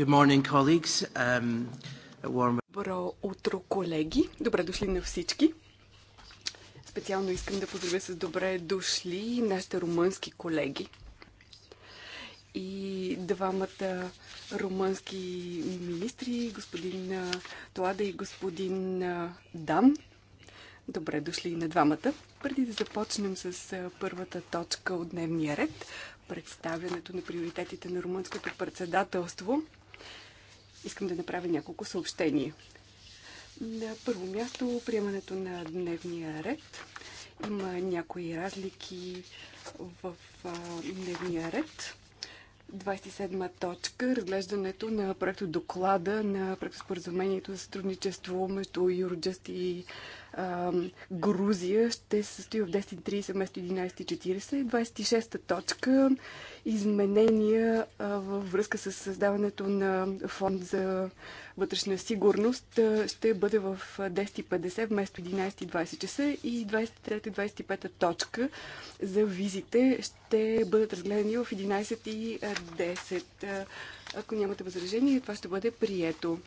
Good morning, colleagues. Um, warm... Добро утро, колеги. Добре дошли на всички. Специално искам да поздравя с добре дошли нашите румънски колеги. И двамата румънски министри, господин Тоада и господин Дам. Добре дошли на двамата. Преди да започнем с първата точка от дневния ред, представянето на приоритетите на румънското председателство, искам да направя няколко съобщения. На първо място приемането на дневния ред. Има някои разлики в дневния ред. 27 точка разглеждането на проекто доклада на споразумението за сътрудничество между Юрджест и а, Грузия ще се състои в 10.30 вместо 11.40. 26 точка изменения във връзка с създаването на фонд за вътрешна сигурност ще бъде в 10.50 вместо 11.20 часа и 23.25 точка за визите ще бъдат разгледани в 11.10. Ако нямате възражение, това ще бъде прието.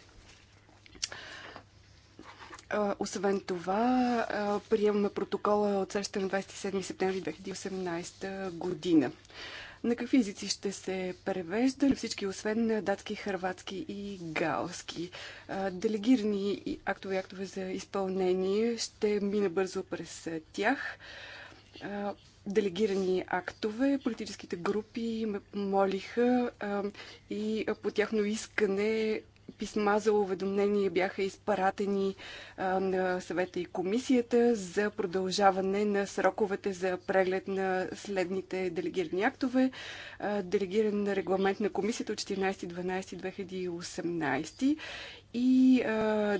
Освен това, приемаме протокола от среща на 27 септември 2018 година. На какви езици ще се превежда? Всички, освен на датски, хърватски и галски. Делегирани актове и актове за изпълнение ще мина бързо през тях. Делегирани актове, политическите групи ме помолиха и по тяхно искане писма за уведомление бяха изпаратени на съвета и комисията за продължаване на сроковете за преглед на следните делегирани актове. делегиран регламент на комисията от 14.12.2018 и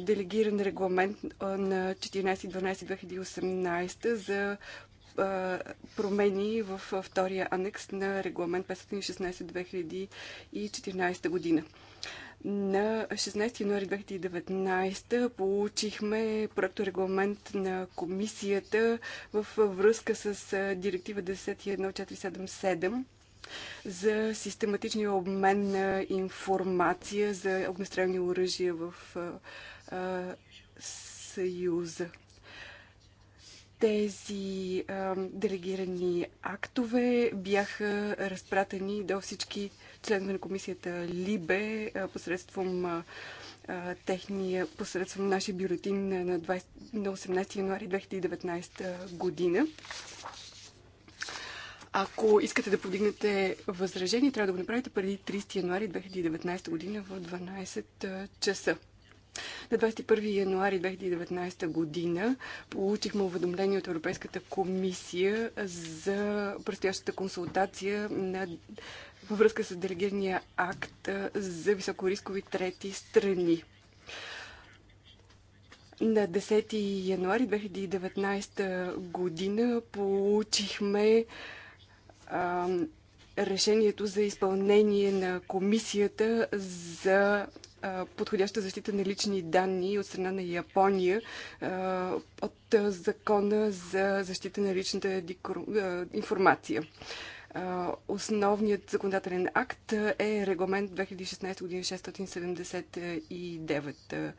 делегиран регламент на 14.12.2018 за промени в втория анекс на регламент 516-2014 година. На 16 януари 2019 получихме регламент на комисията в връзка с директива 10.1477 за систематичния обмен на информация за огнестрелни оръжия в Съюза тези а, делегирани актове бяха разпратени до всички членове на комисията Либе посредством техния, посредством нашия бюлетин на, 20, на 18 януари 2019 година. Ако искате да повдигнете възражение, трябва да го направите преди 30 януари 2019 година в 12 часа. На 21 януари 2019 година получихме уведомление от Европейската комисия за предстоящата консултация на във връзка с делегирания акт за високорискови трети страни. На 10 януари 2019 година получихме а, решението за изпълнение на комисията за подходяща защита на лични данни от страна на Япония от закона за защита на личната информация. Основният законодателен акт е регламент 2016-679.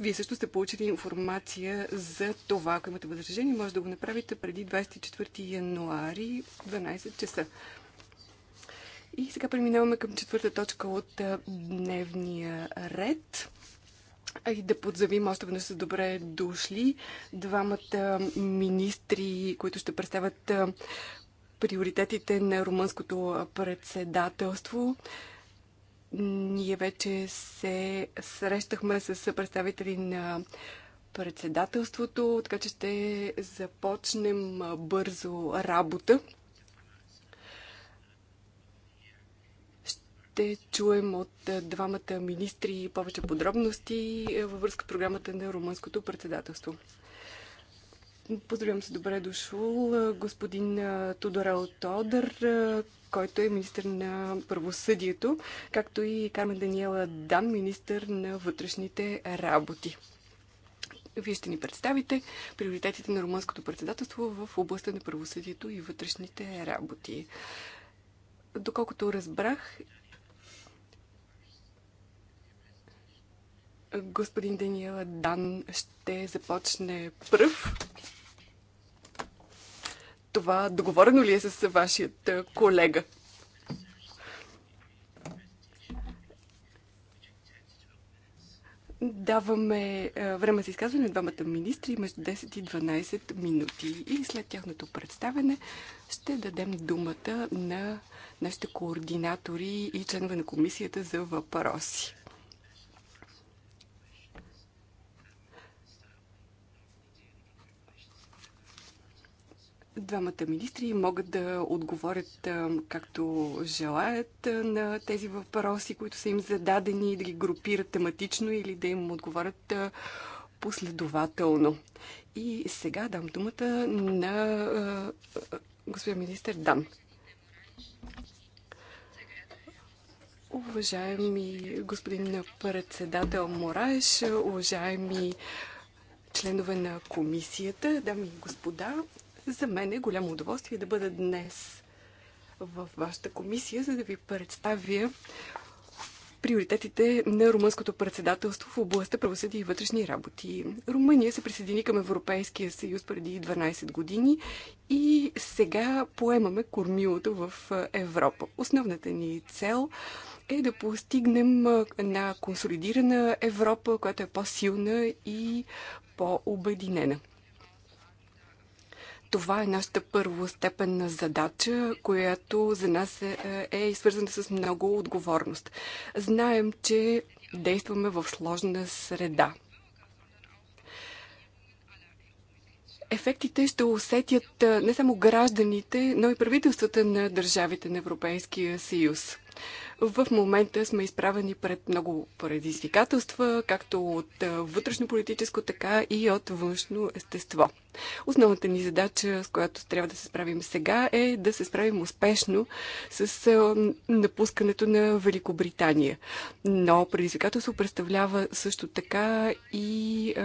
Вие също сте получили информация за това. Ако имате възражение, може да го направите преди 24 януари 12 часа. И сега преминаваме към четвърта точка от дневния ред. И да подзавим още веднъж са добре дошли двамата министри, които ще представят приоритетите на румънското председателство. Ние вече се срещахме с представители на председателството, така че ще започнем бързо работа. ще чуем от е, двамата министри повече подробности е, във връзка с програмата на румънското председателство. Поздравям се, добре дошъл е, господин Тодор Тодър, който е министр на правосъдието, както и Кармен Даниела Дан, министр на вътрешните работи. Вие ще ни представите приоритетите на румънското председателство в областта на правосъдието и вътрешните работи. Доколкото разбрах, Господин Даниела Дан ще започне пръв. Това договорено ли е с вашият е, колега? Даваме е, време за изказване на двамата министри между 10 и 12 минути. И след тяхното представене ще дадем думата на нашите координатори и членове на комисията за въпроси. Двамата министри могат да отговорят както желаят на тези въпроси, които са им зададени, да ги групират тематично или да им отговорят последователно. И сега дам думата на господин министър Дан. Уважаеми господин председател мораеш, уважаеми членове на комисията, дами и господа, за мен е голямо удоволствие да бъда днес в вашата комисия, за да ви представя приоритетите на румънското председателство в областта правосъдие и вътрешни работи. Румъния се присъедини към Европейския съюз преди 12 години и сега поемаме кормилото в Европа. Основната ни цел е да постигнем една консолидирана Европа, която е по-силна и по-обединена. Това е нашата първостепенна задача, която за нас е, е, е свързана с много отговорност. Знаем, че действаме в сложна среда. Ефектите ще усетят е, не само гражданите, но и правителствата на държавите на Европейския съюз. В момента сме изправени пред много предизвикателства, както от е, вътрешно-политическо, така и от външно естество. Основната ни задача, с която трябва да се справим сега, е да се справим успешно с е, напускането на Великобритания. Но предизвикателство представлява също така и е,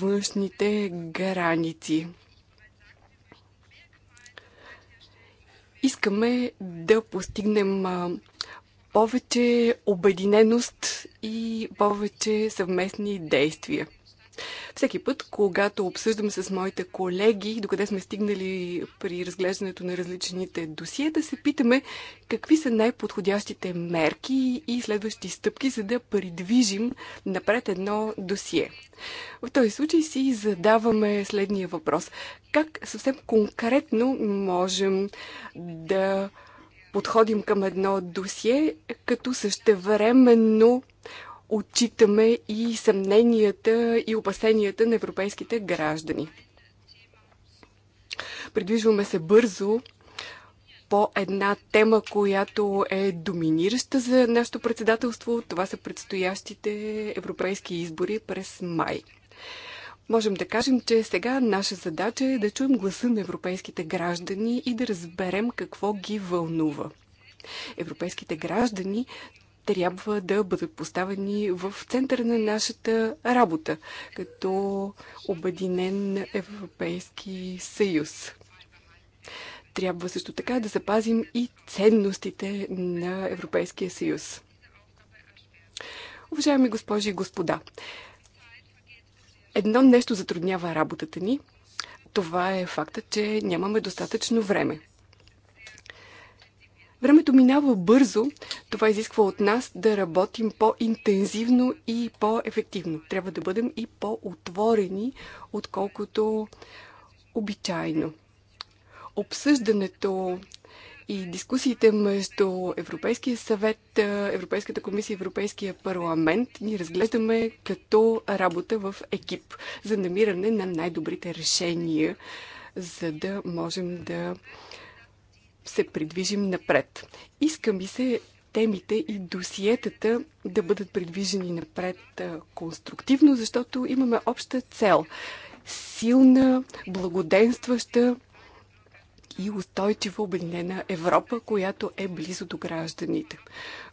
външните граници. Искаме да постигнем повече обединеност и повече съвместни действия. Всеки път, когато обсъждам с моите колеги, докъде сме стигнали при разглеждането на различните досие, да се питаме какви са най-подходящите мерки и следващи стъпки, за да придвижим напред едно досие. В този случай си задаваме следния въпрос как съвсем конкретно можем да подходим към едно досие, като същевременно отчитаме и съмненията и опасенията на европейските граждани. Придвижваме се бързо по една тема, която е доминираща за нашето председателство. Това са предстоящите европейски избори през май. Можем да кажем, че сега наша задача е да чуем гласа на европейските граждани и да разберем какво ги вълнува. Европейските граждани трябва да бъдат поставени в центъра на нашата работа, като Обединен Европейски съюз. Трябва също така да запазим и ценностите на Европейския съюз. Уважаеми госпожи и господа, Едно нещо затруднява работата ни. Това е факта, че нямаме достатъчно време. Времето минава бързо. Това изисква от нас да работим по-интензивно и по-ефективно. Трябва да бъдем и по-отворени, отколкото обичайно. Обсъждането и дискусиите между Европейския съвет, е, Европейската комисия и Европейския парламент ни разглеждаме като работа в екип за намиране на най-добрите решения, за да можем да се придвижим напред. Искам ми се темите и досиетата да бъдат придвижени напред е, конструктивно, защото имаме обща цел силна, благоденстваща и устойчива обединена Европа, която е близо до гражданите.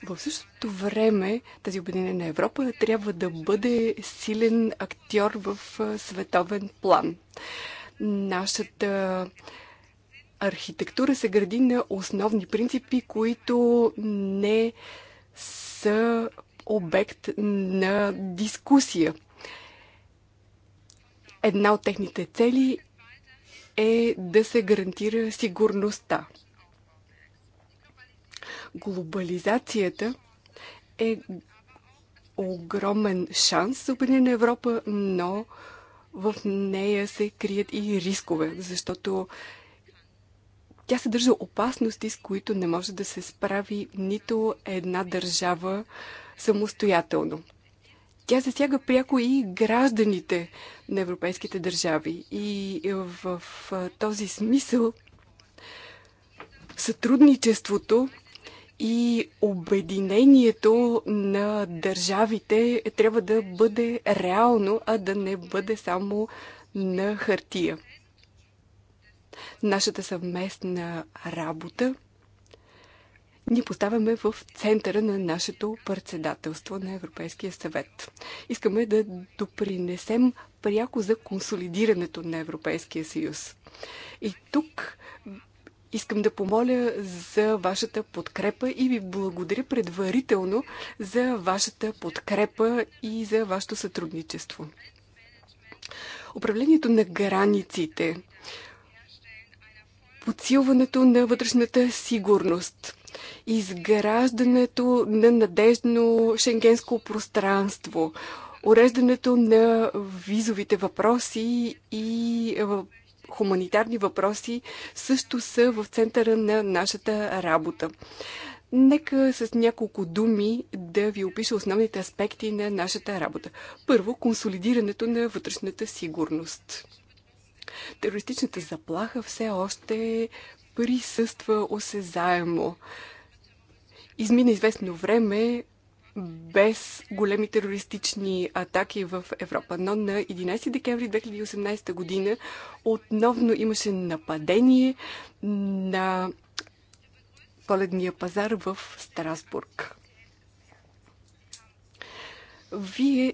В същото време тази обединена Европа трябва да бъде силен актьор в световен план. Нашата архитектура се гради на основни принципи, които не са обект на дискусия. Една от техните цели е да се гарантира сигурността. Глобализацията е огромен шанс за Обединена Европа, но в нея се крият и рискове, защото тя съдържа опасности, с които не може да се справи нито една държава самостоятелно. Тя засяга пряко и гражданите на европейските държави. И в този смисъл сътрудничеството и обединението на държавите трябва да бъде реално, а да не бъде само на хартия. Нашата съвместна работа ни поставяме в центъра на нашето председателство на Европейския съвет. Искаме да допринесем пряко за консолидирането на Европейския съюз. И тук искам да помоля за вашата подкрепа и ви благодаря предварително за вашата подкрепа и за вашето сътрудничество. Управлението на границите, подсилването на вътрешната сигурност, изграждането на надеждно шенгенско пространство, уреждането на визовите въпроси и е, хуманитарни въпроси също са в центъра на нашата работа. Нека с няколко думи да ви опиша основните аспекти на нашата работа. Първо, консолидирането на вътрешната сигурност. Терористичната заплаха все още присъства осезаемо. Измина известно време без големи терористични атаки в Европа. Но на 11 декември 2018 година отново имаше нападение на поледния пазар в Страсбург. Вие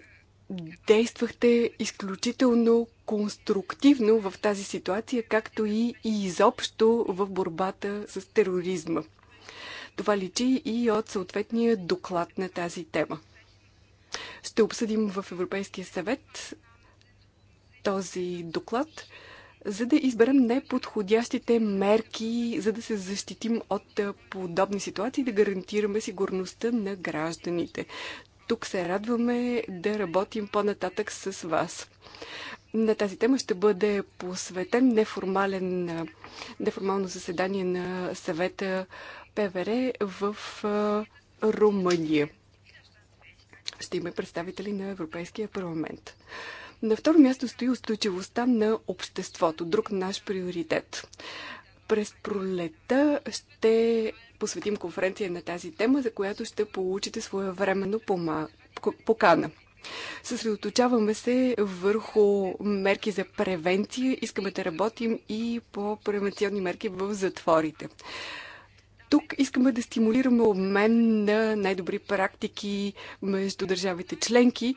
действахте изключително конструктивно в тази ситуация, както и, и изобщо в борбата с тероризма. Това личи и от съответния доклад на тази тема. Ще обсъдим в Европейския съвет този доклад, за да изберем неподходящите мерки, за да се защитим от подобни ситуации и да гарантираме сигурността на гражданите. Тук се радваме да работим по-нататък с вас. На тази тема ще бъде посветен неформален, неформално заседание на съвета ПВР в Румъния. Ще има представители на Европейския парламент. На второ място стои устойчивостта на обществото, друг наш приоритет. През пролета ще посветим конференция на тази тема, за която ще получите своевременно покана. Съсредоточаваме се върху мерки за превенция. Искаме да работим и по превенционни мерки в затворите. Тук искаме да стимулираме обмен на най-добри практики между държавите членки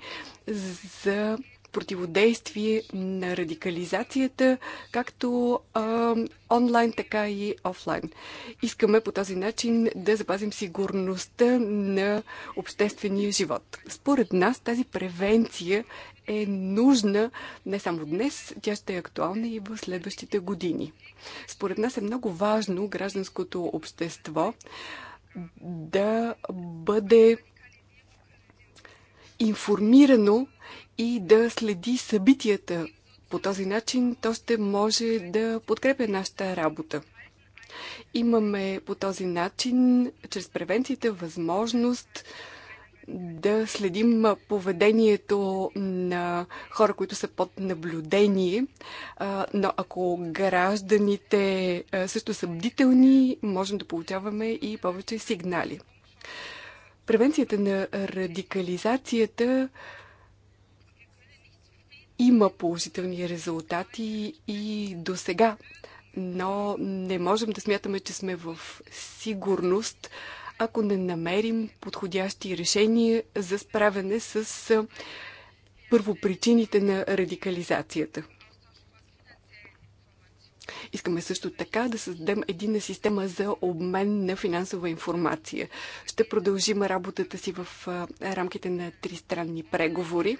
за противодействие на радикализацията, както а, онлайн, така и офлайн. Искаме по този начин да запазим сигурността на обществения живот. Според нас тази превенция е нужна не само днес, тя ще е актуална и в следващите години. Според нас е много важно гражданското общество да бъде информирано и да следи събитията. По този начин то ще може да подкрепя нашата работа. Имаме по този начин, чрез превенцията, възможност да следим поведението на хора, които са под наблюдение. Но ако гражданите също са бдителни, можем да получаваме и повече сигнали. Превенцията на радикализацията има положителни резултати и до сега, но не можем да смятаме, че сме в сигурност, ако не намерим подходящи решения за справяне с първопричините на радикализацията. Искаме също така да създадем единна система за обмен на финансова информация. Ще продължим работата си в рамките на тристранни преговори.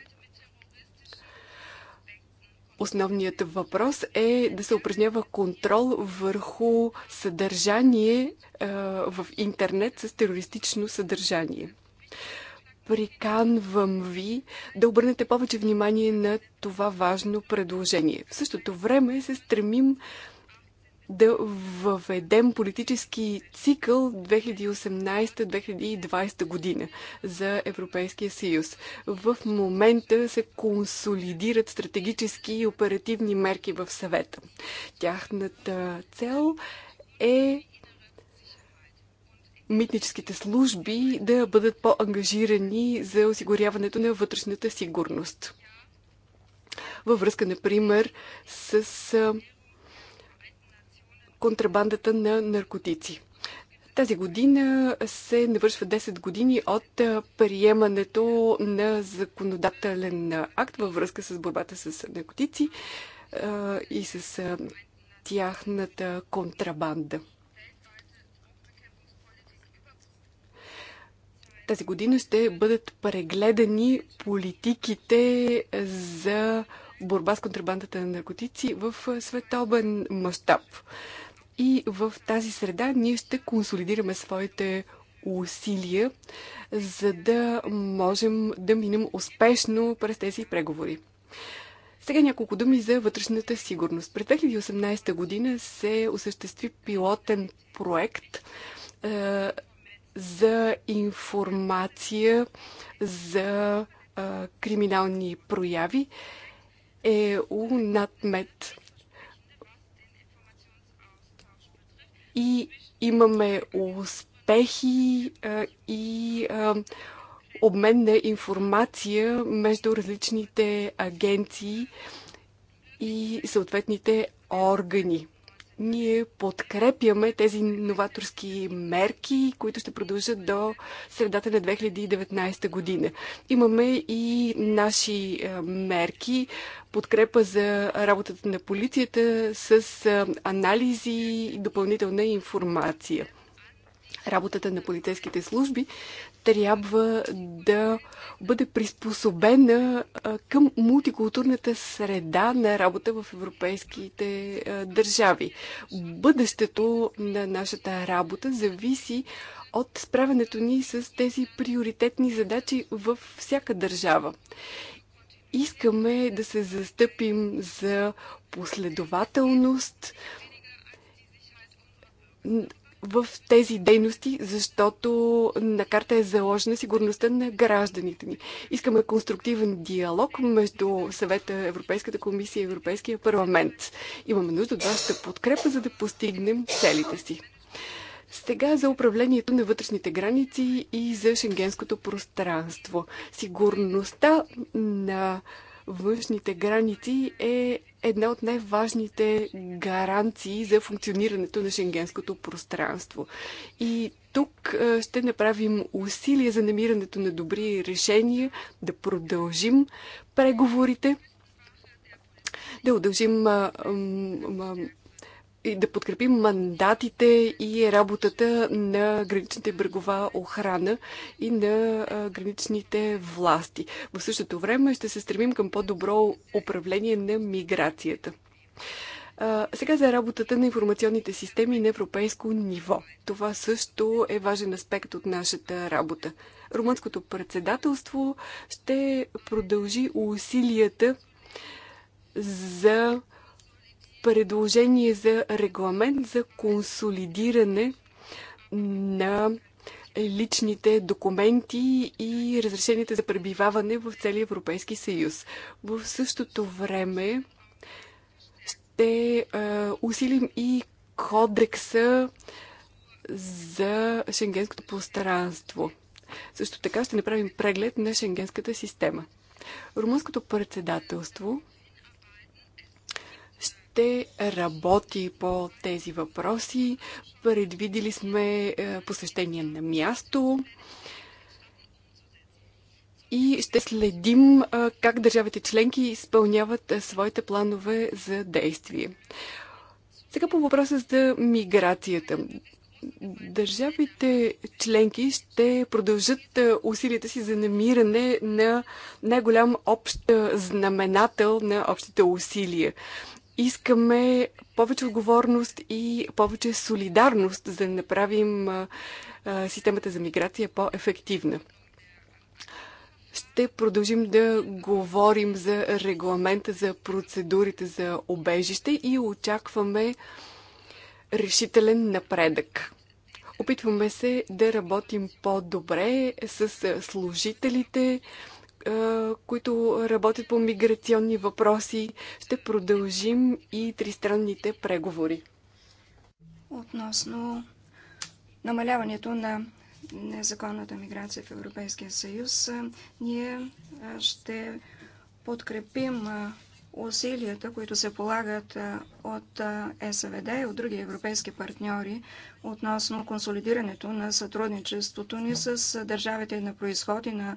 Основният въпрос е да се упражнява контрол върху съдържание е, в интернет с терористично съдържание. Приканвам ви да обърнете повече внимание на това важно предложение. В същото време се стремим да въведем политически цикъл 2018-2020 година за Европейския съюз. В момента се консолидират стратегически и оперативни мерки в съвета. Тяхната цел е митническите служби да бъдат по-ангажирани за осигуряването на вътрешната сигурност. Във връзка, например, с контрабандата на наркотици. Тази година се навършва 10 години от приемането на законодателен акт във връзка с борбата с наркотици и с тяхната контрабанда. Тази година ще бъдат прегледани политиките за борба с контрабандата на наркотици в световен мащаб. И в тази среда ние ще консолидираме своите усилия, за да можем да минем успешно през тези преговори. Сега няколко думи за вътрешната сигурност. През 2018 година се осъществи пилотен проект е, за информация за е, криминални прояви. ЕУ надмет. и имаме успехи и обмен на информация между различните агенции и съответните органи. Ние подкрепяме тези новаторски мерки, които ще продължат до средата на 2019 година. Имаме и наши е, мерки, подкрепа за работата на полицията с е, анализи и допълнителна информация работата на полицейските служби трябва да бъде приспособена към мултикултурната среда на работа в европейските държави. Бъдещето на нашата работа зависи от справянето ни с тези приоритетни задачи във всяка държава. Искаме да се застъпим за последователност, в тези дейности, защото на карта е заложена сигурността на гражданите ни. Искаме конструктивен диалог между съвета, Европейската комисия и Европейския парламент. Имаме нужда от вашата подкрепа, за да постигнем целите си. Сега за управлението на вътрешните граници и за шенгенското пространство. Сигурността на външните граници е една от най-важните гаранции за функционирането на шенгенското пространство. И тук ще направим усилия за намирането на добри решения, да продължим преговорите, да удължим и да подкрепим мандатите и работата на граничните брегова охрана и на граничните власти. В същото време ще се стремим към по-добро управление на миграцията. Сега за работата на информационните системи на европейско ниво. Това също е важен аспект от нашата работа. Румънското председателство ще продължи усилията за предложение за регламент за консолидиране на личните документи и разрешените за пребиваване в целия Европейски съюз. В същото време ще е, усилим и кодекса за шенгенското пространство. Също така ще направим преглед на шенгенската система. Румънското председателство ще работи по тези въпроси. Предвидили сме е, посещение на място и ще следим е, как държавите членки изпълняват е, своите планове за действие. Сега по въпроса за миграцията. Държавите членки ще продължат усилията си за намиране на най-голям общ знаменател на общите усилия искаме повече отговорност и повече солидарност, за да направим системата за миграция по-ефективна. Ще продължим да говорим за регламента за процедурите за обежище и очакваме решителен напредък. Опитваме се да работим по-добре с служителите, които работят по миграционни въпроси. Ще продължим и тристранните преговори. Относно намаляването на незаконната миграция в Европейския съюз, ние ще подкрепим усилията, които се полагат от СВД и от други европейски партньори относно консолидирането на сътрудничеството ни с държавите на происход и на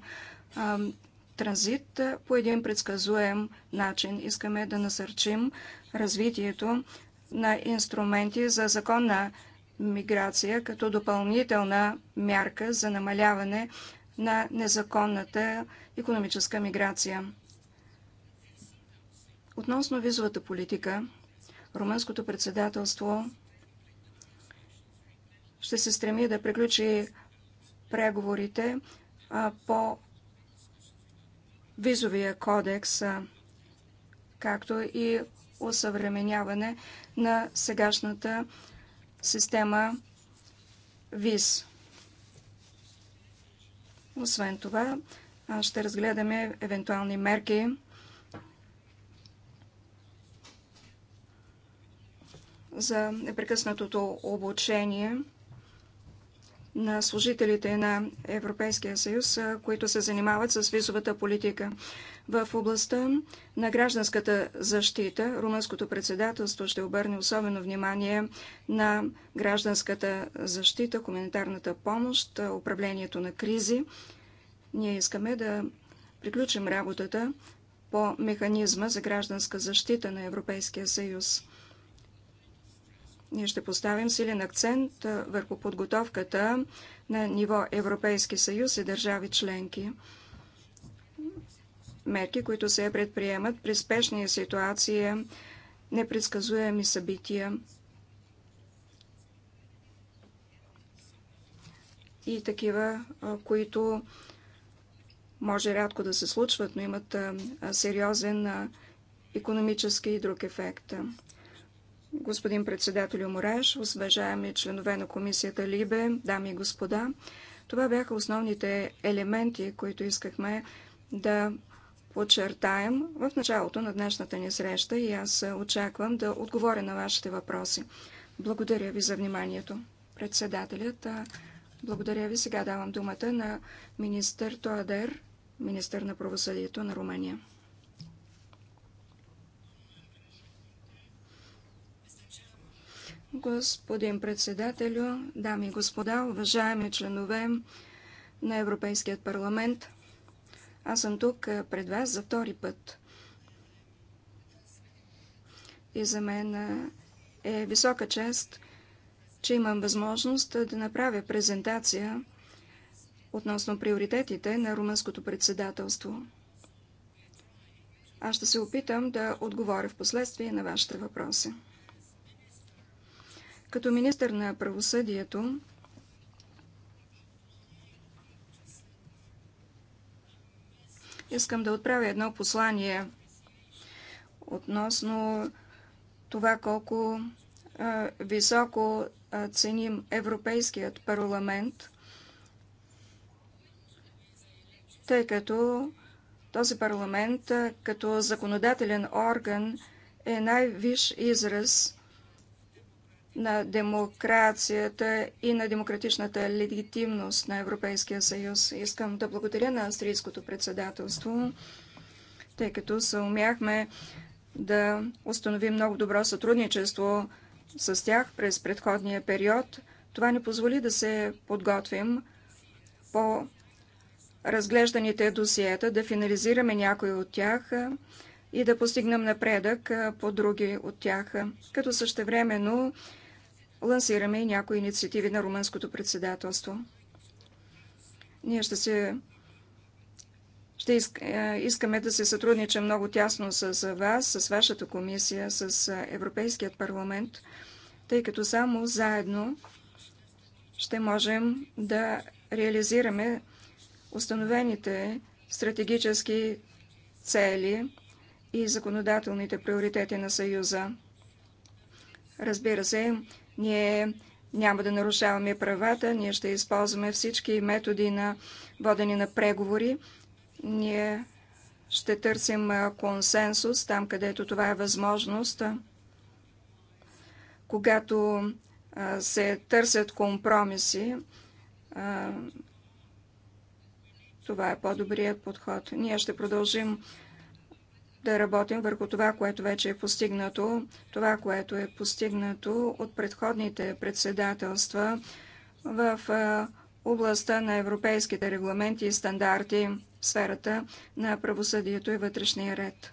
транзит по един предсказуем начин. Искаме да насърчим развитието на инструменти за законна миграция като допълнителна мярка за намаляване на незаконната економическа миграция. Относно визовата политика, румънското председателство ще се стреми да приключи преговорите по визовия кодекс, както и осъвременяване на сегашната система ВИЗ. Освен това, ще разгледаме евентуални мерки за непрекъснатото обучение на служителите на Европейския съюз, които се занимават с визовата политика. В областта на гражданската защита румънското председателство ще обърне особено внимание на гражданската защита, комунитарната помощ, управлението на кризи. Ние искаме да приключим работата по механизма за гражданска защита на Европейския съюз. Ние ще поставим силен акцент върху подготовката на ниво Европейски съюз и държави членки. Мерки, които се предприемат при спешни ситуации, непредсказуеми събития. и такива, които може рядко да се случват, но имат сериозен економически и друг ефект господин председател Мораш, уважаеми членове на комисията Либе, дами и господа. Това бяха основните елементи, които искахме да подчертаем в началото на днешната ни среща и аз очаквам да отговоря на вашите въпроси. Благодаря ви за вниманието. Председателят, благодаря ви. Сега давам думата на министър Тоадер, министър на правосъдието на Румъния. Господин председателю, дами и господа, уважаеми членове на Европейският парламент, аз съм тук е, пред вас за втори път. И за мен е, е висока чест, че имам възможност е, да направя презентация относно приоритетите на румънското председателство. Аз ще се опитам да отговоря в последствие на вашите въпроси. Като министър на правосъдието, искам да отправя едно послание относно това колко високо ценим Европейският парламент, тъй като този парламент като законодателен орган е най-виш израз на демокрацията и на демократичната легитимност на Европейския съюз. Искам да благодаря на австрийското председателство, тъй като съумяхме да установим много добро сътрудничество с тях през предходния период. Това ни позволи да се подготвим по разглежданите досиета, да финализираме някои от тях и да постигнем напредък по други от тях, като същевременно лансираме и някои инициативи на румънското председателство. Ние ще се ще е, искаме да се сътруднича много тясно с вас, с вашата комисия, с Европейският парламент, тъй като само заедно ще можем да реализираме установените стратегически цели и законодателните приоритети на Съюза. Разбира се, ние няма да нарушаваме правата, ние ще използваме всички методи на водени на преговори. Ние ще търсим консенсус там, където това е възможност. Когато се търсят компромиси, това е по-добрият подход. Ние ще продължим да работим върху това, което вече е постигнато, това, което е постигнато от предходните председателства в областта на европейските регламенти и стандарти в сферата на правосъдието и вътрешния ред.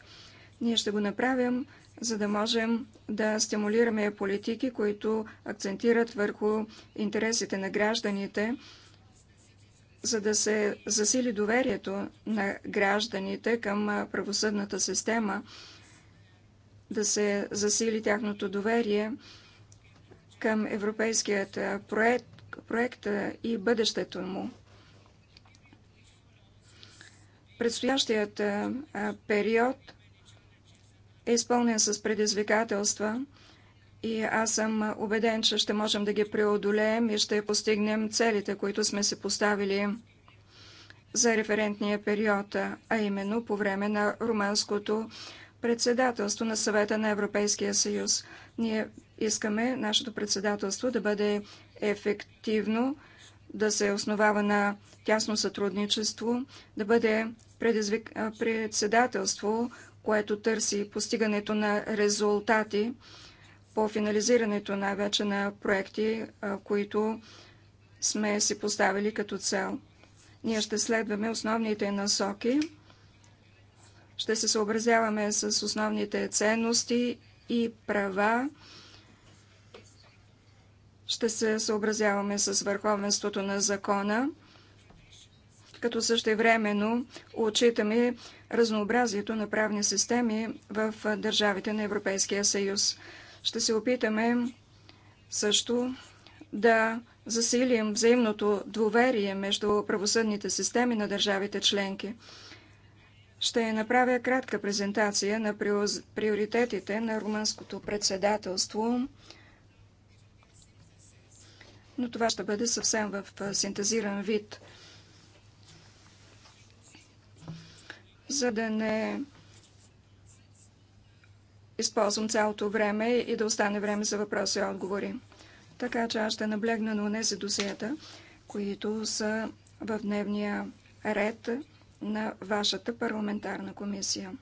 Ние ще го направим, за да можем да стимулираме политики, които акцентират върху интересите на гражданите, за да се засили доверието на гражданите към правосъдната система, да се засили тяхното доверие към европейският проект, проект и бъдещето му. Предстоящият период е изпълнен с предизвикателства – и аз съм убеден, че ще можем да ги преодолеем и ще постигнем целите, които сме си поставили за референтния период, а именно по време на румънското председателство на съвета на Европейския съюз. Ние искаме нашето председателство да бъде ефективно, да се основава на тясно сътрудничество, да бъде предизвик... председателство, което търси постигането на резултати, по финализирането най-вече на проекти, които сме си поставили като цел. Ние ще следваме основните насоки, ще се съобразяваме с основните ценности и права, ще се съобразяваме с върховенството на закона, като същевременно отчитаме разнообразието на правни системи в държавите на Европейския съюз. Ще се опитаме също да засилим взаимното доверие между правосъдните системи на държавите членки. Ще направя кратка презентация на приоритетите на румънското председателство, но това ще бъде съвсем в синтезиран вид. За да не използвам цялото време и да остане време за въпроси и отговори. Така че аз ще наблегна на тези досиета, които са в дневния ред на вашата парламентарна комисия.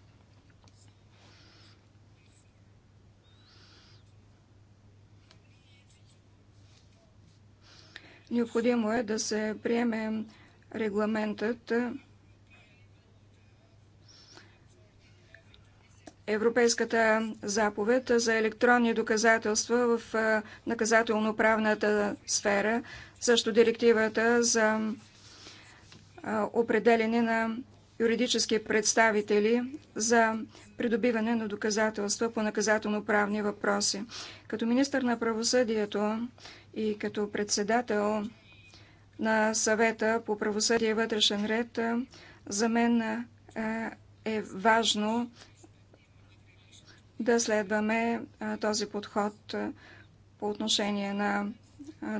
Необходимо е да се приеме регламентът Европейската заповед за електронни доказателства в наказателно-правната сфера, също директивата за определене на юридически представители за придобиване на доказателства по наказателно-правни въпроси. Като министър на правосъдието и като председател на съвета по правосъдие и вътрешен ред, за мен е важно да следваме този подход по отношение на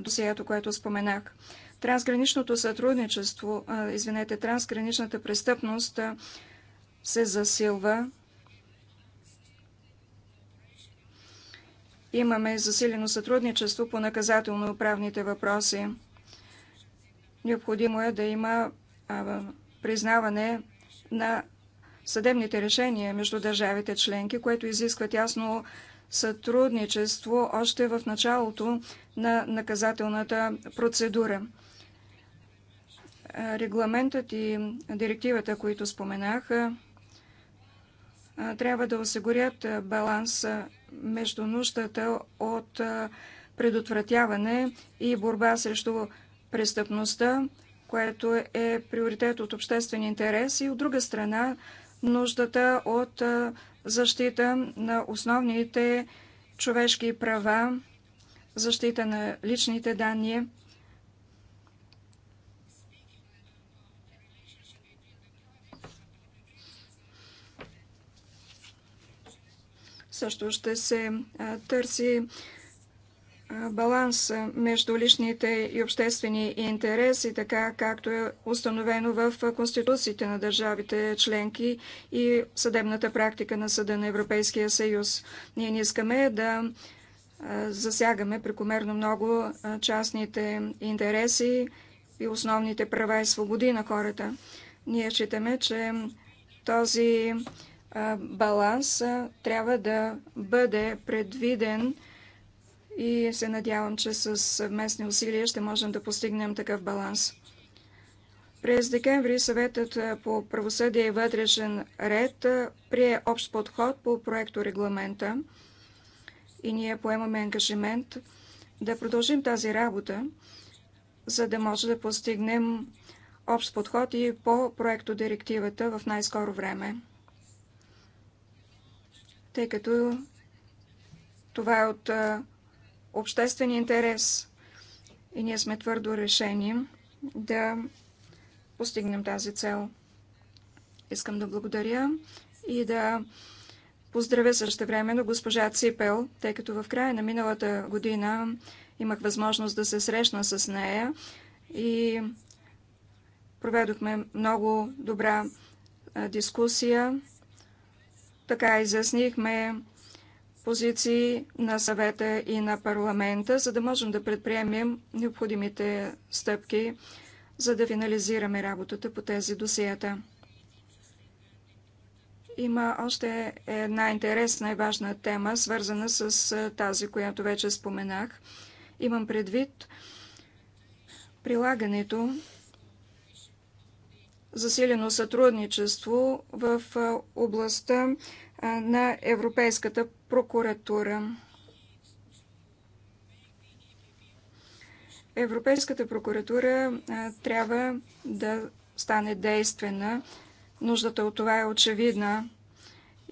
досието, което споменах. Трансграничното сътрудничество, извинете, трансграничната престъпност се засилва. Имаме засилено сътрудничество по наказателно-правните въпроси. Необходимо е да има признаване на съдебните решения между държавите членки, което изисква тясно сътрудничество още в началото на наказателната процедура. Регламентът и директивата, които споменах, трябва да осигурят баланс между нуждата от предотвратяване и борба срещу престъпността, което е приоритет от обществен интерес и от друга страна нуждата от защита на основните човешки права, защита на личните данни. Също ще се търси баланс между личните и обществени интереси, така както е установено в конституциите на държавите членки и съдебната практика на Съда на Европейския съюз. Ние не искаме да засягаме прекомерно много частните интереси и основните права и свободи на хората. Ние считаме, че този баланс трябва да бъде предвиден и се надявам, че с съвместни усилия ще можем да постигнем такъв баланс. През декември съветът по правосъдие и вътрешен ред прие общ подход по проекто регламента и ние поемаме ангажимент да продължим тази работа, за да може да постигнем общ подход и по проекто директивата в най-скоро време. Тъй като това е от обществен интерес. И ние сме твърдо решени да постигнем тази цел. Искам да благодаря и да поздравя също времено госпожа Ципел, тъй като в края на миналата година имах възможност да се срещна с нея и проведохме много добра дискусия. Така изяснихме позиции на съвета и на парламента, за да можем да предприемем необходимите стъпки, за да финализираме работата по тези досията. Има още една интересна и важна тема, свързана с тази, която вече споменах. Имам предвид прилагането засилено сътрудничество в областта на Европейската прокуратура. Европейската прокуратура трябва да стане действена. Нуждата от това е очевидна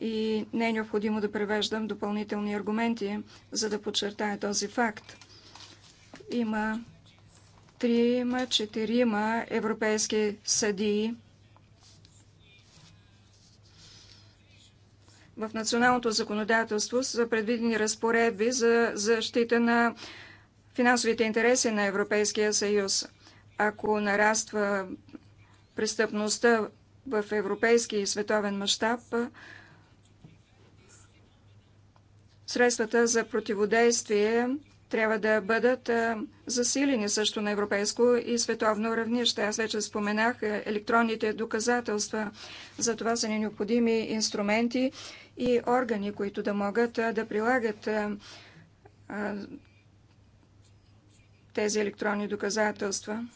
и не е необходимо да превеждам допълнителни аргументи, за да подчертая този факт. Има трима, четирима европейски съдии, в националното законодателство са предвидени разпоредби за защита на финансовите интереси на Европейския съюз. Ако нараства престъпността в европейски и световен мащаб, средствата за противодействие трябва да бъдат засилени също на европейско и световно равнище. Аз вече споменах електронните доказателства. За това са ни необходими инструменти и органи, които да могат да прилагат тези електронни доказателства.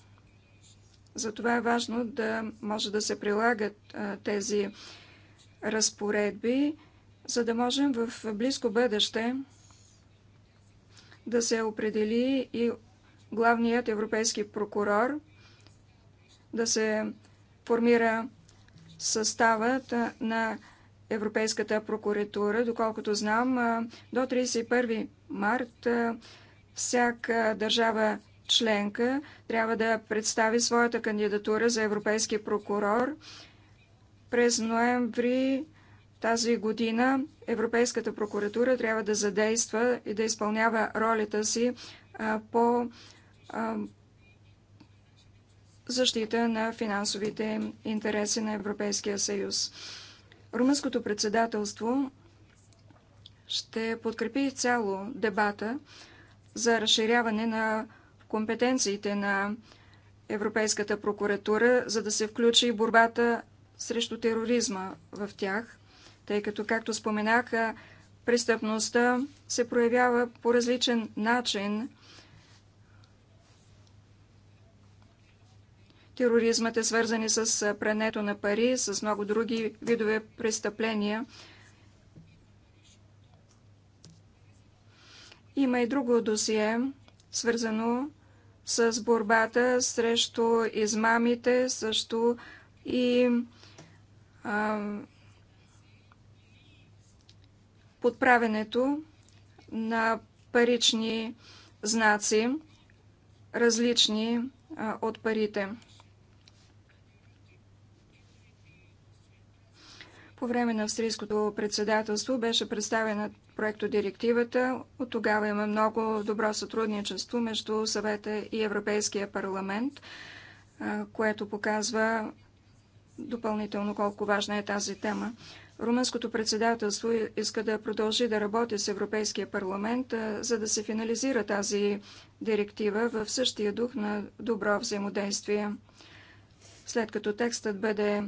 За това е важно да може да се прилагат тези разпоредби, за да можем в близко бъдеще да се определи и главният европейски прокурор, да се формира съставът на Европейската прокуратура. Доколкото знам, до 31 март всяка държава членка трябва да представи своята кандидатура за европейски прокурор. През ноември тази година Европейската прокуратура трябва да задейства и да изпълнява ролята си по защита на финансовите интереси на Европейския съюз. Румънското председателство ще подкрепи цяло дебата за разширяване на компетенциите на Европейската прокуратура, за да се включи борбата срещу тероризма в тях тъй като, както споменаха, престъпността се проявява по различен начин. Тероризмът е свързан с прането на пари, с много други видове престъпления. Има и друго досие, свързано с борбата срещу измамите, също и подправенето на парични знаци, различни от парите. По време на австрийското председателство беше представена директивата. От тогава има много добро сътрудничество между съвета и Европейския парламент, което показва допълнително колко важна е тази тема. Румънското председателство иска да продължи да работи с Европейския парламент, за да се финализира тази директива в същия дух на добро взаимодействие. След като текстът бъде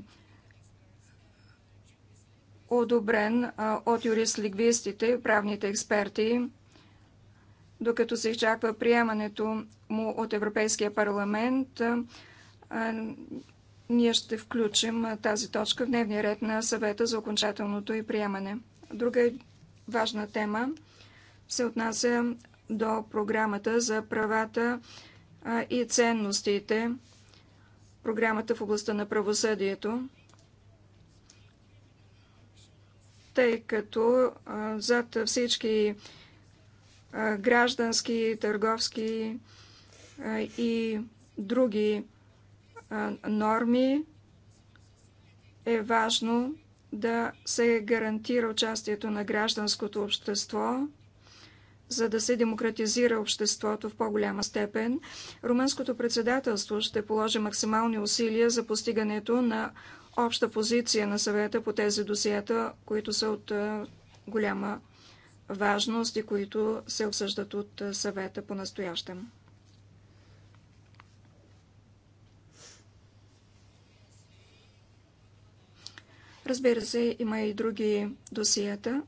одобрен от юрист-лингвистите, правните експерти, докато се изчаква приемането му от Европейския парламент, ние ще включим тази точка в дневния ред на съвета за окончателното и приемане. Друга важна тема се отнася до програмата за правата и ценностите, програмата в областта на правосъдието, тъй като зад всички граждански, търговски и други норми е важно да се гарантира участието на гражданското общество, за да се демократизира обществото в по-голяма степен. Румънското председателство ще положи максимални усилия за постигането на обща позиция на съвета по тези досията, които са от голяма важност и които се обсъждат от съвета по настоящем. Разбира се, има и други досията.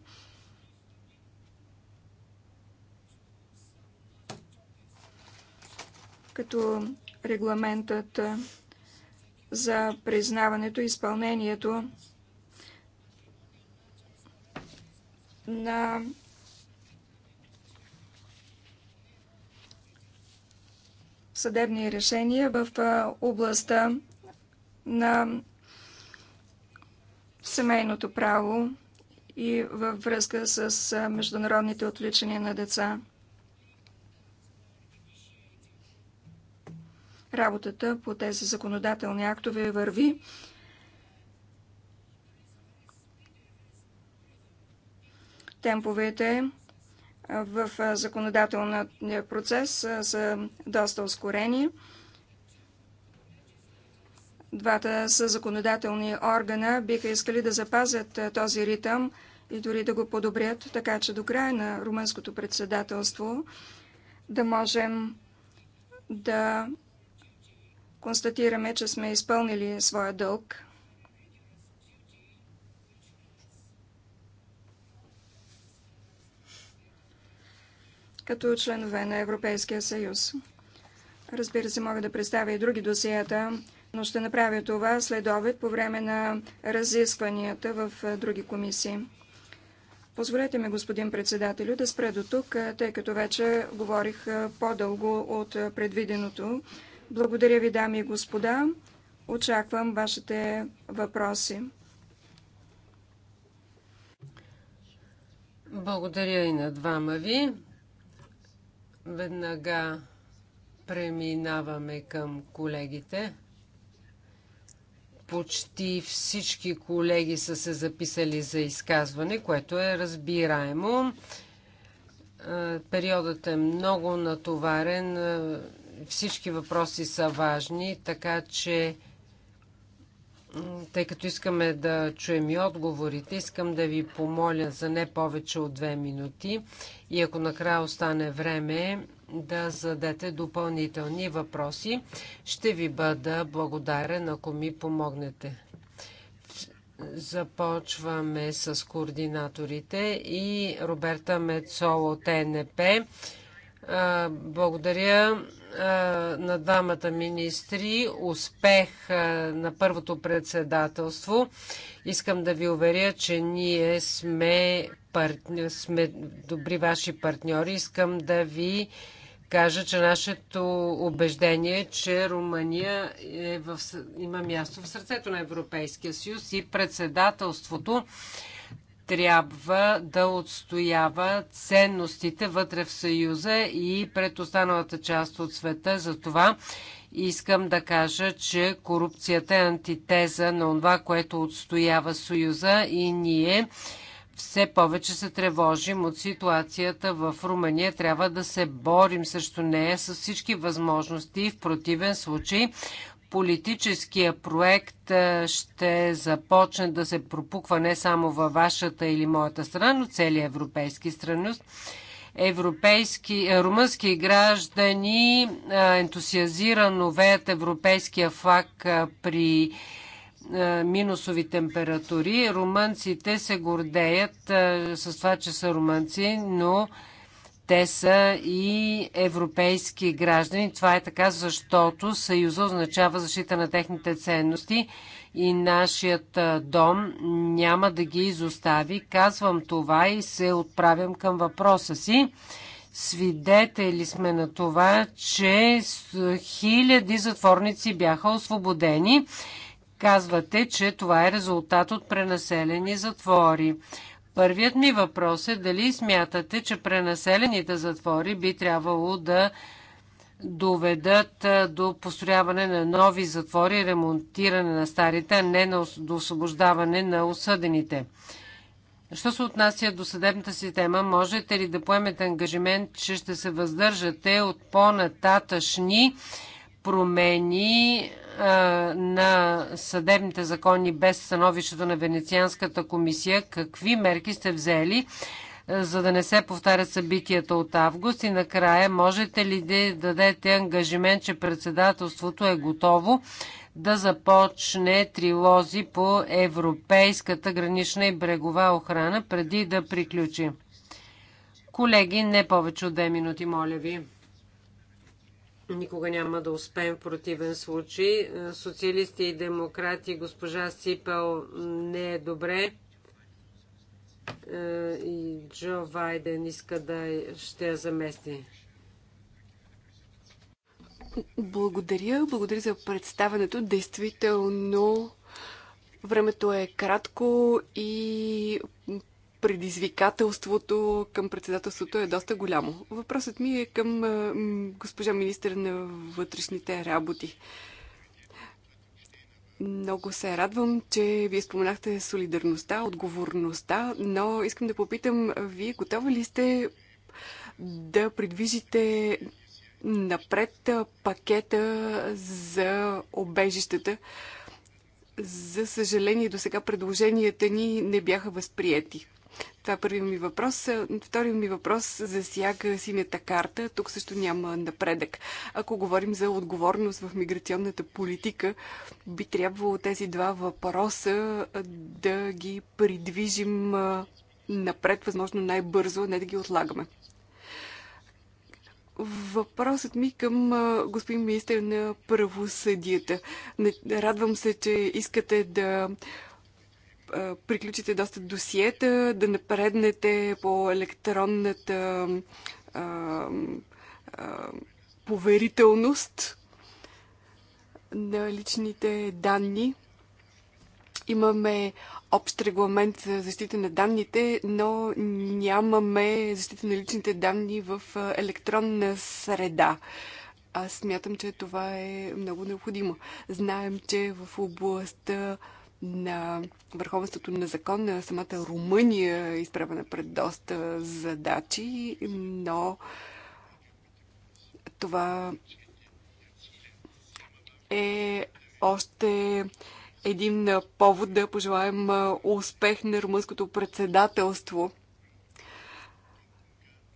като регламентът за признаването и изпълнението на съдебни решения в областта на семейното право и във връзка с международните отвличания на деца. Работата по тези законодателни актове върви. Темповете в законодателния процес са доста ускорени. Двата са законодателни органа биха искали да запазят е, този ритъм и дори да го подобрят, така че до края на румънското председателство да можем да констатираме, че сме изпълнили своя дълг. като членове на Европейския съюз. Разбира се, мога да представя и други досията но ще направя това след обед по време на разискванията в други комисии. Позволете ми, господин председателю, да спре до тук, тъй като вече говорих по-дълго от предвиденото. Благодаря ви, дами и господа. Очаквам вашите въпроси. Благодаря и на двама ви. Веднага преминаваме към колегите почти всички колеги са се записали за изказване, което е разбираемо. Периодът е много натоварен. Всички въпроси са важни, така че тъй като искаме да чуем и отговорите, искам да ви помоля за не повече от две минути и ако накрая остане време, да зададете допълнителни въпроси. Ще ви бъда благодарен, ако ми помогнете. Започваме с координаторите и Роберта Мецол от ЕНП. Благодаря на двамата министри. Успех на първото председателство. Искам да ви уверя, че ние сме, партньор, сме добри ваши партньори. Искам да ви кажа, че нашето убеждение е, че Румъния е в, има място в сърцето на Европейския съюз и председателството трябва да отстоява ценностите вътре в Съюза и пред останалата част от света. Затова искам да кажа, че корупцията е антитеза на това, което отстоява Съюза и ние все повече се тревожим от ситуацията в Румъния. Трябва да се борим срещу нея с всички възможности. В противен случай политическия проект ще започне да се пропуква не само във вашата или моята страна, но целия европейски страни. Европейски, румънски граждани ентусиазирано веят европейския флаг при е, минусови температури. Румънците се гордеят а, е, с това, че са румънци, но те са и европейски граждани. Това е така, защото Съюза означава защита на техните ценности и нашият е, дом няма да ги изостави. Казвам това и се отправям към въпроса си. Свидетели сме на това, че хиляди затворници бяха освободени Казвате, че това е резултат от пренаселени затвори. Първият ми въпрос е дали смятате, че пренаселените затвори би трябвало да доведат до построяване на нови затвори, ремонтиране на старите, а не на, до освобождаване на осъдените. Що се отнася до съдебната система, можете ли да поемете ангажимент, че ще се въздържате от по-нататъчни промени на съдебните закони без становището на Венецианската комисия, какви мерки сте взели, за да не се повтарят събитията от август? И накрая, можете ли да дадете ангажимент, че председателството е готово да започне трилози по европейската гранична и брегова охрана преди да приключи? Колеги, не повече от две минути, моля ви. Никога няма да успеем в противен случай. Е, социалисти и демократи, госпожа Сипел не е добре. Е, и Джо Вайден иска да ще я замести. Благодаря. Благодаря за представенето. Действително, времето е кратко и предизвикателството към председателството е доста голямо. Въпросът ми е към госпожа министър на вътрешните работи. Много се радвам, че вие споменахте солидарността, отговорността, но искам да попитам, вие готова ли сте да придвижите напред пакета за обежищата? За съжаление, до сега предложенията ни не бяха възприяти. Това е първият ми въпрос. Вторият ми въпрос засяга синята карта. Тук също няма напредък. Ако говорим за отговорност в миграционната политика, би трябвало тези два въпроса да ги придвижим напред, възможно най-бързо, не да ги отлагаме. Въпросът ми към господин министър на правосъдията. Радвам се, че искате да приключите доста досиета, да напреднете по електронната а, а, поверителност на личните данни. Имаме общ регламент за защита на данните, но нямаме защита на личните данни в електронна среда. Аз смятам, че това е много необходимо. Знаем, че в областта на върховенството на закон на самата Румъния, изправена пред доста задачи, но това е още един повод да пожелаем успех на румънското председателство.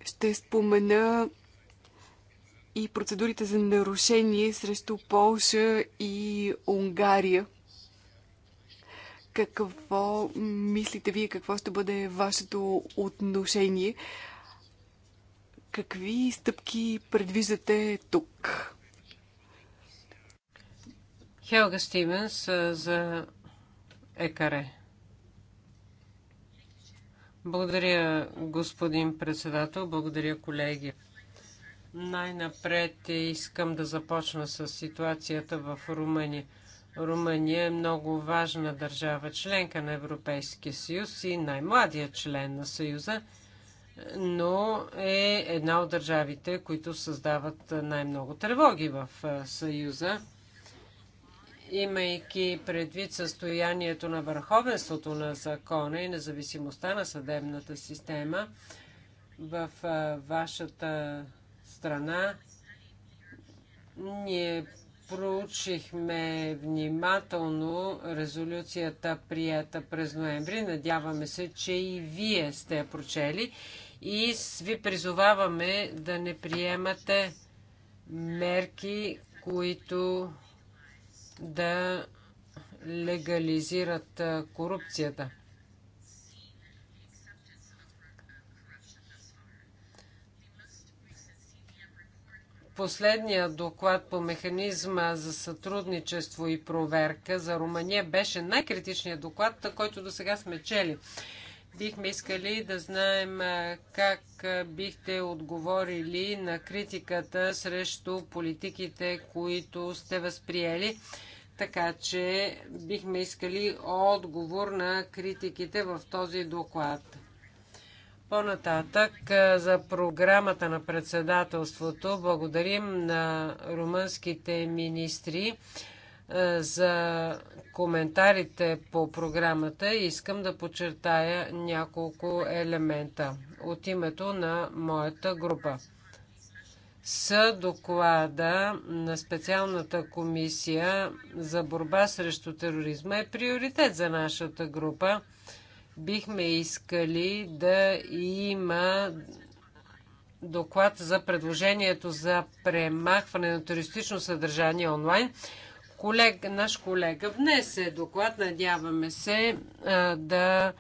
Ще спомена и процедурите за нарушение срещу Полша и Унгария какво мислите вие, какво ще бъде вашето отношение? Какви стъпки предвиждате тук? Хелга Стивенс за ЕКАРЕ. Благодаря, господин председател. Благодаря, колеги. Най-напред искам да започна с ситуацията в Румъния. Румъния е много важна държава, членка на Европейския съюз и най-младия член на съюза, но е една от държавите, които създават най-много тревоги в съюза. Имайки предвид състоянието на върховенството на закона и независимостта на съдебната система, в вашата страна ние проучихме внимателно резолюцията, прията през ноември. Надяваме се, че и вие сте я прочели и ви призоваваме да не приемате мерки, които да легализират корупцията. Последния доклад по механизма за сътрудничество и проверка за Румъния беше най-критичният доклад, който до сега сме чели. Бихме искали да знаем как бихте отговорили на критиката срещу политиките, които сте възприели. Така че бихме искали отговор на критиките в този доклад. По-нататък за програмата на председателството благодарим на румънските министри за коментарите по програмата и искам да подчертая няколко елемента от името на моята група. С доклада на специалната комисия за борба срещу тероризма е приоритет за нашата група – бихме искали да има доклад за предложението за премахване на туристично съдържание онлайн. Колег, наш колега внесе доклад. Надяваме се а, да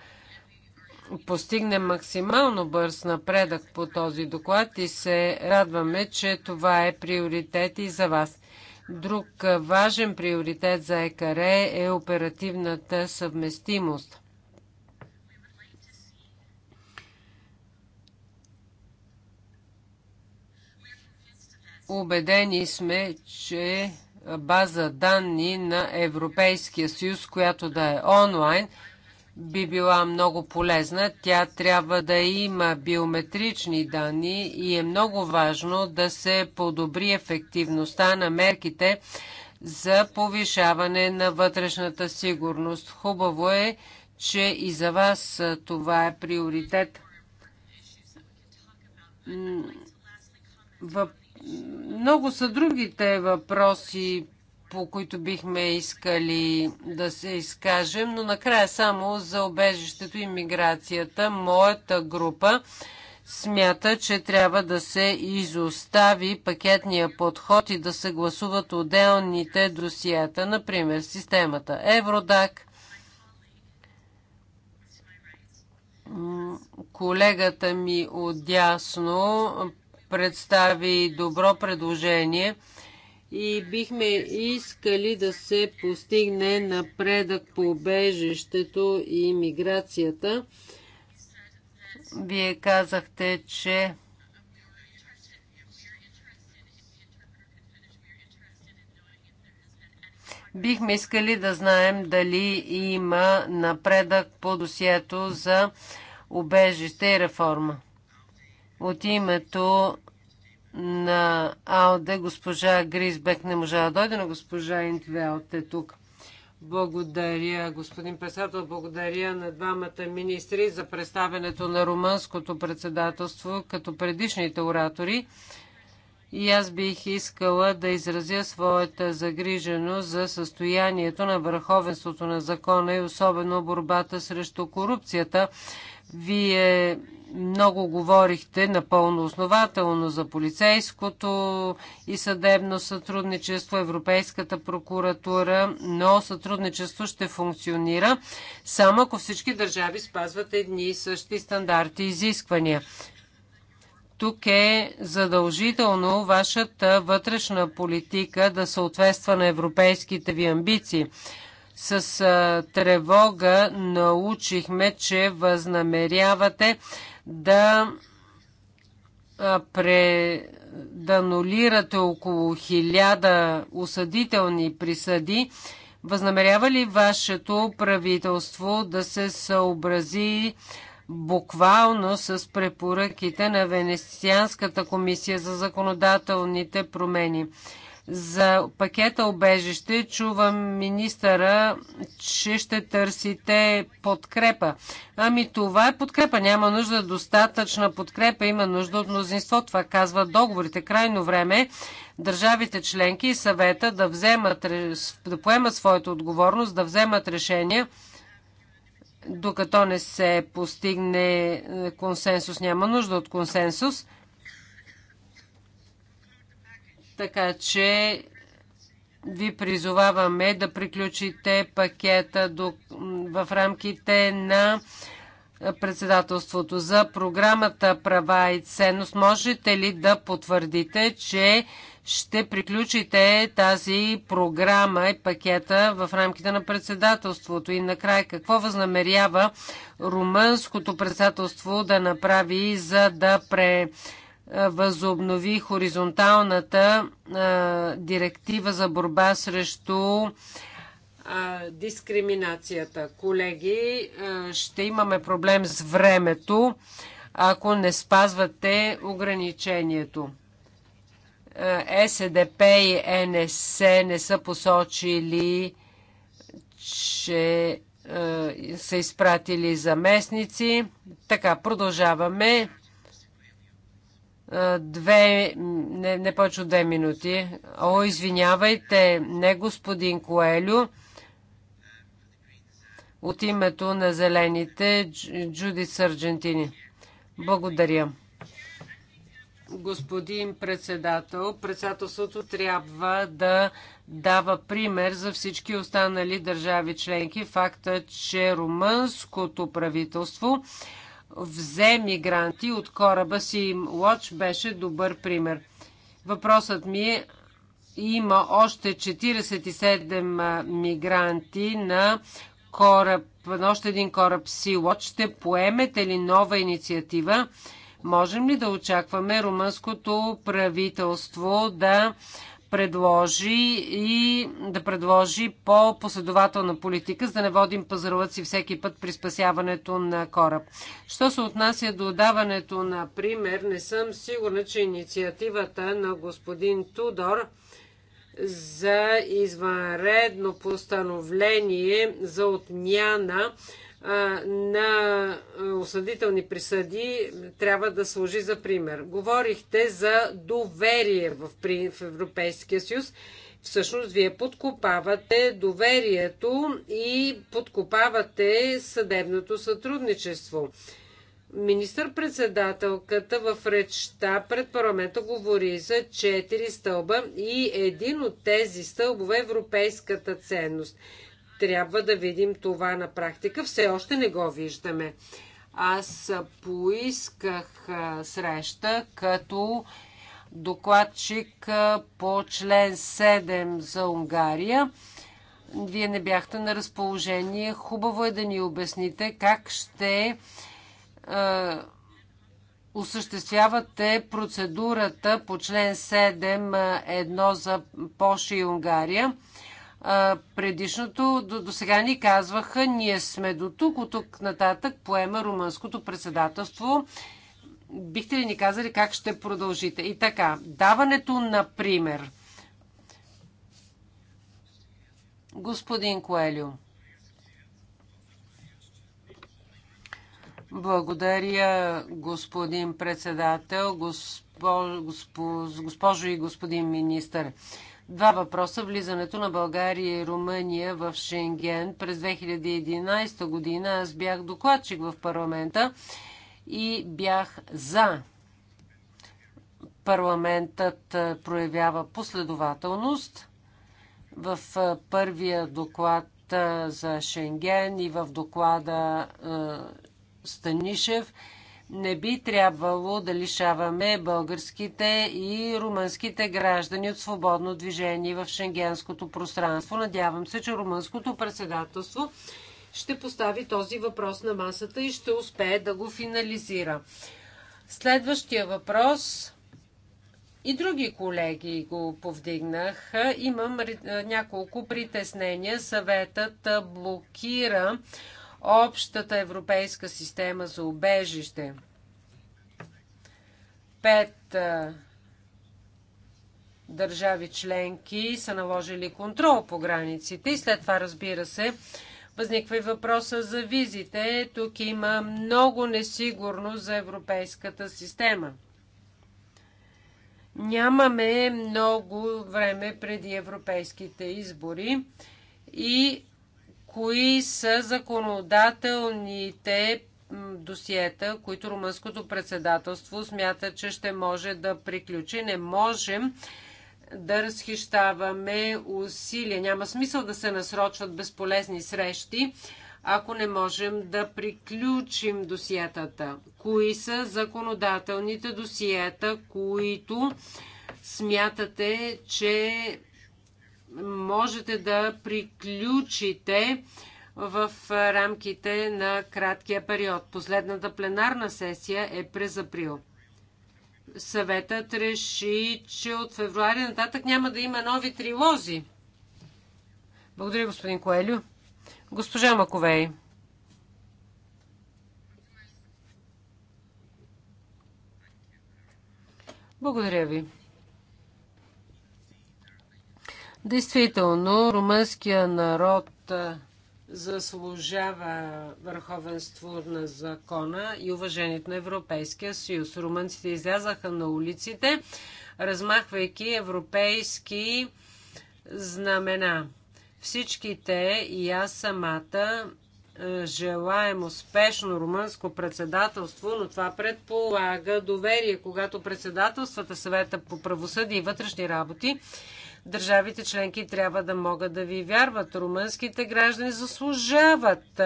постигне максимално бърз напредък по този доклад и се радваме, че това е приоритет и за вас. Друг важен приоритет за ЕКАРЕ е оперативната съвместимост. Убедени сме, че база данни на Европейския съюз, която да е онлайн, би била много полезна. Тя трябва да има биометрични данни и е много важно да се подобри ефективността на мерките за повишаване на вътрешната сигурност. Хубаво е, че и за вас това е приоритет. Въпросът много са другите въпроси, по които бихме искали да се изкажем, но накрая само за обежището и миграцията. Моята група смята, че трябва да се изостави пакетния подход и да се гласуват отделните досията, например системата Евродак. Колегата ми отясно представи добро предложение и бихме искали да се постигне напредък по убежището и миграцията. Вие казахте, че бихме искали да знаем дали има напредък по досието за убежище и реформа. От името на АОД госпожа Гризбек не можа да дойде, но госпожа Интвелт е тук. Благодаря, господин председател. Благодаря на двамата министри за представенето на румънското председателство като предишните оратори. И аз бих искала да изразя своята загриженост за състоянието на върховенството на закона и особено борбата срещу корупцията вие много говорихте напълно основателно за полицейското и съдебно сътрудничество, Европейската прокуратура, но сътрудничество ще функционира само ако всички държави спазват едни и същи стандарти и изисквания. Тук е задължително вашата вътрешна политика да съответства на европейските ви амбиции. С а, тревога научихме, че възнамерявате да а, пре, да около хиляда осъдителни присъди. Възнамерява ли вашето правителство да се съобрази буквално с препоръките на Венецианската комисия за законодателните промени? За пакета обежище чувам министъра, че ще търсите подкрепа. Ами това е подкрепа. Няма нужда достатъчна подкрепа. Има нужда от мнозинство. Това казва договорите. Крайно време е държавите членки и съвета да, вземат, да поемат своята отговорност, да вземат решения докато не се постигне консенсус, няма нужда от консенсус. Така че ви призоваваме да приключите пакета до, в рамките на председателството за програмата Права и ценност. Можете ли да потвърдите, че ще приключите тази програма и пакета в рамките на председателството? И накрая, какво възнамерява румънското председателство да направи, за да пре е, възобнови хоризонталната е, директива за борба срещу е, дискриминацията. Колеги, ще имаме проблем с времето, ако не спазвате ограничението. СДП и НС не са посочили, че са изпратили заместници. Така, продължаваме. Е, две, не, не повече от две минути. О, извинявайте, не господин Коелю. От името на зелените Джуди Сърджентини. Благодаря. Господин председател, председателството трябва да дава пример за всички останали държави членки. Факта, че румънското правителство взе мигранти от кораба си. Лодж беше добър пример. Въпросът ми е, има още 47 мигранти на кораб, на още един кораб си Силот. Ще поемете ли нова инициатива? Можем ли да очакваме румънското правителство да предложи и да предложи по-последователна политика, за да не водим пазаруваци всеки път при спасяването на кораб. Що се отнася до даването на пример, не съм сигурна, че инициативата на господин Тудор за извънредно постановление за отмяна на осъдителни присъди трябва да служи за пример. Говорихте за доверие в, в Европейския съюз. Всъщност, вие подкопавате доверието и подкопавате съдебното сътрудничество. Министър-председателката в речта пред парламента говори за четири стълба и един от тези стълбове е европейската ценност. Трябва да видим това на практика. Все още не го виждаме. Аз поисках среща като докладчик по член 7 за Унгария. Вие не бяхте на разположение. Хубаво е да ни обясните как ще осъществявате процедурата по член 7 едно за Польша и Унгария предишното до, до сега ни казваха, ние сме до тук, от тук нататък поема румънското председателство. Бихте ли ни казали как ще продължите? И така, даването на пример. Господин Коелю. Благодаря, господин председател, госпожо, госпожо и господин министър. Два въпроса. Влизането на България и Румъния в Шенген през 2011 година. Аз бях докладчик в парламента и бях за. Парламентът проявява последователност. В първия доклад за Шенген и в доклада Станишев – не би трябвало да лишаваме българските и румънските граждани от свободно движение в шенгенското пространство. Надявам се, че румънското председателство ще постави този въпрос на масата и ще успее да го финализира. Следващия въпрос и други колеги го повдигнах. Имам няколко притеснения. Съветът блокира общата европейска система за убежище. Пет държави членки са наложили контрол по границите и след това, разбира се, възниква и въпроса за визите. Тук има много несигурност за европейската система. Нямаме много време преди европейските избори и кои са законодателните досиета, които румънското председателство смята, че ще може да приключи. Не можем да разхищаваме усилия. Няма смисъл да се насрочват безполезни срещи, ако не можем да приключим досиетата. Кои са законодателните досиета, които смятате, че можете да приключите в рамките на краткия период. Последната пленарна сесия е през април. Съветът реши, че от февруари нататък няма да има нови трилози. Благодаря, господин Коелю. Госпожа Маковей. Благодаря ви. Действително, румънския народ заслужава върховенство на закона и уважението на Европейския съюз. Румънците излязаха на улиците, размахвайки европейски знамена. Всички те и аз самата желаем успешно румънско председателство, но това предполага доверие, когато председателствата съвета по правосъдие и вътрешни работи Държавите членки трябва да могат да ви вярват. Румънските граждани заслужават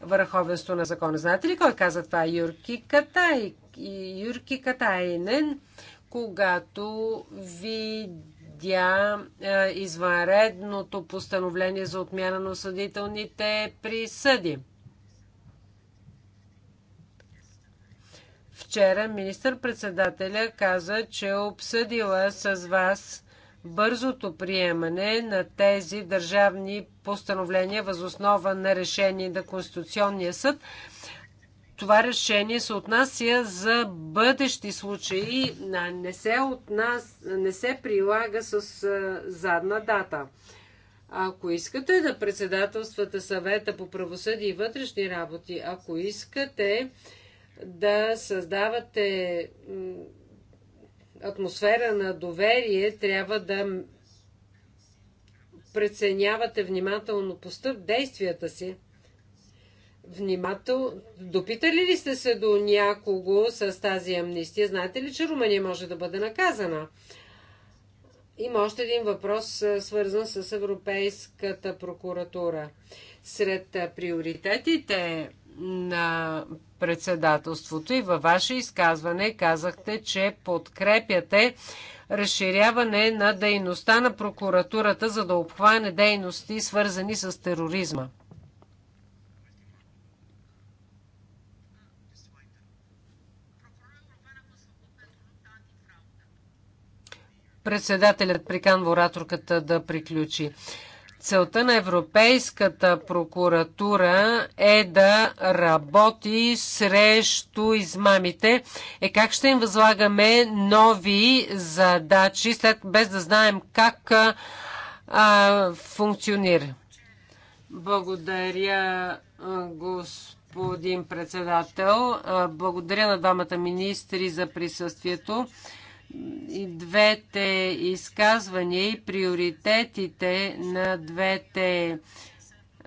върховенство на закона. Знаете ли кой каза това? Юрки Катай. Юрки Катайнен, когато видя е, извънредното постановление за отмяна на осъдителните присъди. Вчера министър-председателя каза, че е обсъдила с вас бързото приемане на тези държавни постановления възоснова на решение на Конституционния съд. Това решение се отнася за бъдещи случаи, не се, нас, не се прилага с задна дата. Ако искате да председателствате съвета по правосъдие и вътрешни работи, ако искате да създавате атмосфера на доверие трябва да преценявате внимателно постъп действията си. Внимател... Допитали ли сте се до някого с тази амнистия? Знаете ли, че Румъния може да бъде наказана? Има още един въпрос, свързан с Европейската прокуратура. Сред приоритетите на председателството и във ваше изказване казахте, че подкрепяте разширяване на дейността на прокуратурата, за да обхване дейности, свързани с тероризма. Председателят приканва ораторката да приключи. Целта на Европейската прокуратура е да работи срещу измамите. Е как ще им възлагаме нови задачи, след, без да знаем как а, функционира? Благодаря, господин председател. Благодаря на двамата министри за присъствието и двете изказвания и приоритетите на двете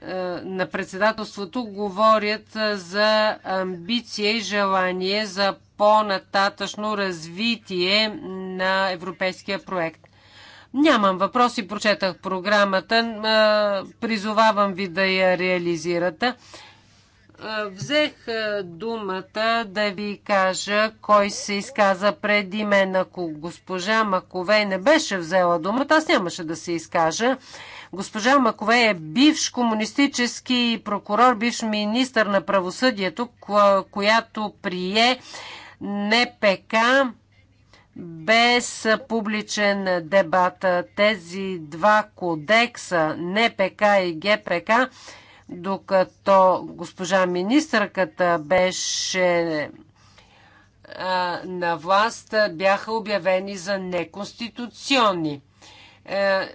е, на председателството говорят е, за амбиция и желание за по-нататъчно развитие на европейския проект. Нямам въпроси, прочетах програмата. Е, призовавам ви да я реализирате. Е, взех е, думата да ви кажа кой се изказа преди мен. Ако госпожа Маковей не беше взела думата, аз нямаше да се изкажа. Госпожа Маковей е бивш комунистически прокурор, бивш министър на правосъдието, която прие НПК без публичен дебат. Тези два кодекса, НПК и ГПК, докато госпожа министърката беше на власт, бяха обявени за неконституционни. Е,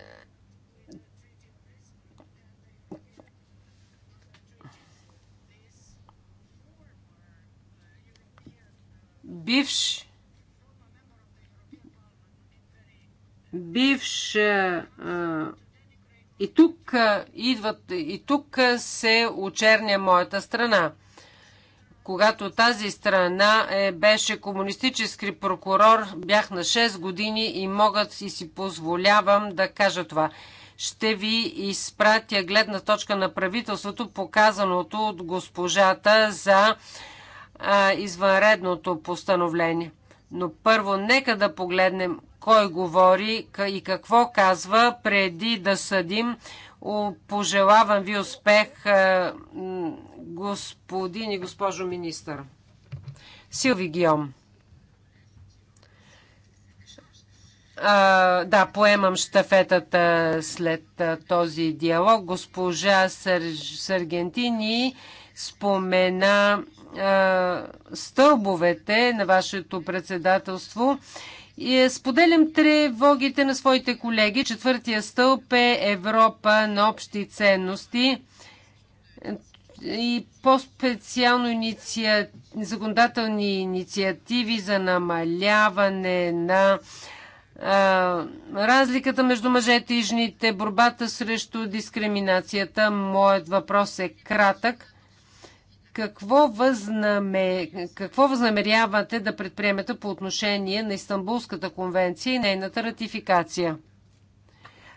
бивш бивш а, и тук, идват, и тук се очерня моята страна. Когато тази страна е, беше комунистически прокурор, бях на 6 години и могат и си позволявам да кажа това. Ще ви изпратя гледна точка на правителството, показаното от госпожата за а, извънредното постановление. Но първо нека да погледнем кой говори и какво казва преди да съдим. Пожелавам ви успех, е, господин и госпожо министър. Силви Гиом. А, да, поемам штафетата след а, този диалог. Госпожа Сергентини Саргентини спомена а, стълбовете на вашето председателство. Е, споделям тревогите на своите колеги. Четвъртия стълб е Европа на общи ценности и по-специално законодателни инициативи за намаляване на а, разликата между мъжете и жените, борбата срещу дискриминацията. Моят въпрос е кратък. Какво, възнаме, какво възнамерявате да предприемете по отношение на Истанбулската конвенция и нейната ратификация?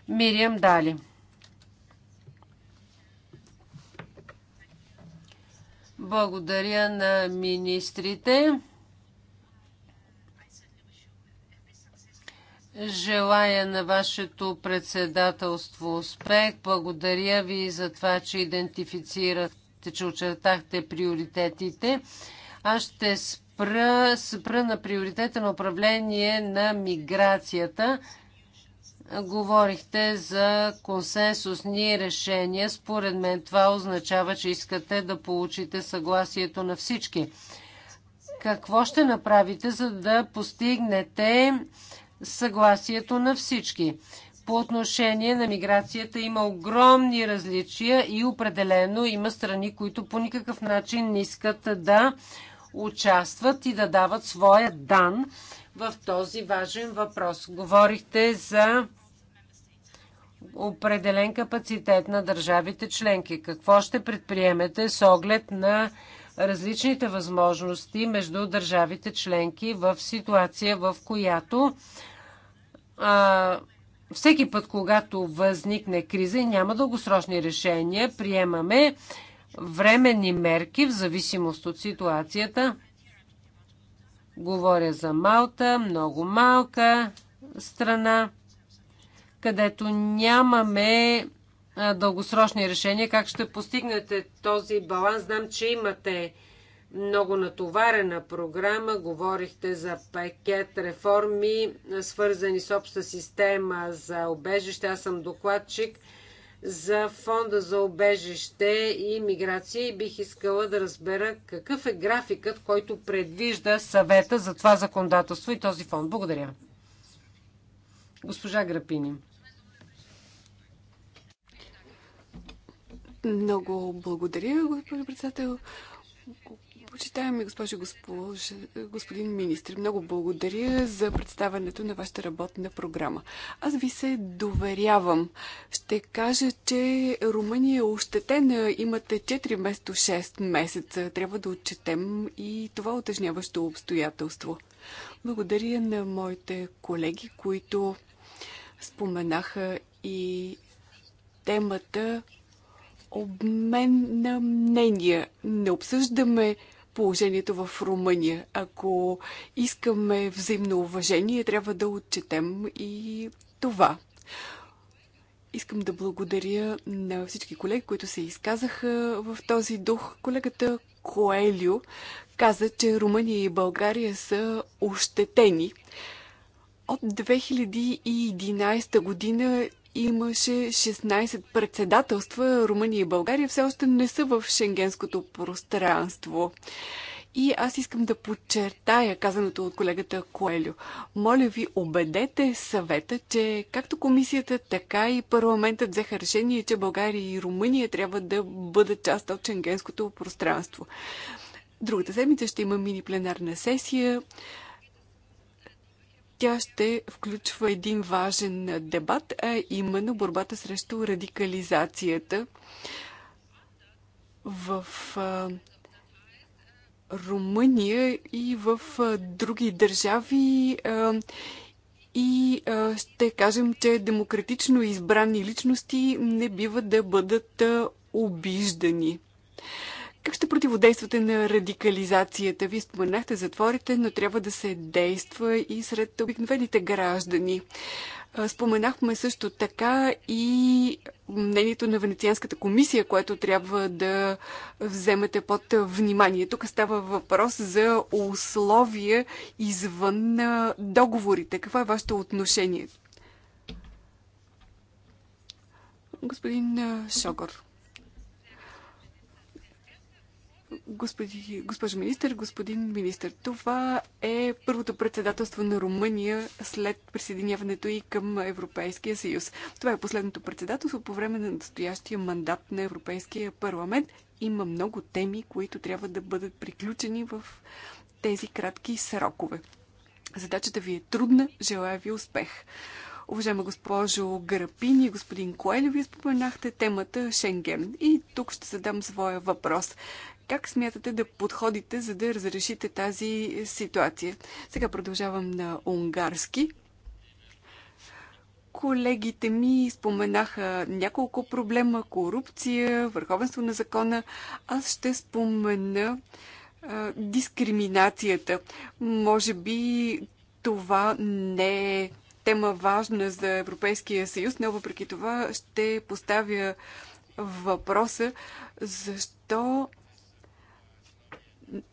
Мириам Дали. Благодаря на министрите. Желая на вашето председателство успех. Благодаря ви за това, че идентифицирате че очертахте приоритетите. Аз ще спра, спра на приоритета на управление на миграцията. Говорихте за консенсусни решения. Според мен това означава, че искате да получите съгласието на всички. Какво ще направите, за да постигнете съгласието на всички? По отношение на миграцията има огромни различия и определено има страни, които по никакъв начин не искат да участват и да дават своя дан в този важен въпрос. Говорихте за определен капацитет на държавите членки. Какво ще предприемете с оглед на различните възможности между държавите членки в ситуация, в която а, всеки път, когато възникне криза и няма дългосрочни решения, приемаме временни мерки в зависимост от ситуацията. Говоря за Малта, много малка страна, където нямаме дългосрочни решения. Как ще постигнете този баланс? Знам, че имате много натоварена програма. Говорихте за пакет реформи, свързани с обща система за обежище. Аз съм докладчик за фонда за обежище и миграция и бих искала да разбера какъв е графикът, който предвижда съвета за това законодателство и този фонд. Благодаря. Госпожа Грапини. Много благодаря, господин председател. Почитаеми госпожи госпож, господин министр, много благодаря за представането на вашата работна програма. Аз ви се доверявам. Ще кажа, че Румъния е ощетена. Имате 4 вместо 6 месеца. Трябва да отчетем и това отъжняващо обстоятелство. Благодаря на моите колеги, които споменаха и темата обмен на мнения. Не обсъждаме положението в Румъния. Ако искаме взаимно уважение, трябва да отчетем и това. Искам да благодаря на всички колеги, които се изказаха в този дух. Колегата Коелю каза, че Румъния и България са ощетени. От 2011 година имаше 16 председателства. Румъния и България все още не са в шенгенското пространство. И аз искам да подчертая казаното от колегата Коелю. Моля ви, убедете съвета, че както комисията, така и парламентът взеха решение, че България и Румъния трябва да бъдат част от шенгенското пространство. Другата седмица ще има мини пленарна сесия. Тя ще включва един важен дебат, а именно борбата срещу радикализацията в Румъния и в други държави. И ще кажем, че демократично избрани личности не бива да бъдат обиждани. Как ще противодействате на радикализацията? Вие споменахте затворите, но трябва да се действа и сред обикновените граждани. Споменахме също така и мнението на Венецианската комисия, което трябва да вземете под внимание. Тук става въпрос за условия извън договорите. Какво е вашето отношение? Господин Шогор. Господи, госпожо министр, господин министр, това е първото председателство на Румъния след присъединяването и към Европейския съюз. Това е последното председателство по време на настоящия мандат на Европейския парламент. Има много теми, които трябва да бъдат приключени в тези кратки срокове. Задачата ви е трудна, желая ви успех. Уважаема госпожо и господин Коелю, ви споменахте темата Шенген. И тук ще задам своя въпрос. Как смятате да подходите, за да разрешите тази ситуация? Сега продължавам на унгарски. Колегите ми споменаха няколко проблема корупция, върховенство на закона. Аз ще спомена а, дискриминацията. Може би това не е тема важна за Европейския съюз, но въпреки това ще поставя въпроса защо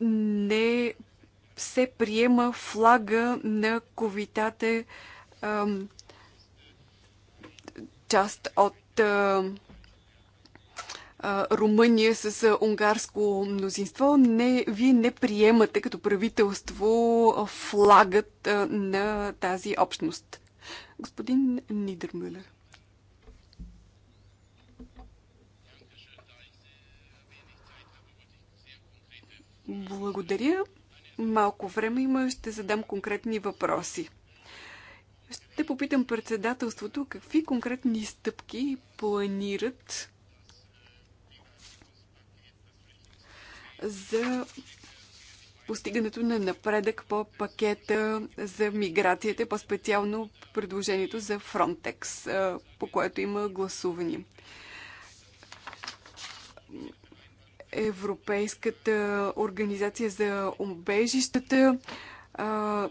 не се приема флага на ковитата част от Румъния с унгарско мнозинство. Не, вие не приемате като правителство флагът на тази общност. Господин Нидермюлер. Благодаря. Малко време има, ще задам конкретни въпроси. Ще попитам председателството какви конкретни стъпки планират за постигането на напредък по пакета за миграцията, по-специално предложението за Frontex, по което има гласувани. Европейската организация за убежищата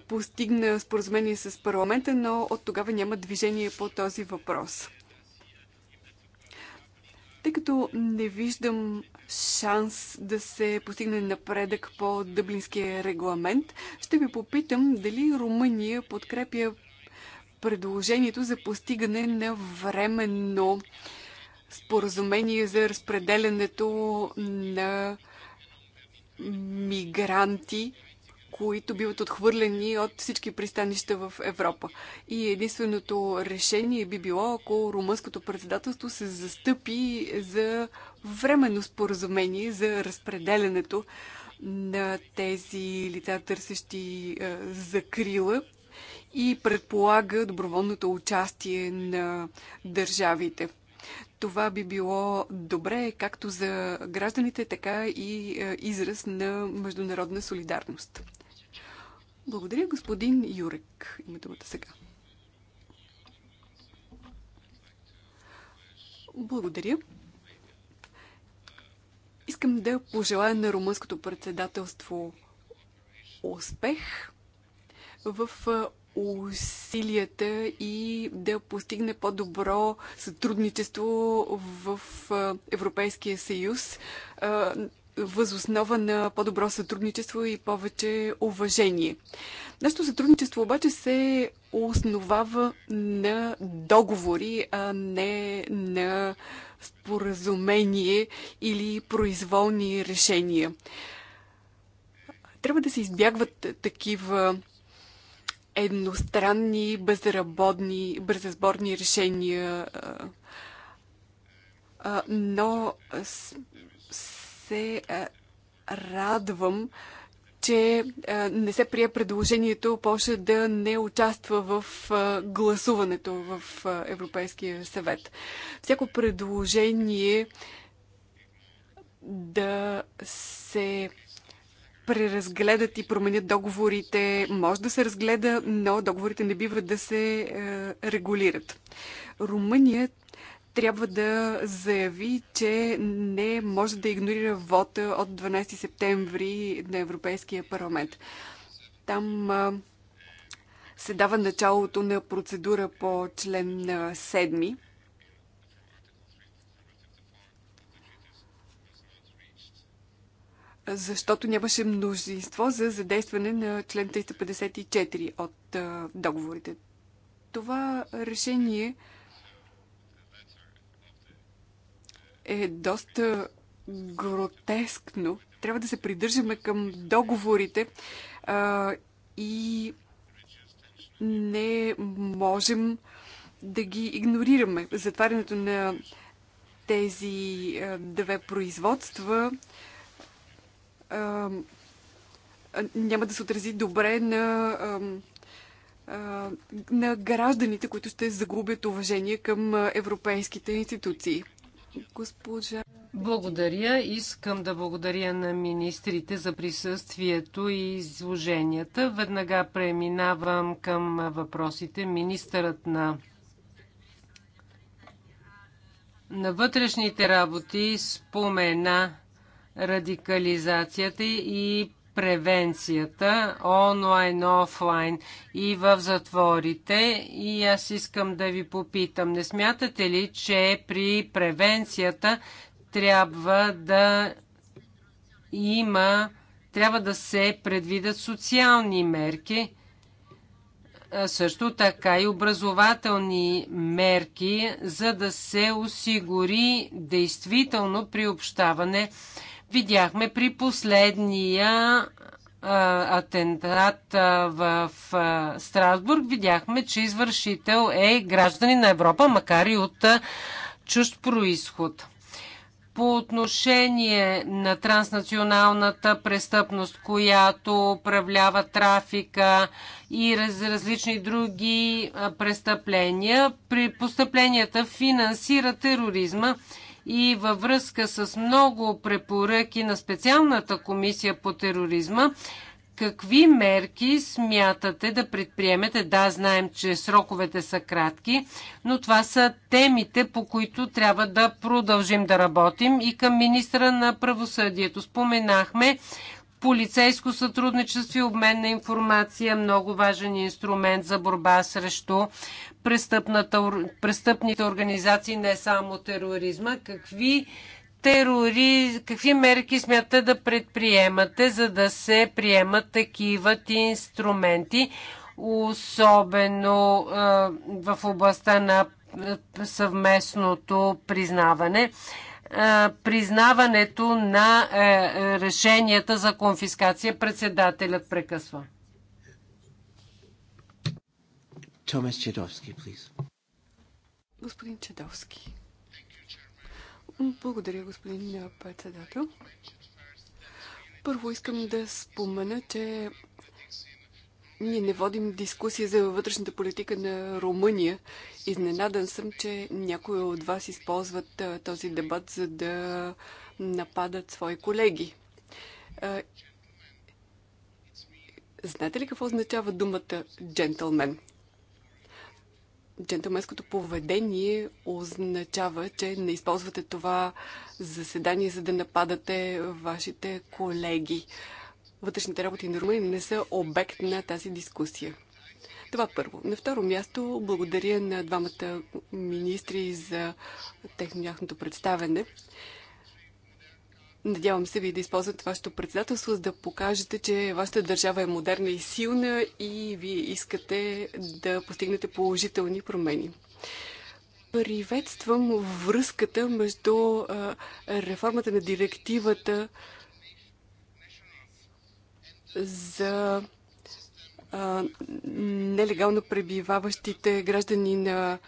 постигна споразумение с парламента, но от тогава няма движение по този въпрос. Тъй като не виждам шанс да се постигне напредък по Дъблинския регламент, ще ви попитам дали Румъния подкрепя предложението за постигане на временно споразумение за разпределянето на мигранти, които биват отхвърлени от всички пристанища в Европа. И единственото решение би било, ако румънското председателство се застъпи за временно споразумение за разпределянето на тези лица, търсещи е, закрила и предполага доброволното участие на държавите. Това би било добре както за гражданите, така и е, израз на международна солидарност. Благодаря, господин Юрек. Има думата сега. Благодаря. Искам да пожелая на румънското председателство успех в е, усилията и да постигне по-добро сътрудничество в Европейския съюз възоснова на по-добро сътрудничество и повече уважение. Нашето сътрудничество обаче се основава на договори, а не на споразумение или произволни решения. Трябва да се избягват такива едностранни, безработни, безразборни решения, но се радвам, че не се прие предложението Польша да не участва в гласуването в Европейския съвет. Всяко предложение да се преразгледат и променят договорите. Може да се разгледа, но договорите не биват да се е, регулират. Румъния трябва да заяви, че не може да игнорира вота от 12 септември на Европейския парламент. Там е, се дава началото на процедура по член 7 е, защото нямаше мнозинство за задействане на член 354 от договорите. Това решение е доста гротескно. Трябва да се придържаме към договорите а, и не можем да ги игнорираме. Затварянето на тези две производства а, няма да се отрази добре на, а, а, на гражданите, които ще загубят уважение към европейските институции. Госпожа. Благодаря. Искам да благодаря на министрите за присъствието и изложенията. Веднага преминавам към въпросите. Министърът на на вътрешните работи спомена радикализацията и превенцията онлайн, офлайн и в затворите. И аз искам да ви попитам, не смятате ли, че при превенцията трябва да има, трябва да се предвидят социални мерки, също така и образователни мерки, за да се осигури действително приобщаване видяхме при последния атентат в Страсбург, видяхме, че извършител е граждани на Европа, макар и от чужд происход. По отношение на транснационалната престъпност, която управлява трафика и раз, различни други престъпления, при постъпленията финансира тероризма и във връзка с много препоръки на специалната комисия по тероризма, какви мерки смятате да предприемете? Да, знаем, че сроковете са кратки, но това са темите, по които трябва да продължим да работим. И към министра на правосъдието споменахме полицейско сътрудничество и обмен на информация много важен инструмент за борба срещу престъпните организации, не само тероризма. Какви, терори... Какви мерки смятате да предприемате, за да се приемат такива инструменти, особено в областта на съвместното признаване? признаването на е, е, решенията за конфискация. Председателят прекъсва. Томас Чедовски, Господин Чедовски. Благодаря, господин председател. Първо искам да спомена, че ние не водим дискусия за вътрешната политика на Румъния. Изненадан съм, че някои от вас използват този дебат, за да нападат свои колеги. Знаете ли какво означава думата джентлмен? Джентлменското поведение означава, че не използвате това заседание, за да нападате вашите колеги вътрешните работи на Румъния не са обект на тази дискусия. Това първо. На второ място благодаря на двамата министри за техното представене. Надявам се ви да използвате вашето председателство, за да покажете, че вашата държава е модерна и силна и вие искате да постигнете положителни промени. Приветствам връзката между реформата на директивата за а, нелегално пребиваващите граждани на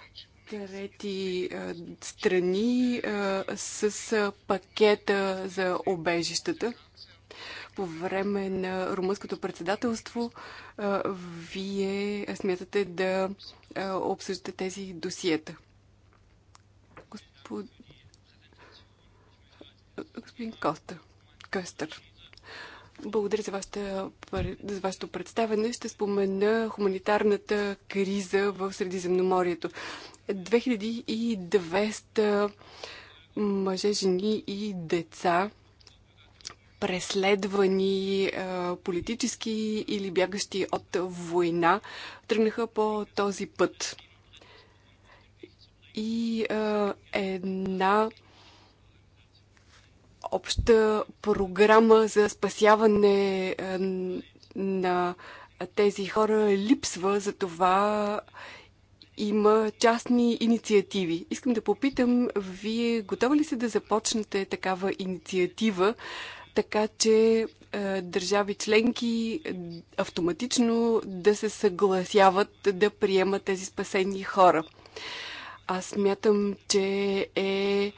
трети а, страни а, с а, пакета за обежищата. По време на румънското председателство а, вие смятате да а, обсъждате тези досиета. Господ... Господин Коста. Костър. Благодаря за вашето, за вашето представене. Ще спомена хуманитарната криза в Средиземноморието. 2200 мъже, жени и деца преследвани политически или бягащи от война, тръгнаха по този път. И една обща програма за спасяване е, на тези хора липсва, за това има частни инициативи. Искам да попитам, вие готова ли сте да започнете такава инициатива, така че е, държави членки автоматично да се съгласяват да приемат тези спасени хора? Аз смятам, че е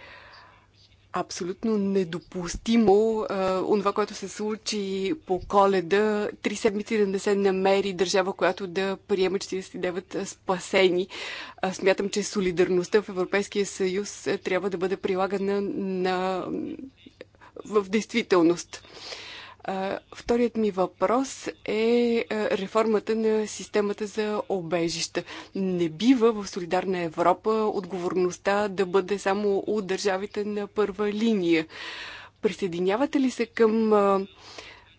абсолютно недопустимо онова, което се случи по коледа. Три седмици да не се намери държава, която да приема 49 спасени. А, смятам, че солидарността в Европейския съюз трябва да бъде прилагана на, в действителност. Вторият ми въпрос е реформата на системата за обежища. Не бива в Солидарна Европа отговорността да бъде само у държавите на първа линия. Присъединявате ли се към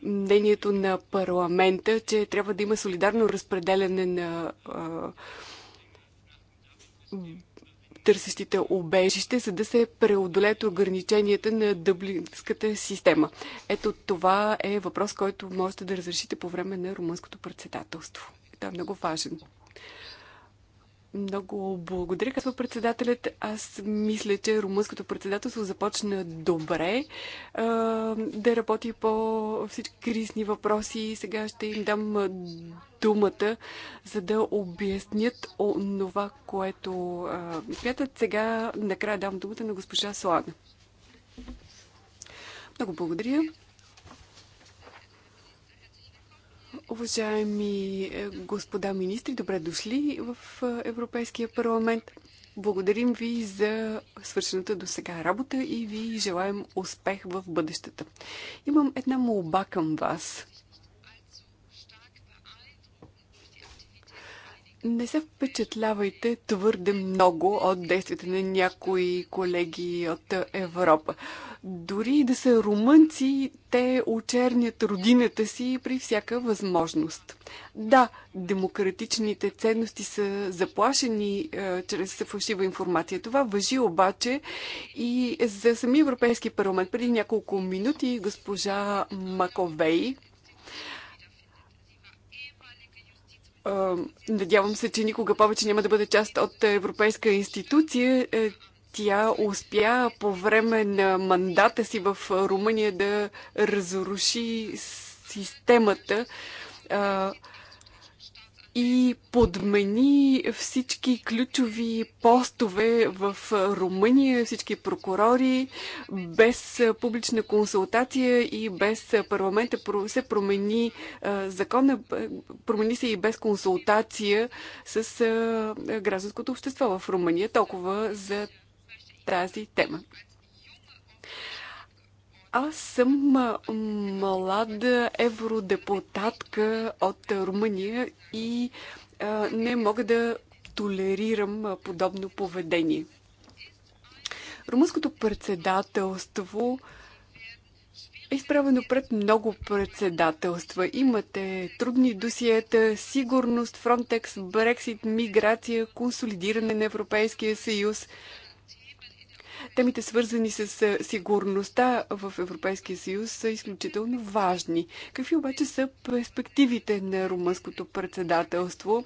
мнението на парламента, че трябва да има солидарно разпределяне на търсещите обежище, за да се преодолеят ограниченията на дъблинската система. Ето това е въпрос, който можете да разрешите по време на румънското председателство. Това е много важен. Много благодаря, казва председателят. Аз мисля, че румънското председателство започна добре а, да работи по всички кризисни въпроси. Сега ще им дам думата, за да обяснят онова, което смятат. Сега накрая дам думата на госпожа Слана. Много благодаря. Уважаеми е, господа министри, добре дошли в е, Европейския парламент. Благодарим ви за свършената до сега работа и ви желаем успех в бъдещата. Имам една молба към вас. Не се впечатлявайте твърде много от действията на някои колеги от Европа. Дори да са румънци, те очернят родината си при всяка възможност. Да, демократичните ценности са заплашени е, чрез фалшива информация. Това въжи обаче и за самия Европейски парламент. Преди няколко минути госпожа Маковей, е, Надявам се, че никога повече няма да бъде част от европейска институция. Е, тя успя по време на мандата си в Румъния да разруши системата а, и подмени всички ключови постове в Румъния, всички прокурори, без публична консултация и без парламента се промени закона, промени се и без консултация с гражданското общество в Румъния. Толкова за тази тема. Аз съм млада евродепутатка от Румъния и не мога да толерирам подобно поведение. Румънското председателство е изправено пред много председателства. Имате трудни досиета, сигурност, Фронтекс, Брексит, миграция, консолидиране на Европейския съюз – Темите, свързани с сигурността в Европейския съюз, са изключително важни. Какви обаче са перспективите на румънското председателство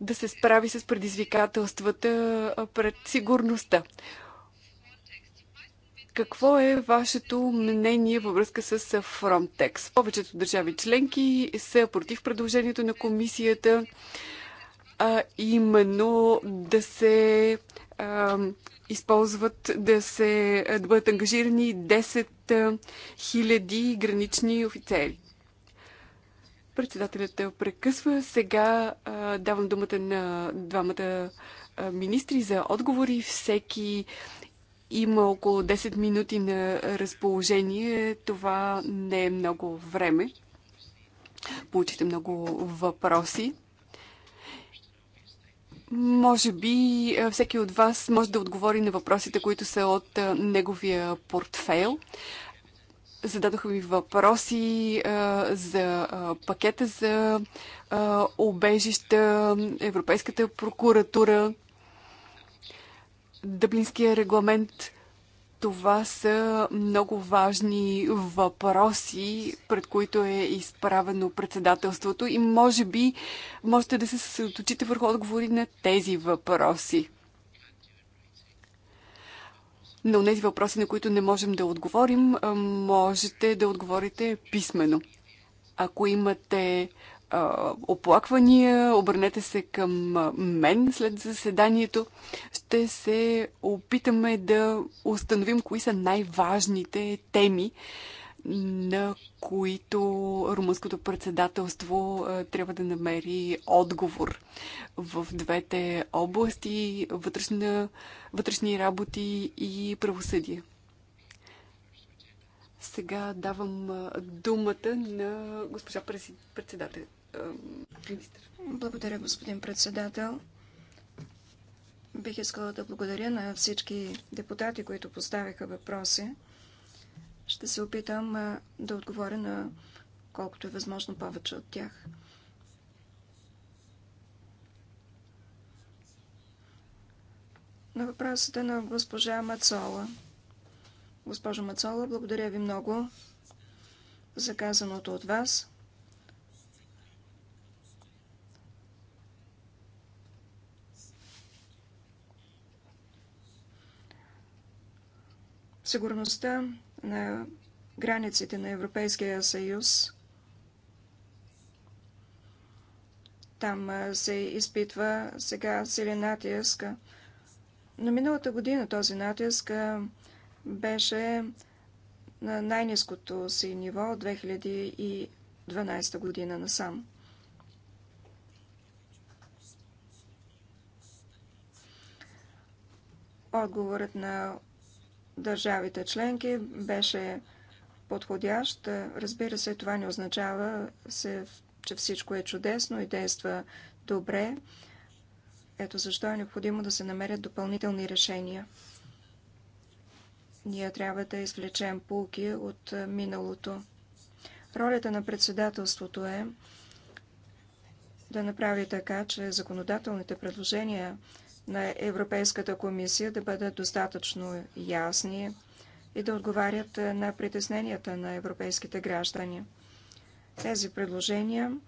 да се справи с предизвикателствата пред сигурността? Какво е вашето мнение във връзка с Frontex? Повечето държави членки са против предложението на комисията, а именно да се а, използват да, се, да бъдат ангажирани 10 000 гранични офицери. Председателят прекъсва. Сега а, давам думата на двамата министри за отговори. Всеки има около 10 минути на разположение. Това не е много време. Получите много въпроси. Може би е, всеки от вас може да отговори на въпросите, които са от е, неговия портфейл. Зададоха ми въпроси а, е, за а, пакета за а, обежища, Европейската прокуратура, Дъблинския регламент. Това са много важни въпроси, пред които е изправено председателството и може би можете да се съсредоточите върху отговори на тези въпроси. На тези въпроси, на които не можем да отговорим, можете да отговорите писменно. Ако имате а, оплаквания, обърнете се към мен след заседанието. Ще се опитаме да установим кои са най-важните теми, на които румънското председателство трябва да намери отговор в двете области вътрешна, вътрешни работи и правосъдие. Сега давам думата на госпожа председателя министър. Благодаря, господин председател. Бих искала да благодаря на всички депутати, които поставиха въпроси. Ще се опитам да отговоря на колкото е възможно повече от тях. На въпросите на госпожа Мацола. Госпожо Мацола, благодаря ви много за казаното от вас. Сигурността на границите на Европейския съюз. Там се изпитва сега силен натиск. Но миналата година този натиск беше на най-низкото си ниво от 2012 година насам. Отговорът на държавите членки беше подходящ. Разбира се, това не означава, се, че всичко е чудесно и действа добре. Ето защо е необходимо да се намерят допълнителни решения. Ние трябва да извлечем полки от миналото. Ролята на председателството е да направи така, че законодателните предложения на Европейската комисия да бъдат достатъчно ясни и да отговарят е, на притесненията на европейските граждани. Тези предложения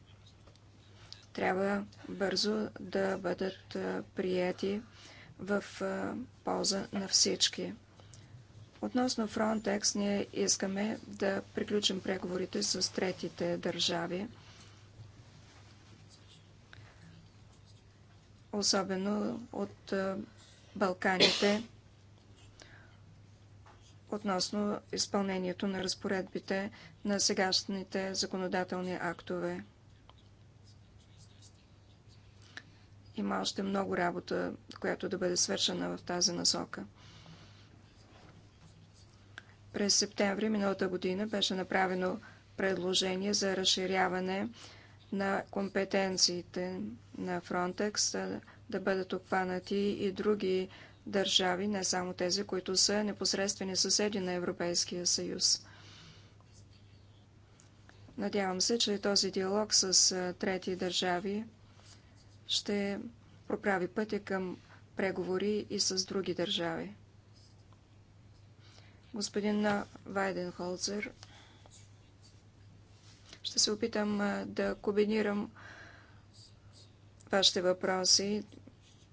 трябва бързо да бъдат е, приети в е, полза на всички. Относно Frontex, ние искаме да приключим преговорите с третите държави особено от Балканите, относно изпълнението на разпоредбите на сегашните законодателни актове. Има още много работа, която да бъде свършена в тази насока. През септември миналата година беше направено предложение за разширяване на на компетенциите на Frontex да бъдат обхванати и други държави, не само тези, които са непосредствени съседи на Европейския съюз. Надявам се, че този диалог с трети държави ще проправи пътя към преговори и с други държави. Господин Вайденхолцер ще се опитам да комбинирам вашите въпроси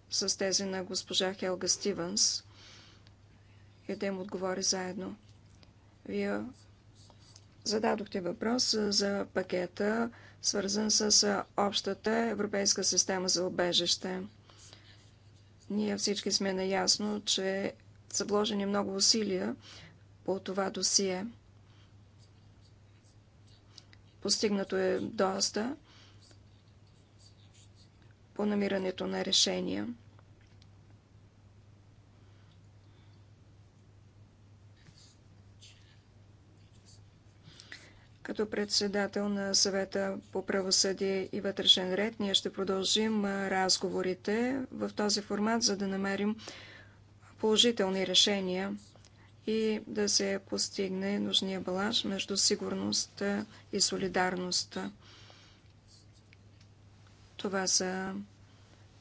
с тези на госпожа Хелга Стивенс и да им отговори заедно. Вие зададохте въпрос за пакета, свързан с общата европейска система за обежище. Ние всички сме наясно, че са вложени много усилия по това досие – Постигнато е доста по намирането на решения. Като председател на съвета по правосъдие и вътрешен ред, ние ще продължим разговорите в този формат, за да намерим положителни решения и да се постигне нужния баланс между сигурност и солидарност. Това са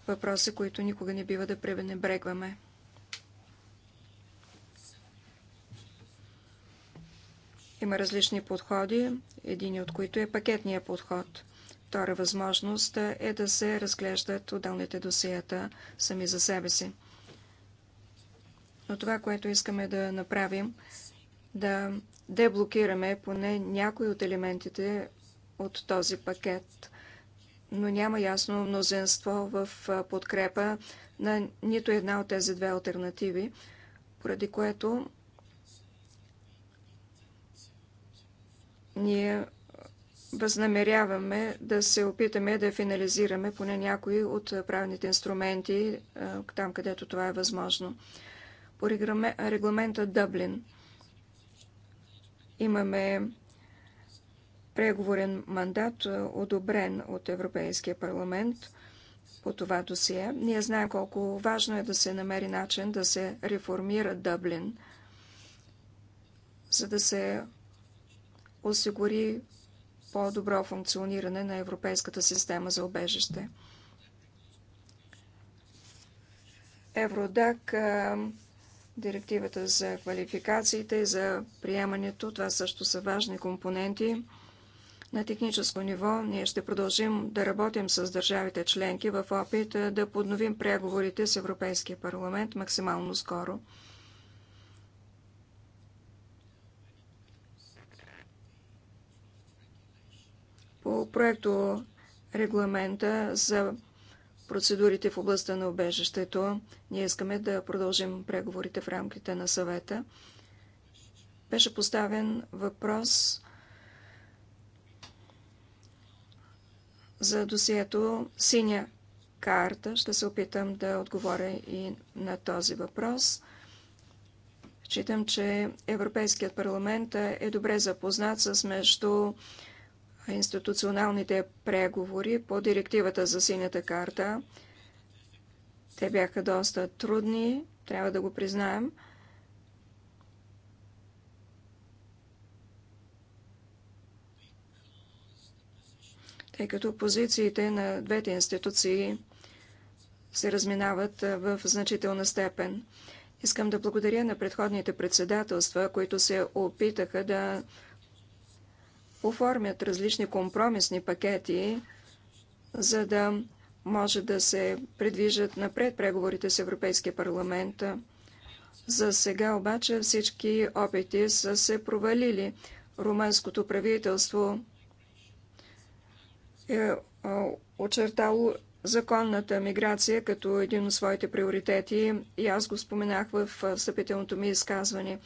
въпроси, които никога не бива да пренебрегваме. Има различни подходи, един от които е пакетния подход. Втора възможност е да се разглеждат отделните досията сами за себе си но това, което искаме да направим, да деблокираме поне някои от елементите от този пакет. Но няма ясно мнозинство в подкрепа на нито една от тези две альтернативи, поради което ние възнамеряваме да се опитаме да финализираме поне някои от правните инструменти там, където това е възможно по регламента Дъблин. Имаме преговорен мандат, е, одобрен от Европейския парламент по това досие. Ние знаем колко важно е да се намери начин да се реформира Дъблин, за да се осигури по-добро функциониране на Европейската система за обежище. Евродак е, директивата за квалификациите и за приемането. Това също са важни компоненти. На техническо ниво ние ще продължим да работим с държавите членки в опит е, да подновим преговорите с Европейския парламент максимално скоро. По проекто регламента за процедурите в областта на убежището. Ние искаме да продължим преговорите в рамките на съвета. Беше поставен въпрос за досието синя карта. Ще се опитам да отговоря и на този въпрос. Считам, че Европейският парламент е добре запознат с между институционалните преговори по директивата за синята карта. Те бяха доста трудни, трябва да го признаем. Тъй като позициите на двете институции се разминават в значителна степен. Искам да благодаря на предходните председателства, които се опитаха да оформят различни компромисни пакети, за да може да се предвижат напред преговорите с Европейския парламент. За сега обаче всички опити са се провалили. Румънското правителство е, е очертало законната миграция като един от своите приоритети и аз го споменах в е, съпителното ми изказване.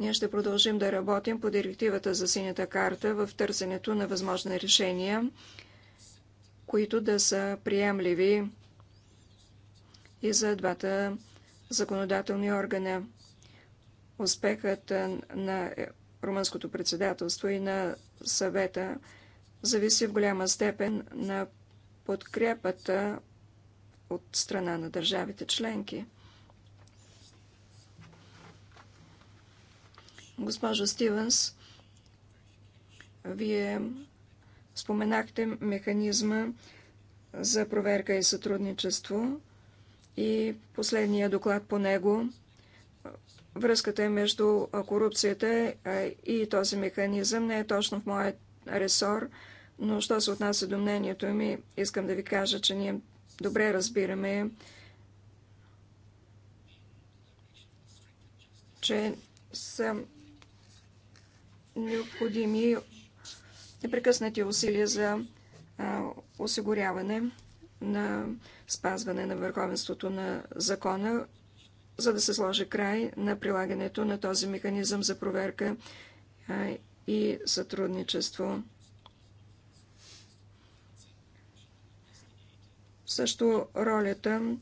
Ние ще продължим да работим по директивата за синята карта в търсенето на възможни решения, които да са приемливи и за двата законодателни органа. Успехът на румънското председателство и на съвета зависи в голяма степен на подкрепата от страна на държавите членки. Госпожо Стивенс, вие споменахте механизма за проверка и сътрудничество и последния доклад по него. Връзката е между корупцията и този механизъм не е точно в моят ресор, но що се отнася до мнението ми, искам да ви кажа, че ние добре разбираме, че са необходими непрекъснати усилия за осигуряване на спазване на върховенството на закона, за да се сложи край на прилагането на този механизъм за проверка и сътрудничество. Също ролята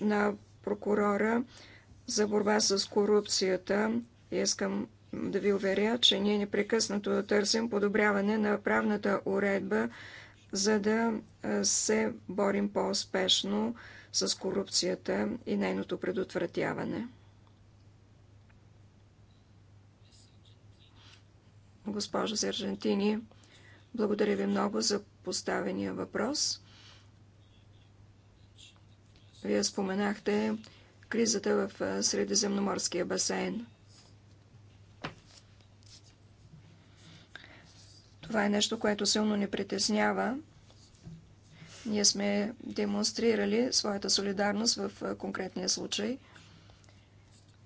на прокурора за борба с корупцията. Искам да ви уверя, че ние непрекъснато търсим подобряване на правната уредба, за да се борим по-успешно с корупцията и нейното предотвратяване. Госпожо Сержантини, благодаря ви много за поставения въпрос. Вие споменахте кризата в Средиземноморския басейн. Това е нещо, което силно ни притеснява. Ние сме демонстрирали своята солидарност в конкретния случай.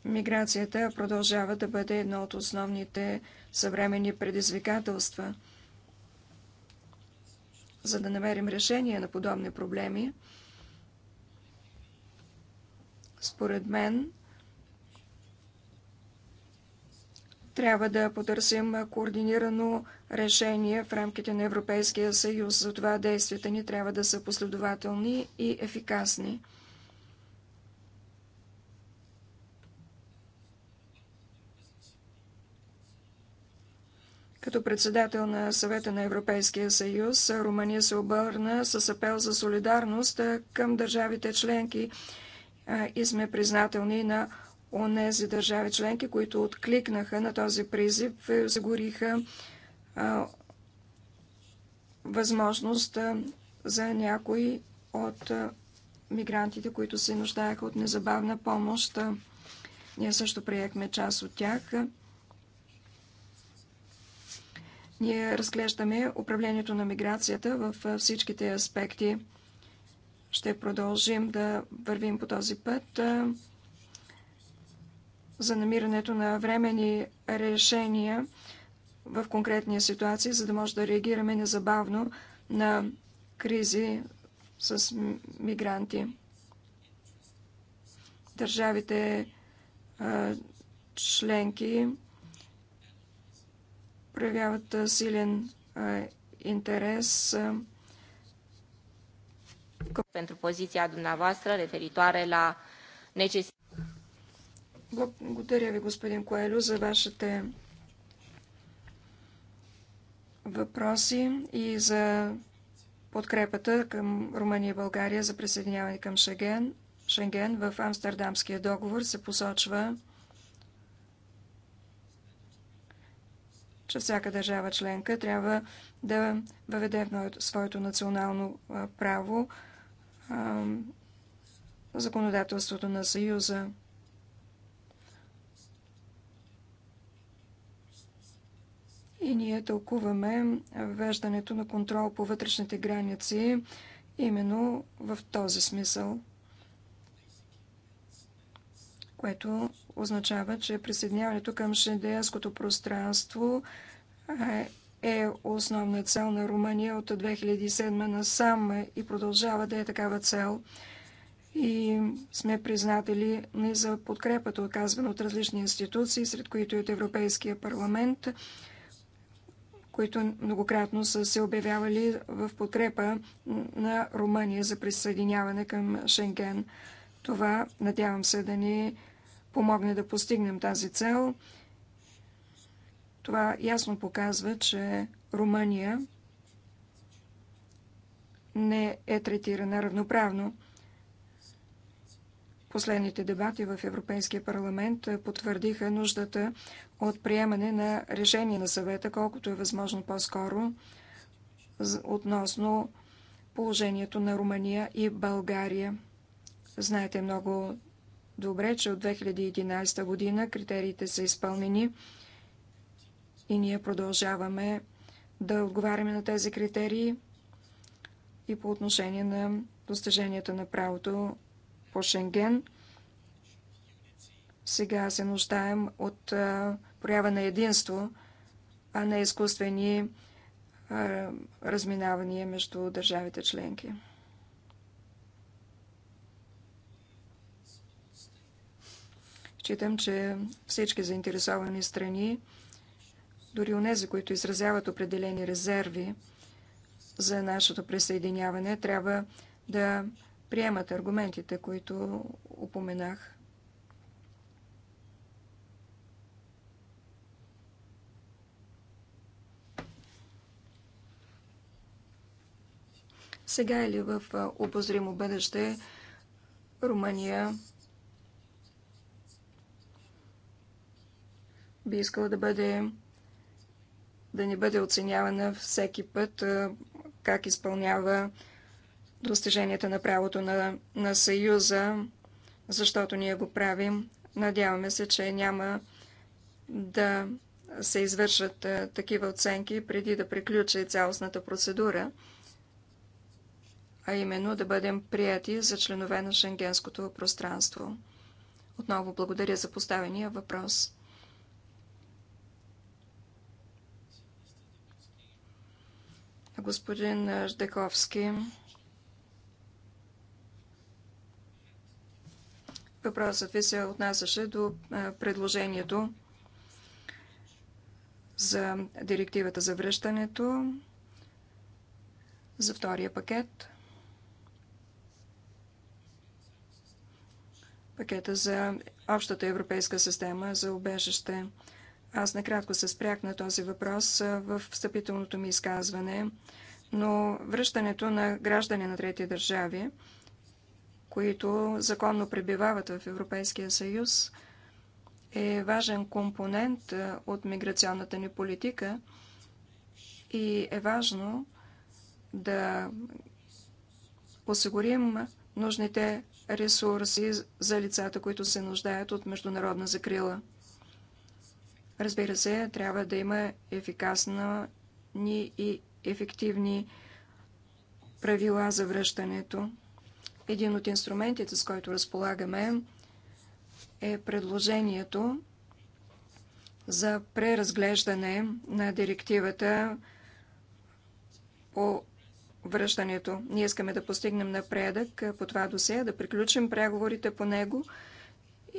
Миграцията продължава да бъде едно от основните съвременни предизвикателства. За да намерим решение на подобни проблеми, според мен, трябва да потърсим координирано решение в рамките на Европейския съюз. Затова действията ни трябва да са последователни и ефикасни. Като председател на съвета на Европейския съюз, Румъния се обърна с апел за солидарност към държавите членки и сме признателни на онези държави членки, които откликнаха на този призив и осигуриха възможност за някои от мигрантите, които се нуждаеха от незабавна помощ. Ние също приехме част от тях. Ние разглеждаме управлението на миграцията в всичките аспекти. Ще продължим да вървим по този път за намирането на времени решения в конкретни ситуации, за да може да реагираме незабавно на кризи с мигранти. Държавите членки проявяват силен интерес pentru poziția dumneavoastră referitoare la necesitatea благодаря ви, господин Коелю, за вашите въпроси и за подкрепата към Румъния и България за присъединяване към Шенген. Шенген в Амстердамския договор се посочва, че всяка държава членка трябва да въведе в своето национално право законодателството на Съюза. и ние тълкуваме веждането на контрол по вътрешните граници именно в този смисъл, което означава, че присъединяването към шенгенското пространство е основна цел на Румъния от 2007 насам и продължава да е такава цел. И сме признатели не за подкрепата, оказвана от различни институции, сред които и от Европейския парламент – които многократно са се обявявали в подкрепа на Румъния за присъединяване към Шенген. Това, надявам се, да ни помогне да постигнем тази цел. Това ясно показва, че Румъния не е третирана равноправно. Последните дебати в Европейския парламент е, потвърдиха нуждата от приемане на решение на съвета, колкото е възможно по-скоро, относно положението на Румъния и България. Знаете много добре, че от 2011 година критериите са изпълнени и ние продължаваме да отговаряме на тези критерии и по отношение на достиженията на правото по Шенген. Сега се нуждаем от проява на единство, а не изкуствени разминавания между държавите членки. Считам, че всички заинтересовани страни, дори у нези, които изразяват определени резерви за нашето присъединяване, трябва да приемат аргументите, които упоменах. Сега или в обозримо бъдеще Румъния би искала да бъде да не бъде оценявана всеки път как изпълнява достиженията на правото на, на Съюза, защото ние го правим. Надяваме се, че няма да се извършат такива оценки преди да приключи цялостната процедура, а именно да бъдем прияти за членове на шенгенското пространство. Отново благодаря за поставения въпрос. Господин Ждековски. Въпросът ви се отнасяше до предложението за директивата за връщането за втория пакет. Пакета за общата европейска система за обежище. Аз накратко се спрях на този въпрос в встъпителното ми изказване, но връщането на граждани на трети държави – които законно пребивават в Европейския съюз, е важен компонент е, от миграционната ни политика и е важно да осигурим нужните ресурси за лицата, които се нуждаят от международна закрила. Разбира се, трябва да има ефикасна ни и ефективни правила за връщането. Един от инструментите, с който разполагаме, е предложението за преразглеждане на директивата по връщането. Ние искаме да постигнем напредък по това досе, да приключим преговорите по него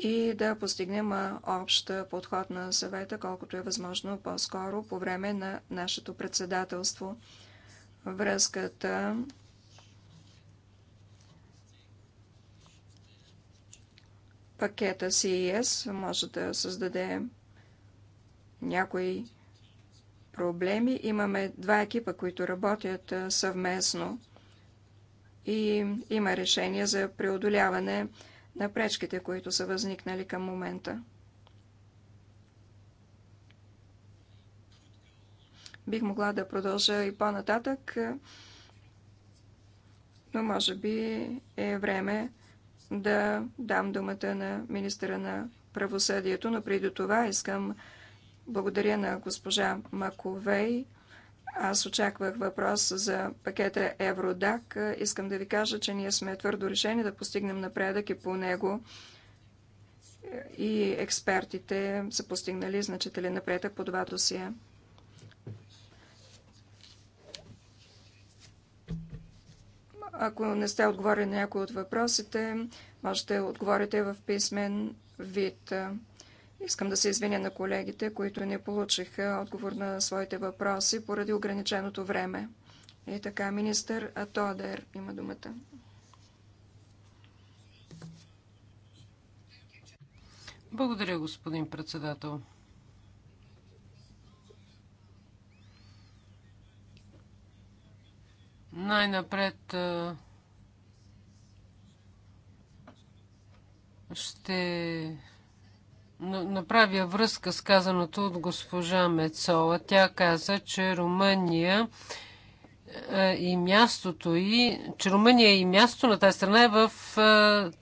и да постигнем общ подход на съвета, колкото е възможно по-скоро по време на нашето председателство. Връзката Пакета CES може да създаде някои проблеми. Имаме два екипа, които работят съвместно и има решение за преодоляване на пречките, които са възникнали към момента. Бих могла да продължа и по-нататък, но може би е време да дам думата на министра на правосъдието, но преди това искам благодаря на госпожа Маковей. Аз очаквах въпрос за пакета Евродак. Искам да ви кажа, че ние сме твърдо решени да постигнем напредък и по него. И експертите са постигнали значителен напредък по това досия. Ако не сте отговорили на някои от въпросите, можете да отговорите в писмен вид. Искам да се извиня на колегите, които не получиха отговор на своите въпроси поради ограниченото време. И така, министър Атодер има думата. Благодаря, господин председател. Най-напред ще направя връзка с казаното от госпожа Мецола. Тя каза, че Румъния и мястото и, че Румъния и мястото на тази страна е в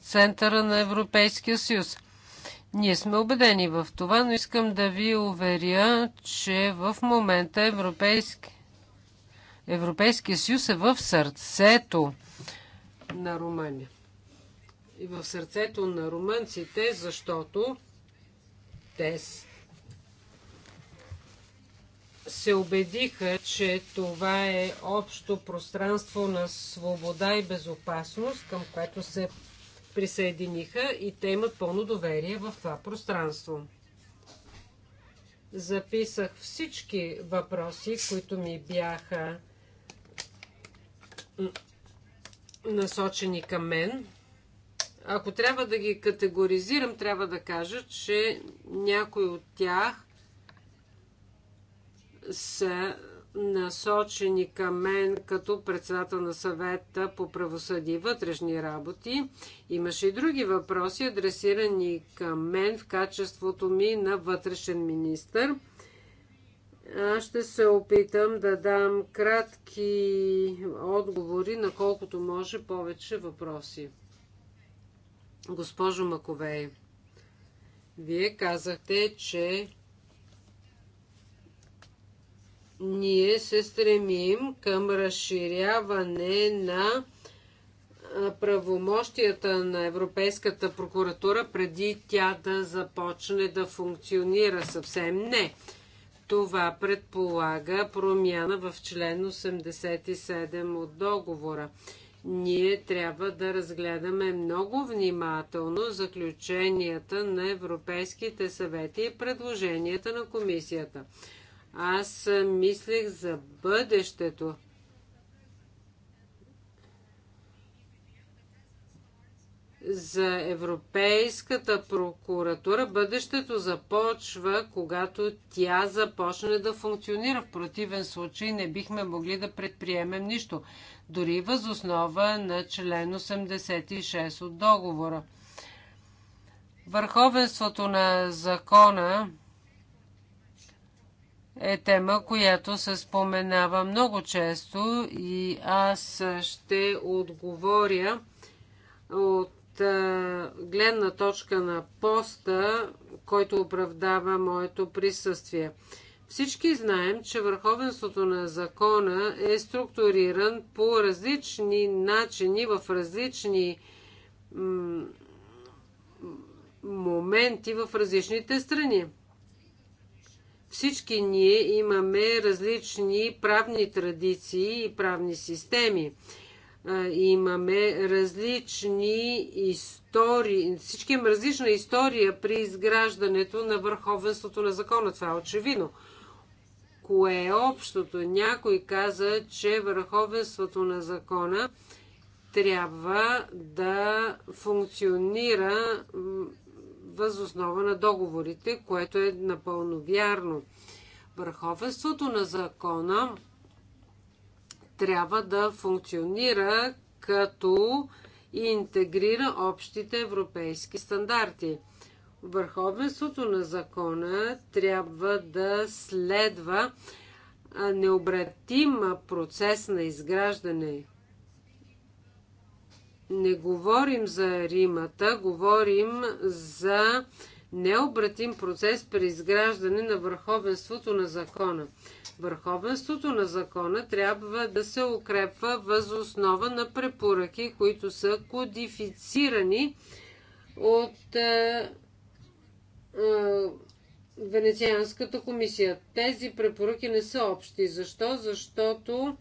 центъра на Европейския съюз. Ние сме убедени в това, но искам да ви уверя, че в момента Европейски Европейския съюз е в сърцето на Румъния. И в сърцето на румънците, защото те се убедиха, че това е общо пространство на свобода и безопасност, към което се присъединиха и те имат пълно доверие в това пространство. Записах всички въпроси, които ми бяха насочени към мен. Ако трябва да ги категоризирам, трябва да кажа, че някои от тях са насочени към мен като председател на съвета по правосъди и вътрешни работи. Имаше и други въпроси, адресирани към мен в качеството ми на вътрешен министр – аз ще се опитам да дам кратки отговори на колкото може повече въпроси. Госпожо Маковей, вие казахте, че ние се стремим към разширяване на правомощията на Европейската прокуратура преди тя да започне да функционира съвсем. Не. Това предполага промяна в член 87 от договора. Ние трябва да разгледаме много внимателно заключенията на европейските съвети и предложенията на комисията. Аз мислех за бъдещето за Европейската прокуратура бъдещето започва, когато тя започне да функционира. В противен случай не бихме могли да предприемем нищо, дори възоснова на член 86 от договора. Върховенството на закона е тема, която се споменава много често и аз ще отговоря от гледна точка на поста, който оправдава моето присъствие. Всички знаем, че върховенството на закона е структуриран по различни начини в различни моменти в различните страни. Всички ние имаме различни правни традиции и правни системи имаме различни истории, всички имаме различна история при изграждането на върховенството на закона. Това е очевидно. Кое е общото? Някой каза, че върховенството на закона трябва да функционира възоснова на договорите, което е напълно вярно. Върховенството на закона трябва да функционира като интегрира общите европейски стандарти. Върховенството на закона трябва да следва необратим процес на изграждане. Не говорим за Римата, говорим за необратим процес при изграждане на върховенството на закона. Върховенството на закона трябва да се укрепва въз основа на препоръки, които са кодифицирани от е, е, Венецианската комисия. Тези препоръки не са общи. Защо? Защото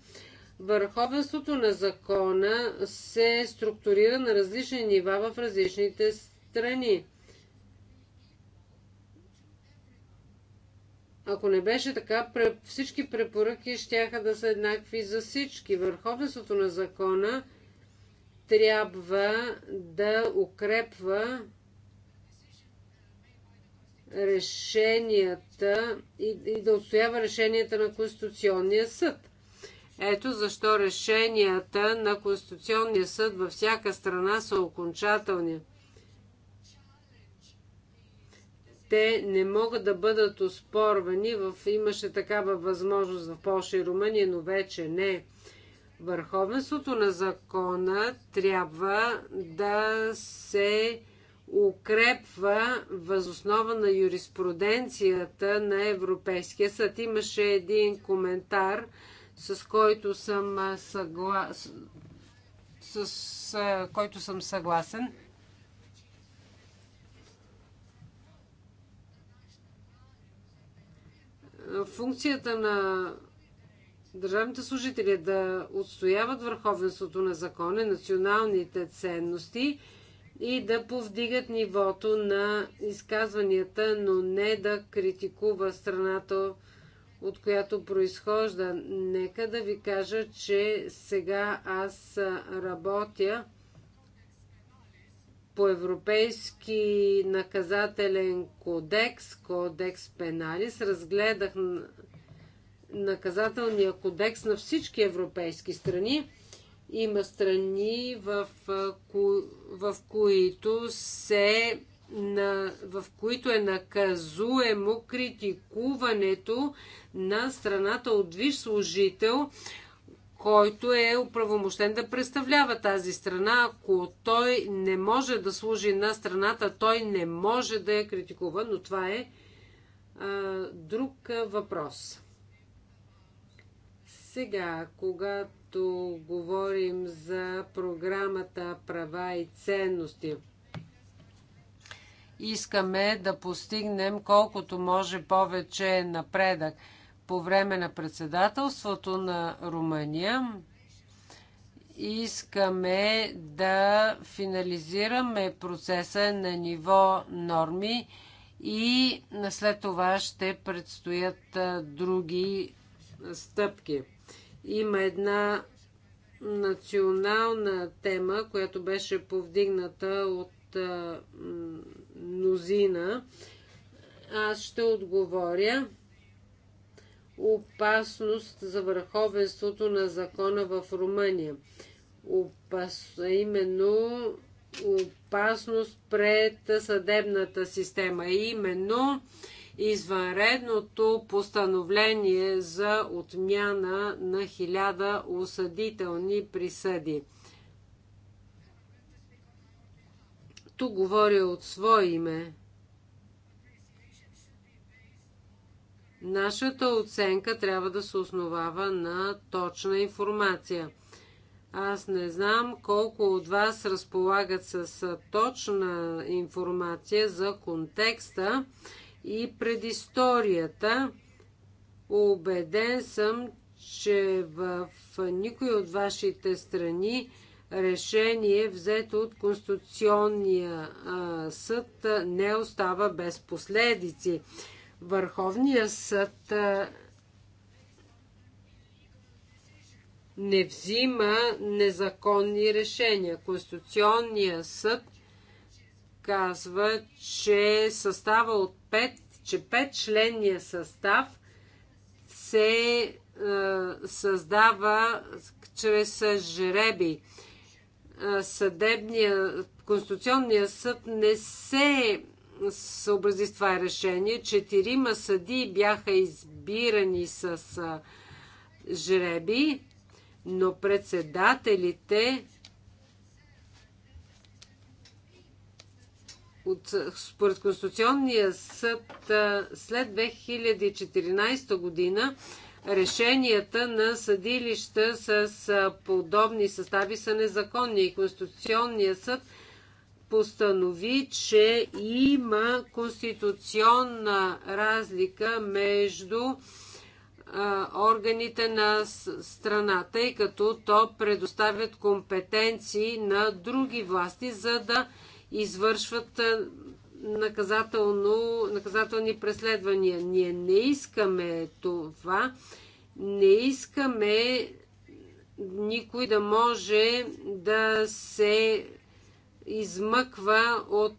върховенството на закона се структурира на различни нива в различните страни. Ако не беше така, всички препоръки ще да са еднакви за всички. Върховенството на закона трябва да укрепва решенията и, и да отстоява решенията на Конституционния съд. Ето защо решенията на Конституционния съд във всяка страна са окончателни. те не могат да бъдат оспорвани. В, имаше такава възможност в Польша и Румъния, но вече не. Върховенството на закона трябва да се укрепва възоснова на юриспруденцията на Европейския съд. Имаше един коментар, с който съм, съгла... с... С... с който съм съгласен. функцията на държавните служители е да отстояват върховенството на закона, националните ценности и да повдигат нивото на изказванията, но не да критикува страната, от която произхожда. Нека да ви кажа, че сега аз работя по Европейски наказателен кодекс, кодекс пеналис, разгледах наказателния кодекс на всички европейски страни. Има страни, в, в, в които се на, в които е наказуемо критикуването на страната от виш служител който е оправомощен да представлява тази страна. Ако той не може да служи на страната, той не може да я критикува, но това е а, друг въпрос. Сега, когато говорим за програмата права и ценности, искаме да постигнем колкото може повече напредък – по време на председателството на Румъния искаме да финализираме процеса на ниво норми и след това ще предстоят други стъпки. Има една национална тема, която беше повдигната от мнозина. Аз ще отговоря опасност за върховенството на закона в Румъния. Опас, именно опасност пред съдебната система. Именно извънредното постановление за отмяна на хиляда осъдителни присъди. Тук говоря от свое име. Нашата оценка трябва да се основава на точна информация. Аз не знам колко от вас разполагат с точна информация за контекста и предисторията. Обеден съм, че в никой от вашите страни решение, взето от Конституционния съд, не остава без последици. Върховния съд не взима незаконни решения. Конституционния съд казва, че състава от 5, че 5 членния състав се е, създава чрез жреби. Съдебния, Конституционния съд не се съобрази с това решение. Четирима съди бяха избирани с жреби, но председателите от, според Конституционния съд след 2014 година решенията на съдилища с подобни състави са незаконни и Конституционния съд – постанови, че има конституционна разлика между органите на страната, тъй като то предоставят компетенции на други власти, за да извършват наказателно, наказателни преследвания. Ние не искаме това. Не искаме никой да може да се измъква от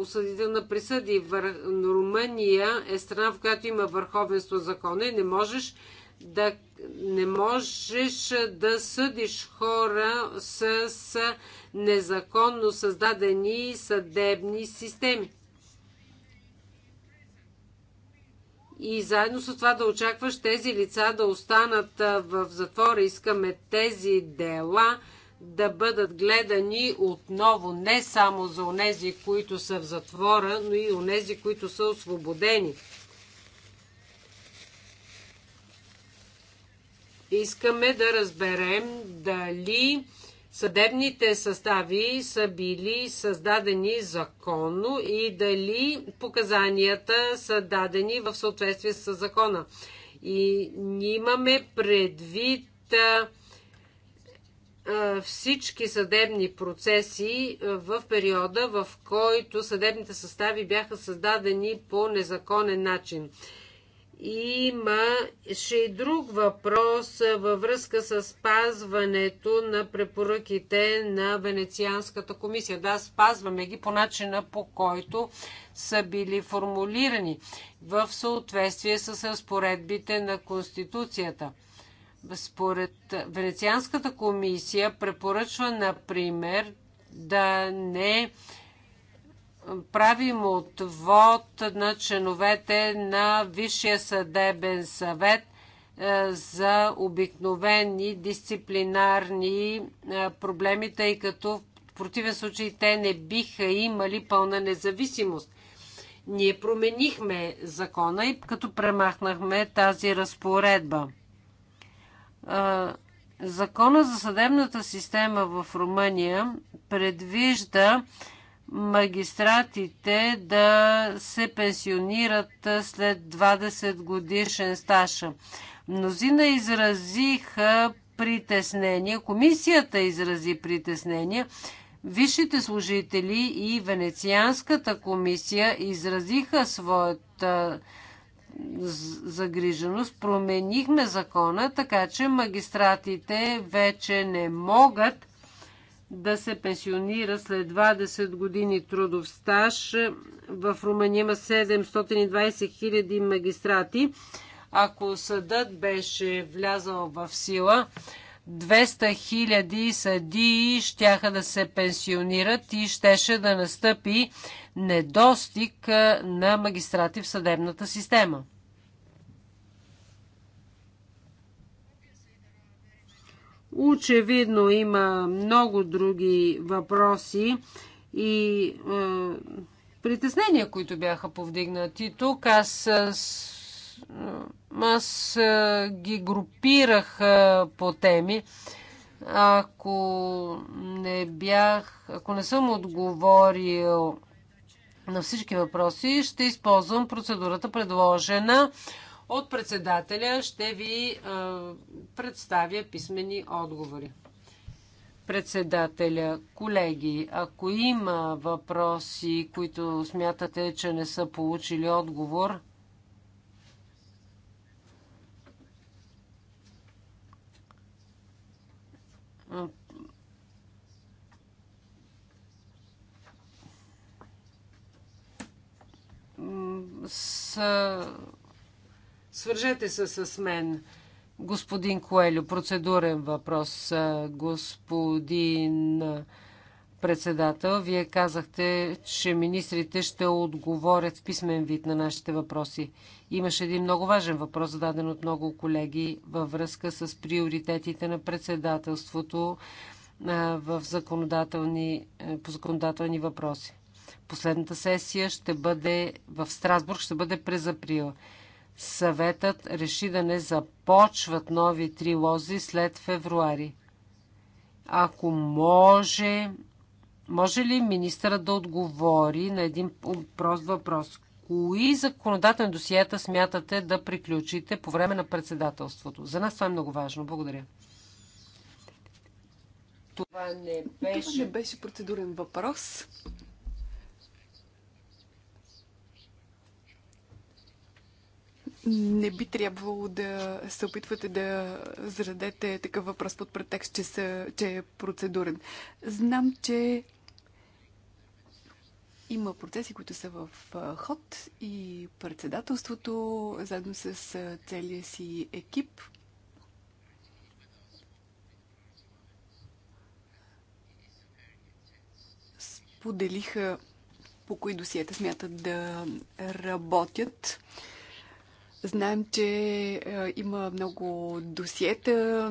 осъдителна присъди. Вър... Румъния е страна, в която има върховенство закона и не можеш да, не можеш да съдиш хора с незаконно създадени съдебни системи. И заедно с това да очакваш тези лица да останат в затвора. Искаме тези дела да бъдат гледани отново не само за онези, които са в затвора, но и онези, които са освободени. Искаме да разберем дали съдебните състави са били създадени законно и дали показанията са дадени в съответствие с закона. И имаме предвид всички съдебни процеси в периода, в който съдебните състави бяха създадени по незаконен начин. Имаше и друг въпрос във връзка с спазването на препоръките на Венецианската комисия. Да, спазваме ги по начина по който са били формулирани в съответствие с разпоредбите на Конституцията – според Венецианската комисия препоръчва, например, да не правим отвод на членовете на Висшия съдебен съвет е, за обикновени дисциплинарни е, проблеми, тъй като в противен случай те не биха имали пълна независимост. Ние променихме закона и като премахнахме тази разпоредба. Закона за съдебната система в Румъния предвижда магистратите да се пенсионират след 20 годишен стаж. Мнозина изразиха притеснения, комисията изрази притеснения, висшите служители и Венецианската комисия изразиха своята загриженост. Променихме закона, така че магистратите вече не могат да се пенсионира след 20 години трудов стаж. В Румъния има 720 000 магистрати. Ако съдът беше влязал в сила, 200 хиляди съдии щяха да се пенсионират и щеше да настъпи недостиг на магистрати в съдебната система. Очевидно има много други въпроси и е, притеснения, които бяха повдигнати тук. Аз аз ги групирах по теми. Ако не бях, ако не съм отговорил на всички въпроси, ще използвам процедурата предложена от председателя. Ще ви а, представя писмени отговори. Председателя, колеги, ако има въпроси, които смятате, че не са получили отговор, С... Свържете се с мен, господин Коелю. Процедурен въпрос, господин председател. Вие казахте, че министрите ще отговорят в писмен вид на нашите въпроси. Имаше един много важен въпрос, зададен от много колеги във връзка с приоритетите на председателството в законодателни, по законодателни въпроси. Последната сесия ще бъде в Страсбург, ще бъде през април. Съветът реши да не започват нови трилози след февруари. Ако може, може ли министъра да отговори на един прост въпрос? Кои законодателни досиета смятате да приключите по време на председателството? За нас това е много важно. Благодаря. Това не беше, това не беше процедурен въпрос. Не би трябвало да се опитвате да зададете такъв въпрос под претекст, че, са, че е процедурен. Знам, че има процеси, които са в ход и председателството, заедно с целия си екип, споделиха по кои досиета смятат да работят. Знаем, че има много досиета,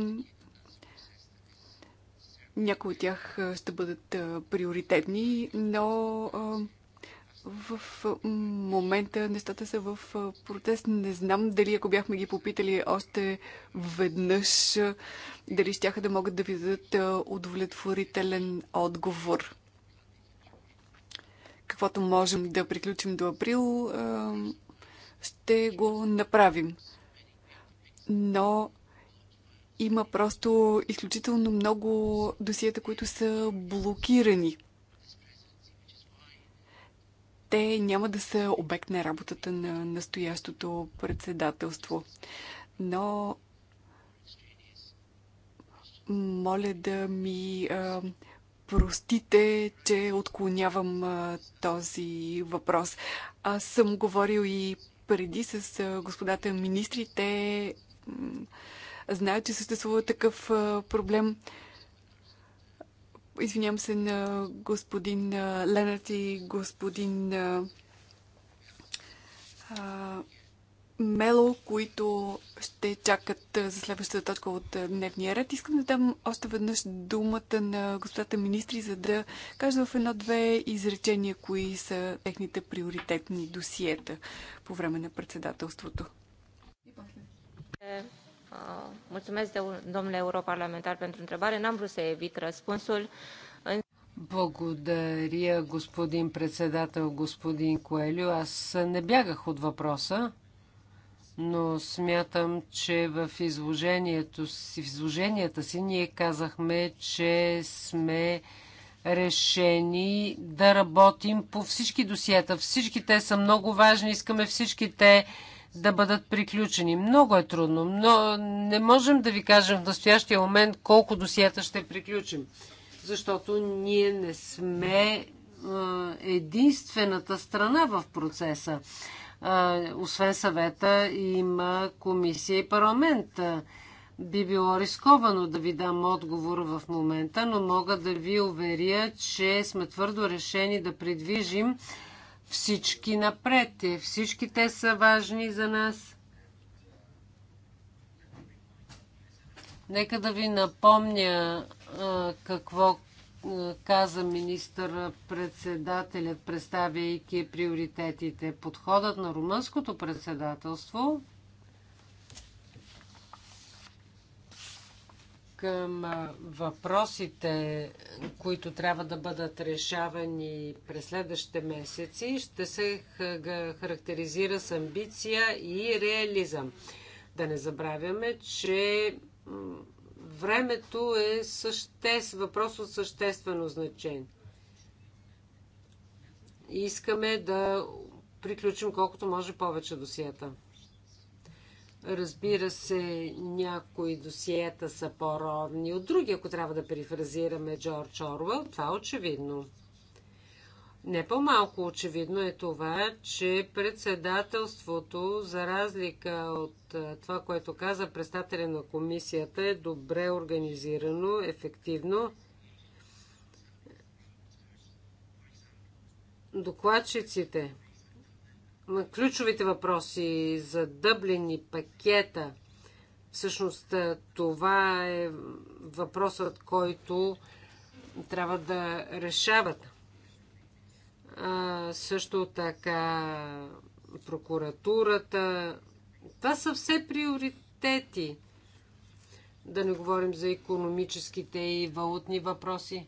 някои от тях ще бъдат приоритетни, но в момента нещата са в протест. Не знам дали ако бяхме ги попитали още веднъж, дали ще да могат да ви дадат удовлетворителен отговор. Каквото можем да приключим до април, ще го направим. Но има просто изключително много досиета, които са блокирани. Те няма да са обект на работата на настоящото председателство. Но моля да ми а, простите, че отклонявам а, този въпрос. Аз съм говорил и преди с а, господата министрите знаят, че съществува такъв проблем. Извинявам се на господин Ленард и господин Мело, които ще чакат за следващата точка от дневния ред. Искам да дам още веднъж думата на господата министри, за да кажа в едно-две изречения, кои са техните приоритетни досиета по време на председателството. Е, Mulțumesc, domnule europarlamentar, pentru întrebare. N-am vrut să evit răspunsul. Благодаря, господин председател, господин Коелю. Аз не бягах от въпроса, но смятам, че в, изложението си, в изложенията си ние казахме, че сме решени да работим по всички досиета. Всички те са много важни, искаме всички те да бъдат приключени. Много е трудно, но не можем да ви кажем в настоящия момент колко досията ще приключим, защото ние не сме единствената страна в процеса. Освен съвета има комисия и парламент. Би било рисковано да ви дам отговор в момента, но мога да ви уверя, че сме твърдо решени да придвижим всички напред. И е. всички те са важни за нас. Нека да ви напомня какво каза министър-председателят, представяйки приоритетите. Подходът на румънското председателство към въпросите, които трябва да бъдат решавани през следващите месеци, ще се характеризира с амбиция и реализъм. Да не забравяме, че времето е съществ, въпрос от съществено значение. Искаме да приключим колкото може повече досията. Разбира се, някои досиета са по-родни от други, ако трябва да перифразираме Джордж Орвел. Това е очевидно. Не по-малко очевидно е това, че председателството, за разлика от това, което каза представителя на комисията, е добре организирано, ефективно. Докладчиците ключовите въпроси за Дъблин и пакета, всъщност това е въпросът, който трябва да решават. А, също така прокуратурата. Това са все приоритети. Да не говорим за економическите и валутни въпроси.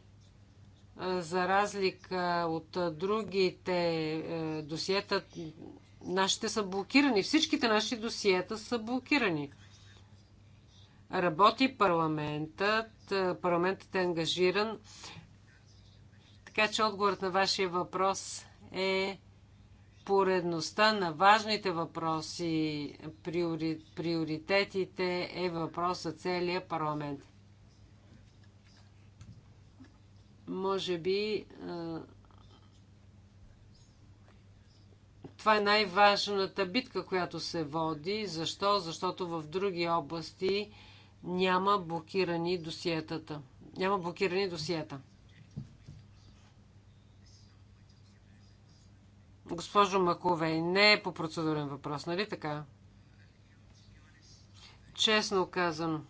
За разлика от другите е, досиета, нашите са блокирани. Всичките наши досиета са блокирани. Работи парламентът, е, парламентът е ангажиран. Така че отговорът на вашия въпрос е поредността на важните въпроси, приоритетите е въпрос за целия парламент. Може би това е най-важната битка, която се води. Защо? Защото в други области няма блокирани досиетата. Няма блокирани досиета. Госпожо Маковей, не е по процедурен въпрос, нали така? Честно казано.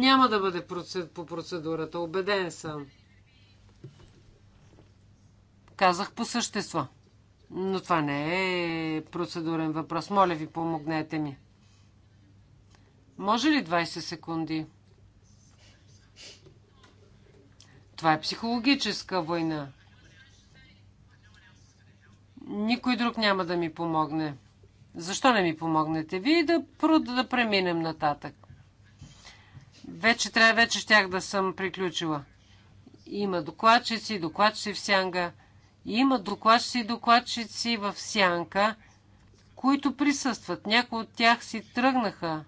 няма да бъде по процедурата. Обеден съм. Казах по същество. Но това не е процедурен въпрос. Моля ви, помогнете ми. Може ли 20 секунди? Това е психологическа война. Никой друг няма да ми помогне. Защо не ми помогнете Вие да, да преминем нататък? Вече трябва, вече щях да съм приключила. Има докладчици, докладчици в сянга. Има докладчици, докладчици в сянка, които присъстват. Някои от тях си тръгнаха.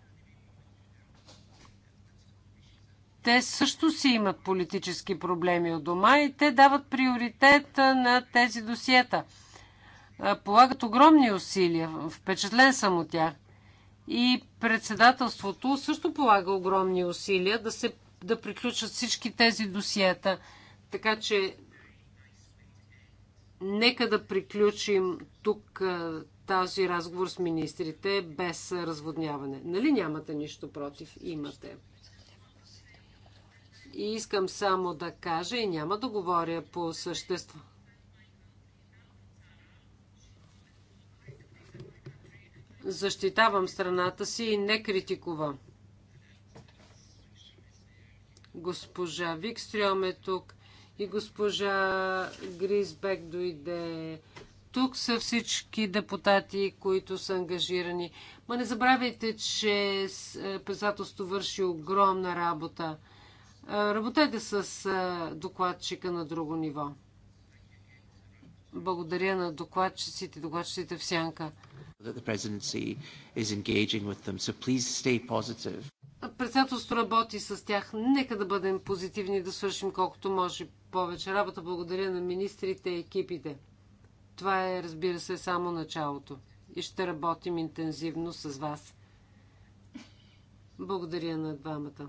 те също си имат политически проблеми от дома и те дават приоритет на тези досиета. Полагат огромни усилия. Впечатлен съм от тях и председателството също полага огромни усилия да, се, да приключат всички тези досиета. Така че нека да приключим тук този разговор с министрите без разводняване. Нали нямате нищо против? Имате. И искам само да кажа и няма да говоря по същество. защитавам страната си и не критикувам. Госпожа Викстрем е тук и госпожа Гризбек дойде. Тук са всички депутати, които са ангажирани. Ма не забравяйте, че е, председателството върши огромна работа. Е, работете с е, докладчика на друго ниво. Благодаря на докладчиците, докладчиците в сянка that the presidency is engaging with them. So please stay positive. Председателството работи с тях. Нека да бъдем позитивни и да свършим колкото може повече работа. Благодаря на министрите и екипите. Това е, разбира се, само началото. И ще работим интензивно с вас. Благодаря на двамата.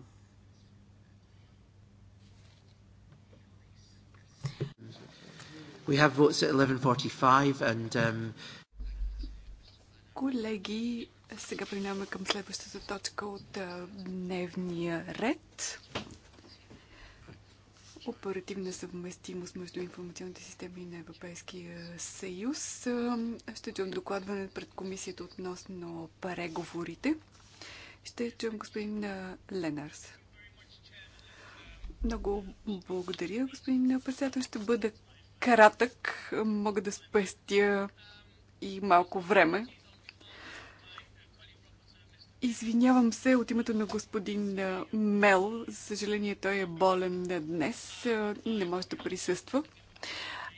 We have votes at 11.45 and um, Колеги, сега преминаваме към следващата точка от дневния ред. Оперативна съвместимост между информационните системи на Европейския съюз. Ще чуем докладване пред комисията относно преговорите. Ще чуем господин Ленарс. Много благодаря, господин председател. Ще бъда кратък. Мога да спестя и малко време. Извинявам се от името на господин Мел. За съжаление, той е болен днес. Не може да присъства.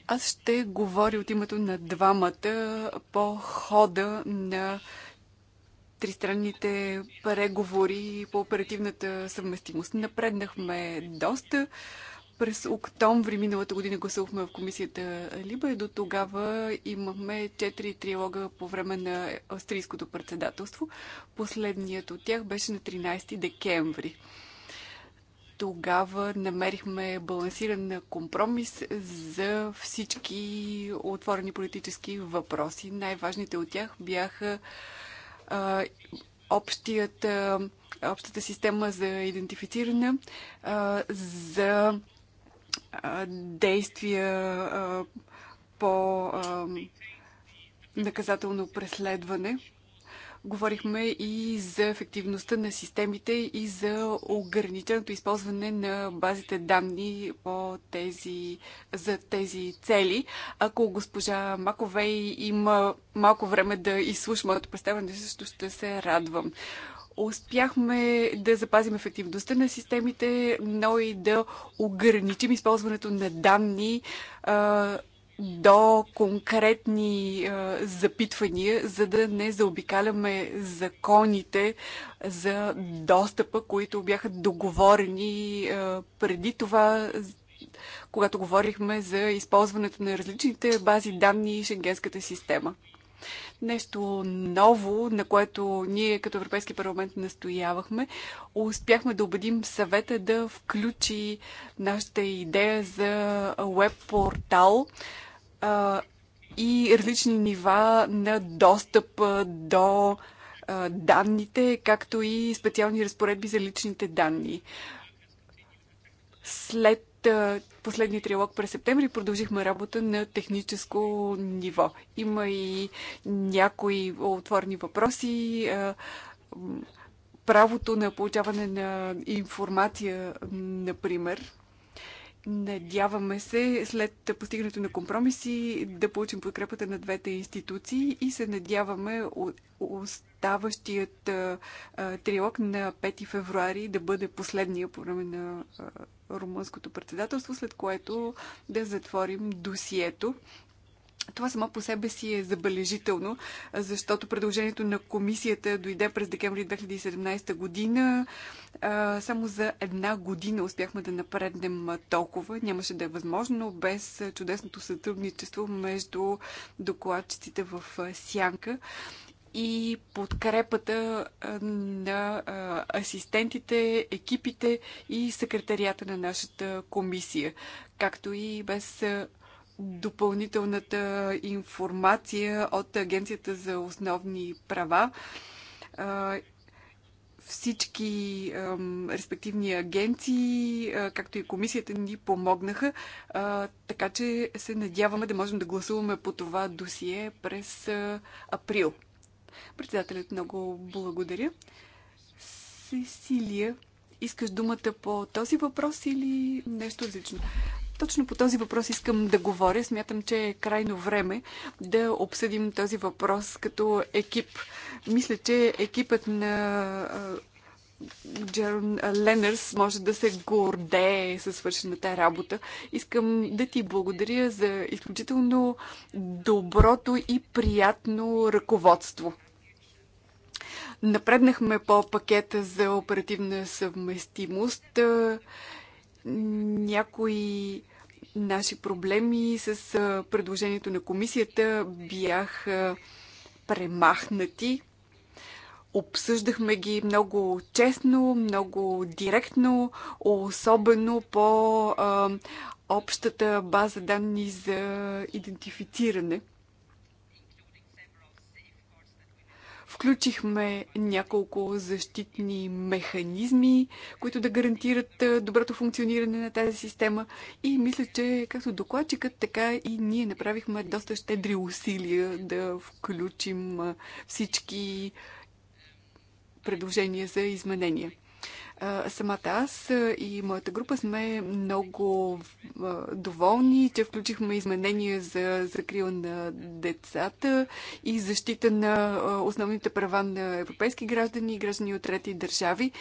Аз ще говоря от името на двамата по хода на тристранните преговори по оперативната съвместимост. Напреднахме доста. През октомври миналата година гласувахме в комисията Либа и до тогава имахме четири трилога по време на австрийското председателство. Последният от тях беше на 13 декември. Тогава намерихме балансиран компромис за всички отворени политически въпроси. Най-важните от тях бяха а, общият, а, общата система за идентифициране, а, за действия по наказателно преследване. Говорихме и за ефективността на системите и за ограниченото използване на базите данни по тези, за тези цели. Ако госпожа Маковей има малко време да изслуша моето представяне, също ще се радвам успяхме да запазим ефективността на системите, но и да ограничим използването на данни а, до конкретни а, запитвания, за да не заобикаляме законите за достъпа, които бяха договорени а, преди това, когато говорихме за използването на различните бази данни и шенгенската система нещо ново, на което ние като Европейски парламент настоявахме. Успяхме да убедим съвета да включи нашата идея за веб-портал и различни нива на достъп до данните, както и специални разпоредби за личните данни. След последния триалог през септември продължихме работа на техническо ниво. Има и някои отворни въпроси. Правото на получаване на информация, например. Надяваме се след постигането на компромиси да получим подкрепата на двете институции и се надяваме оставащият триалог на 5 февруари да бъде последния по време на румънското председателство, след което да затворим досието. Това само по себе си е забележително, защото предложението на комисията дойде през декември 2017 година. Само за една година успяхме да напреднем толкова. Нямаше да е възможно без чудесното сътрудничество между докладчиците в Сянка и подкрепата на асистентите, екипите и секретарията на нашата комисия, както и без допълнителната информация от Агенцията за основни права. Всички респективни агенции, както и комисията ни помогнаха, така че се надяваме да можем да гласуваме по това досие през април. Председателят много благодаря. Сесилия, искаш думата по този въпрос или нещо различно? Точно по този въпрос искам да говоря. Смятам, че е крайно време да обсъдим този въпрос като екип. Мисля, че екипът на Джерон Ленърс може да се гордее със свършената работа. Искам да ти благодаря за изключително доброто и приятно ръководство. Напреднахме по пакета за оперативна съвместимост. Някои наши проблеми с предложението на комисията бяха премахнати. Обсъждахме ги много честно, много директно, особено по а, общата база данни за идентифициране – Включихме няколко защитни механизми, които да гарантират доброто функциониране на тази система и мисля, че както докладчикът, така и ние направихме доста щедри усилия да включим всички предложения за изменения самата аз и моята група сме много доволни, че включихме изменения за закрила на децата и защита на основните права на европейски граждани и граждани от трети държави.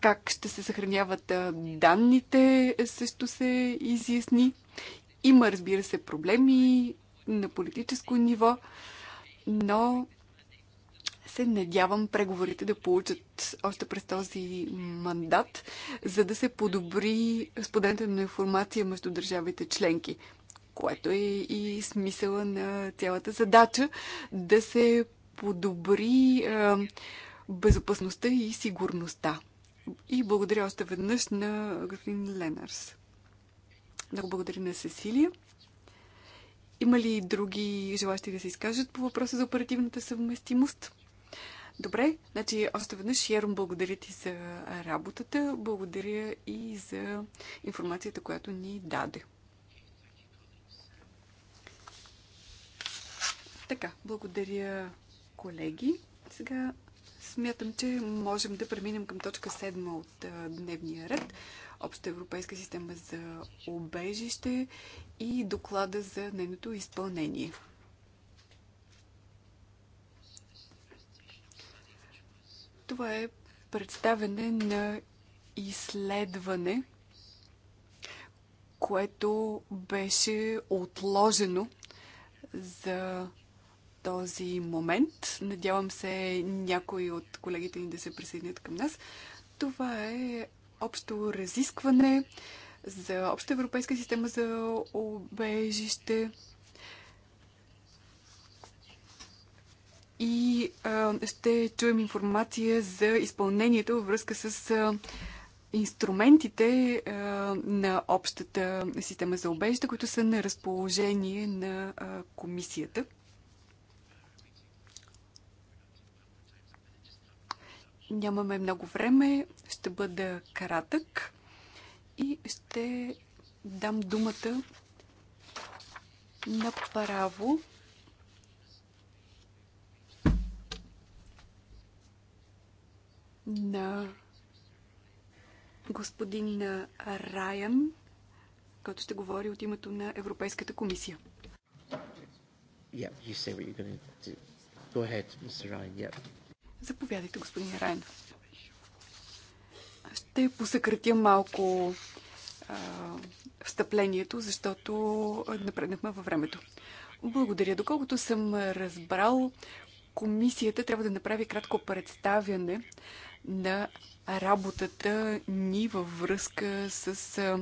Как ще се съхраняват данните също се изясни. Има, разбира се, проблеми на политическо ниво, но се надявам преговорите да получат още през този мандат, за да се подобри споделянето на информация между държавите членки, което е и смисъла на цялата задача да се подобри безопасността и сигурността. И благодаря още веднъж на господин Ленарс. Много благодаря на Сесилия. Има ли други желащи да се изкажат по въпроса за оперативната съвместимост? Добре, значи още веднъж, Ерон, благодаря ти за работата, благодаря и за информацията, която ни даде. Така, благодаря, колеги. Сега смятам, че можем да преминем към точка 7 от дневния ред. Обща европейска система за обежище и доклада за нейното изпълнение. Това е представене на изследване, което беше отложено за този момент. Надявам се някои от колегите ни да се присъединят към нас. Това е общо разискване за обща европейска система за обежище, и ще чуем информация за изпълнението във връзка с инструментите на общата система за обежда, които са на разположение на комисията. Нямаме много време, ще бъда кратък и ще дам думата на право. на господин Райан, който ще говори от името на Европейската комисия. Yeah, you say what you're going to do. Go ahead, Mr. Ryan. Yeah. Заповядайте, господин Райан. Ще посъкратя малко встъплението, защото напреднахме във времето. Благодаря. Доколкото съм разбрал, комисията трябва да направи кратко представяне на работата ни във връзка с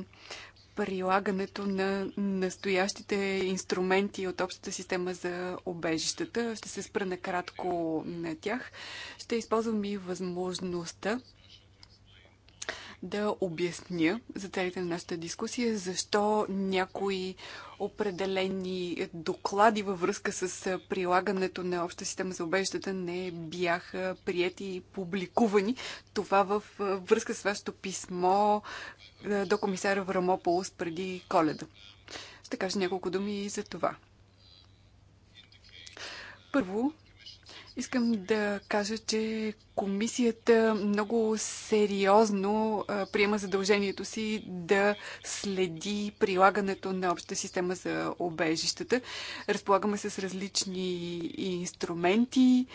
прилагането на настоящите инструменти от общата система за обежищата. Ще се спра накратко на тях. Ще използвам и възможността да обясня за целите на нашата дискусия защо някои определени доклади във връзка с прилагането на обща система за обеждата не бяха прияти и публикувани. Това във връзка с вашето писмо до комисара Врамополус преди коледа. Ще кажа няколко думи и за това. Първо, Искам да кажа, че комисията много сериозно приема задължението си да следи прилагането на обща система за обежищата. Разполагаме се с различни инструменти.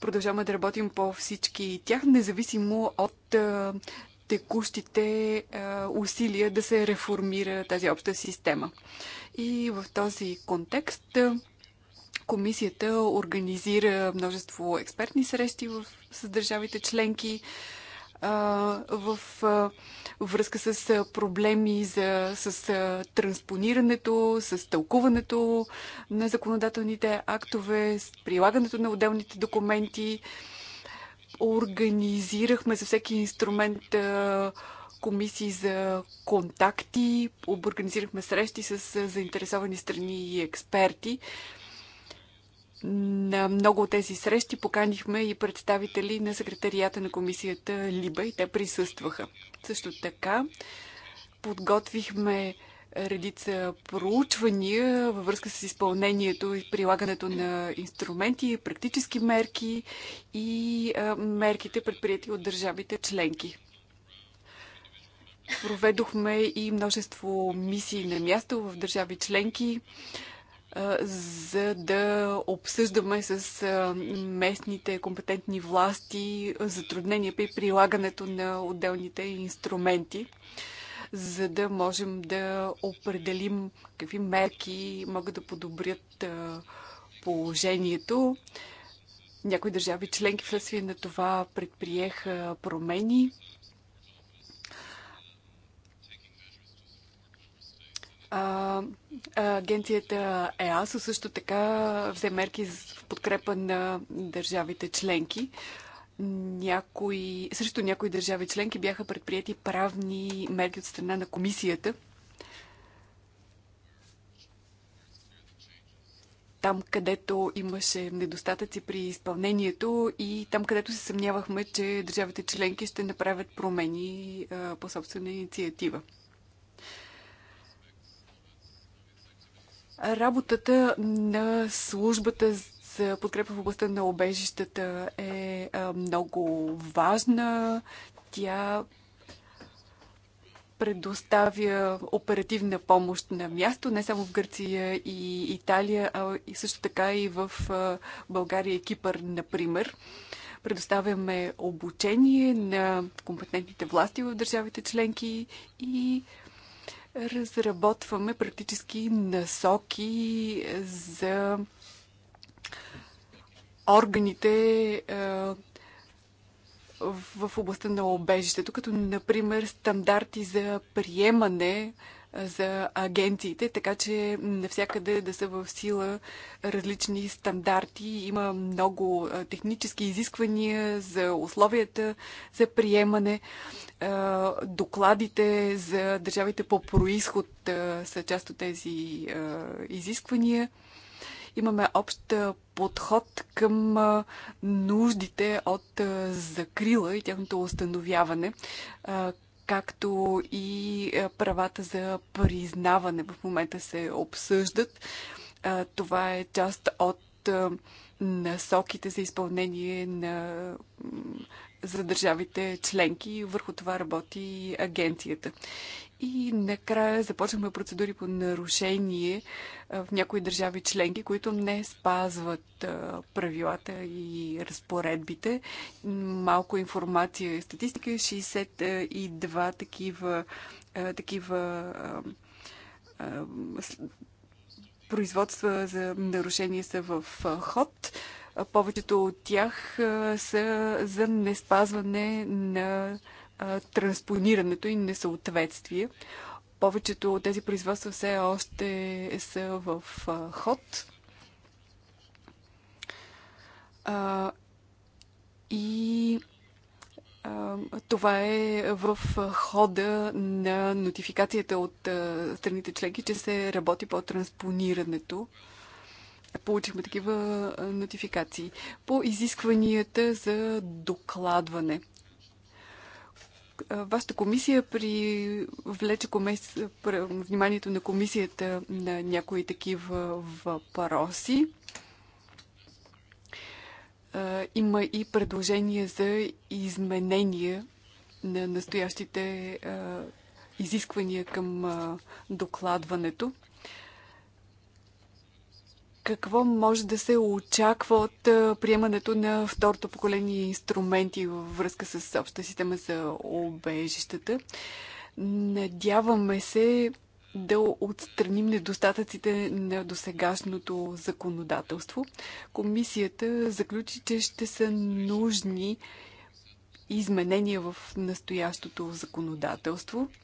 Продължаваме да работим по всички тях, независимо от текущите усилия да се реформира тази обща система. И в този контекст Комисията организира множество експертни срещи в, с държавите членки в връзка с проблеми за, с транспонирането, с тълкуването на законодателните актове, с прилагането на отделните документи. Организирахме за всеки инструмент комисии за контакти, организирахме срещи с заинтересовани страни и експерти. На много от тези срещи поканихме и представители на секретарията на комисията Либа и те присъстваха. Също така подготвихме редица проучвания във връзка с изпълнението и прилагането на инструменти, практически мерки и мерките предприяти от държавите членки. Проведохме и множество мисии на място в държави членки за да обсъждаме с местните компетентни власти затруднения при прилагането на отделните инструменти, за да можем да определим какви мерки могат да подобрят положението. Някои държави членки вследствие на това предприеха промени агенцията ЕАСО също така взе мерки в подкрепа на държавите членки. Някои, също някои държави членки бяха предприяти правни мерки от страна на комисията. Там, където имаше недостатъци при изпълнението и там, където се съмнявахме, че държавите членки ще направят промени а, по собствена инициатива. Работата на службата за подкрепа в областта на обежищата е, е много важна. Тя предоставя оперативна помощ на място, не само в Гърция и Италия, а и също така и в е, България и Кипър, например. Предоставяме обучение на компетентните власти в държавите членки и разработваме практически насоки за органите в областта на обежището, като например стандарти за приемане за агенциите, така че навсякъде да са в сила различни стандарти. Има много технически изисквания за условията за приемане. Докладите за държавите по происход са част от тези изисквания имаме общ подход към нуждите от закрила и тяхното установяване както и е, правата за признаване в момента се обсъждат. Е, това е част от е, насоките за изпълнение на за държавите членки. Върху това работи агенцията. И накрая започнахме процедури по нарушение в някои държави членки, които не спазват правилата и разпоредбите. Малко информация и статистика. 62 такива, такива производства за нарушение са в ход. Повечето от тях са за неспазване на транспонирането и несъответствие. Повечето от тези производства все още са в а, ход. А, и това е в хода на нотификацията от страните членки, че се работи по транспонирането. Получихме такива нотификации. По изискванията за докладване – Вашата комисия привлече комис... вниманието на комисията на някои такива въпроси. Има и предложения за изменения на настоящите изисквания към докладването какво може да се очаква от приемането на второто поколение инструменти във връзка с обща система за обежищата. Надяваме се да отстраним недостатъците на досегашното законодателство. Комисията заключи, че ще са нужни изменения в настоящото законодателство –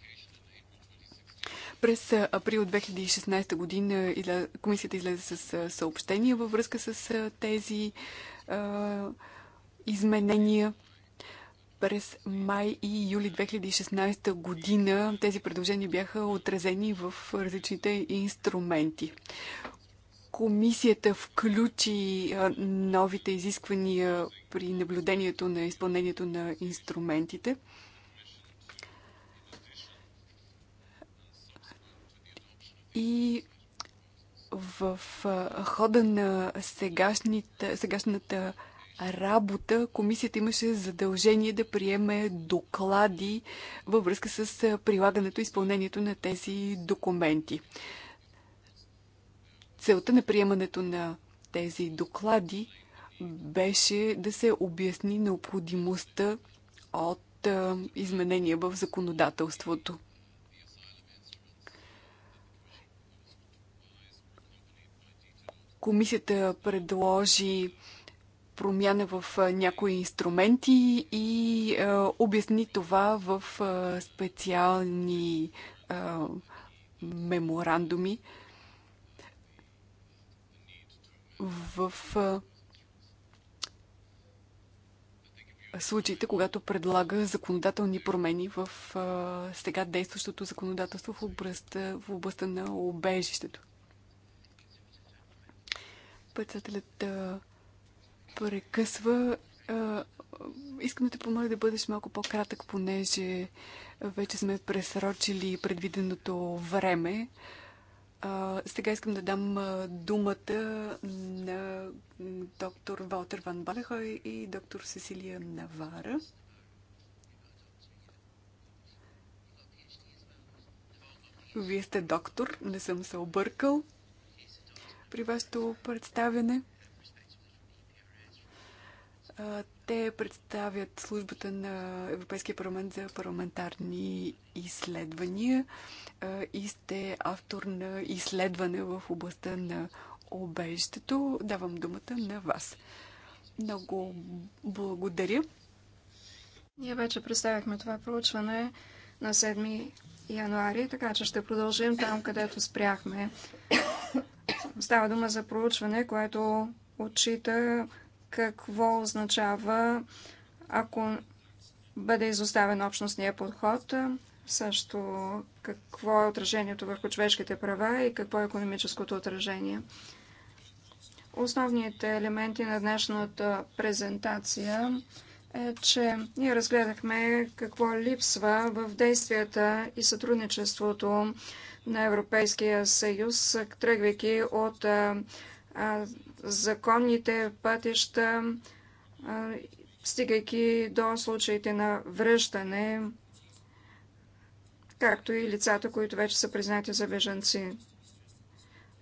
през април 2016 година комисията излезе с съобщение във връзка с тези изменения през май и юли 2016 година тези предложения бяха отразени в различните инструменти. Комисията включи новите изисквания при наблюдението на изпълнението на инструментите. И в хода на сегашната работа комисията имаше задължение да приеме доклади във връзка с прилагането и изпълнението на тези документи. Целта на приемането на тези доклади беше да се обясни необходимостта от изменения в законодателството. Комисията предложи промяна в някои инструменти и е, обясни това в е, специални е, меморандуми. В е, случаите, когато предлага законодателни промени в е, сега действащото законодателство в областта, в областта на обежището. Председателят прекъсва. Искам да те помоля да бъдеш малко по-кратък, понеже вече сме пресрочили предвиденото време. Сега искам да дам думата на доктор Валтер Ван Балехой и доктор Сесилия Навара. Вие сте доктор, не съм се объркал при вашето представяне. Те представят службата на Европейския парламент за парламентарни изследвания и сте автор на изследване в областта на обежището. Давам думата на вас. Много благодаря. Ние вече представихме това проучване на 7 януари, така че ще продължим там, където спряхме. Става дума за проучване, което отчита какво означава, ако бъде изоставен общностния подход, също какво е отражението върху човешките права и какво е економическото отражение. Основните елементи на днешната презентация е, че ние разгледахме какво липсва в действията и сътрудничеството на Европейския съюз, тръгвайки от законните пътища, стигайки до случаите на връщане, както и лицата, които вече са признати за бежанци.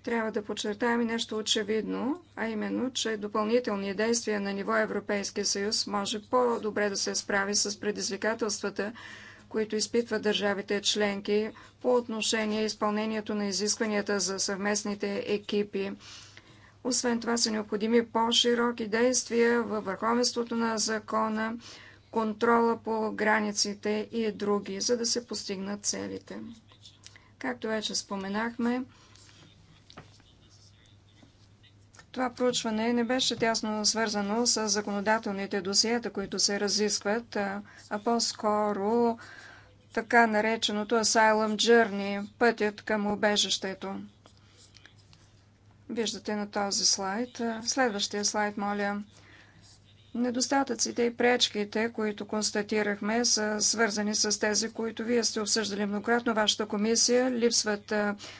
Трябва да подчертаем и нещо очевидно, а именно, че допълнителни действия на ниво Европейския съюз може по-добре да се справи с предизвикателствата, които изпитват държавите членки по отношение изпълнението на изискванията за съвместните екипи. Освен това са необходими по-широки действия във върховенството на закона, контрола по границите и други, за да се постигнат целите. Както вече споменахме, Това проучване не беше тясно свързано с законодателните досиета, които се разискват, а по-скоро така нареченото Asylum Journey, пътят към убежището. Виждате на този слайд. Следващия слайд, моля. Недостатъците и пречките, които констатирахме, са свързани с тези, които вие сте обсъждали многократно. Вашата комисия липсват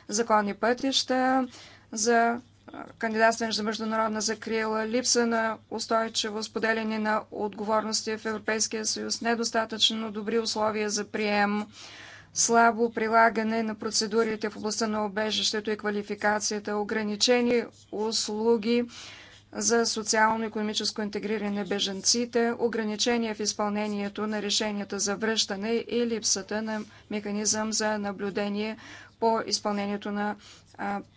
законни пътища за кандидатстване за международна закрила, липса на устойчиво споделяне на отговорности в Европейския съюз, недостатъчно добри условия за прием, слабо прилагане на процедурите в областта на обежището и квалификацията, ограничени услуги за социално-економическо интегриране на беженците, ограничения в изпълнението на решенията за връщане и липсата на механизъм за наблюдение по изпълнението на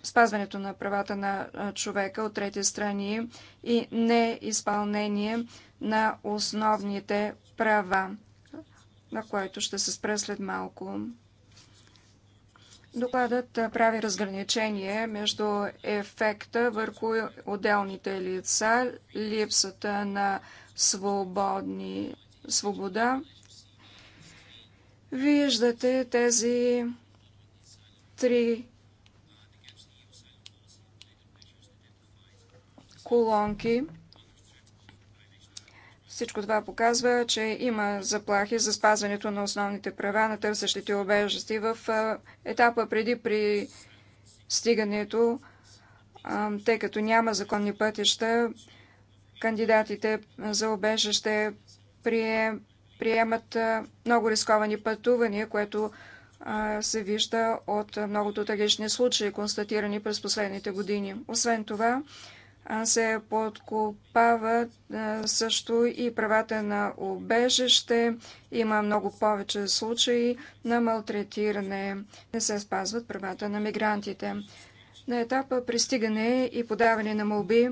спазването на правата на човека от трети страни и неизпълнение на основните права, на което ще се спра след малко. Докладът прави разграничение между ефекта върху отделните лица, липсата на свободни, свобода. Виждате тези три колонки. Всичко това показва, че има заплахи за спазването на основните права на търсещите обежести в етапа преди при стигането, тъй като няма законни пътища, кандидатите за обежеще приемат много рисковани пътувания, което се вижда от многото трагични случаи, констатирани през последните години. Освен това, се подкопават също и правата на обежище. Има много повече случаи на малтретиране. Не се спазват правата на мигрантите. На етапа пристигане и подаване на молби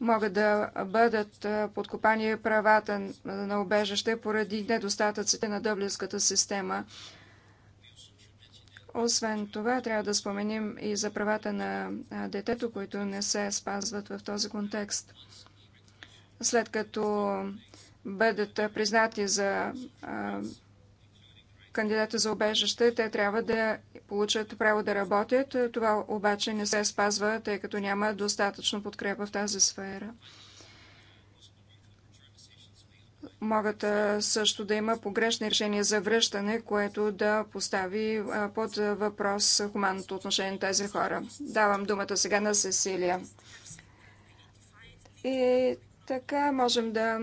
могат да бъдат подкопани правата на обежище поради недостатъците на дъблинската система. Освен това, трябва да споменим и за правата на детето, които не се спазват в този контекст. След като бъдат признати за кандидата за обежище, те трябва да получат право да работят. Това обаче не се спазва, тъй като няма достатъчно подкрепа в тази сфера. Могат също да има погрешни решения за връщане, което да постави под въпрос хуманното отношение на тези хора. Давам думата сега на Сесилия. И така можем да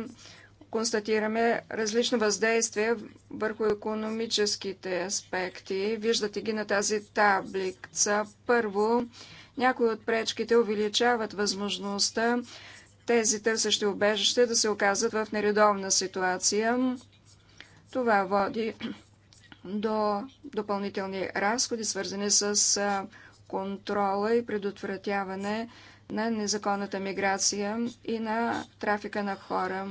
констатираме различно въздействие върху економическите аспекти. Виждате ги на тази таблица. Първо, някои от пречките увеличават възможността тези търсещи убежище да се оказат в нередовна ситуация. Това води до допълнителни разходи, свързани с контрола и предотвратяване на незаконната миграция и на трафика на хора.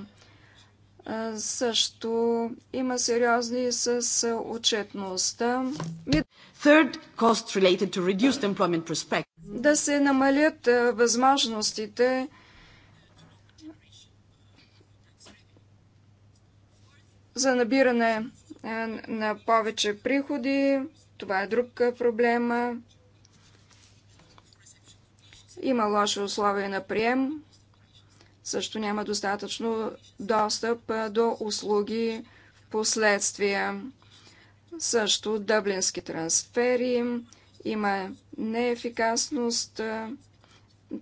Също има сериозни с отчетността. Third cost related to reduced employment prospect. Да се намалят възможностите за набиране е, на повече приходи. Това е друг е, проблем. Има лоши условия на прием. Също няма достатъчно достъп е, до услуги в последствия. Също дъблински трансфери. Има неефикасност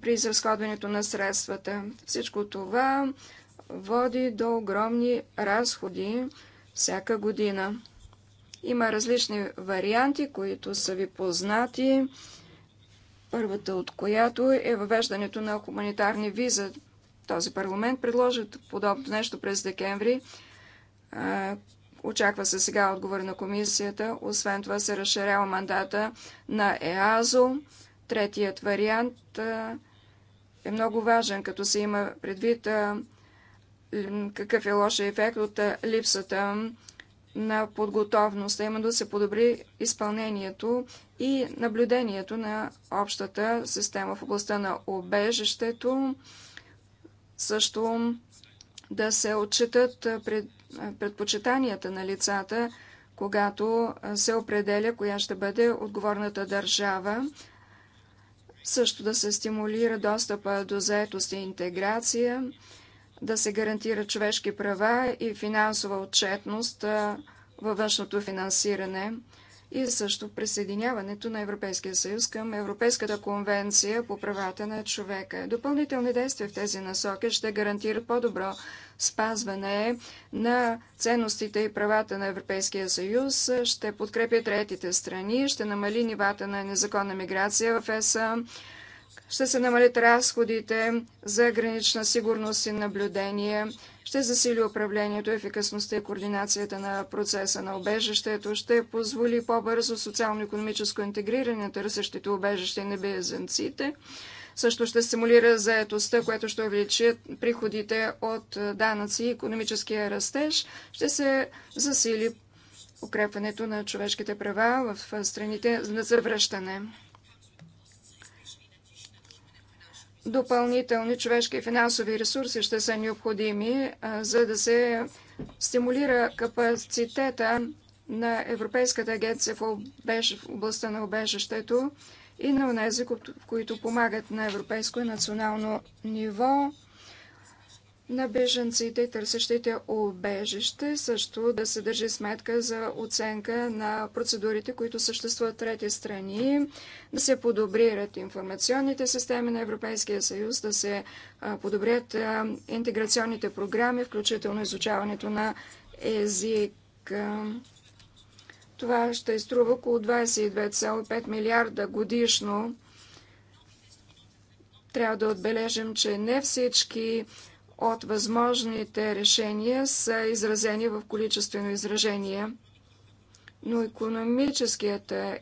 при изразходването на средствата. Всичко това води до огромни разходи всяка година. Има различни варианти, които са ви познати. Първата от която е въвеждането на хуманитарни виза. Този парламент предложи подобно нещо през декември. Очаква се сега отговор на комисията. Освен това се разширява мандата на ЕАЗО. Третият вариант е много важен, като се има предвид какъв е лошия ефект от липсата на подготовност, а именно да се подобри изпълнението и наблюдението на общата система в областта на обежището, също да се отчитат предпочитанията на лицата, когато се определя коя ще бъде отговорната държава, също да се стимулира достъпа до заетост и интеграция, да се гарантират човешки права и финансова отчетност във външното финансиране и също присъединяването на Европейския съюз към Европейската конвенция по правата на човека. Допълнителни действия в тези насоки ще гарантират по-добро спазване на ценностите и правата на Европейския съюз, ще подкрепи третите страни, ще намали нивата на незаконна миграция в ЕСА, ще се намалят разходите за гранична сигурност и наблюдение, ще засили управлението, ефикасността и координацията на процеса на обежището, ще позволи по-бързо социално-економическо интегриране на търсещите обежище и на бизнесите, също ще стимулира заетостта, което ще увеличи приходите от данъци и економическия растеж, ще се засили укрепването на човешките права в страните на завръщане. допълнителни човешки и финансови ресурси ще са необходими, за да се стимулира капацитета на Европейската агенция в, областта на обежището и на унези, които помагат на европейско и национално ниво на беженците и търсещите обежище, също да се държи сметка за оценка на процедурите, които съществуват в трети страни, да се подобрират информационните системи на Европейския съюз, да се подобрят интеграционните програми, включително изучаването на език. Това ще изтрува около 22,5 милиарда годишно. Трябва да отбележим, че не всички от възможните решения са изразени в количествено изражение, но економическият е,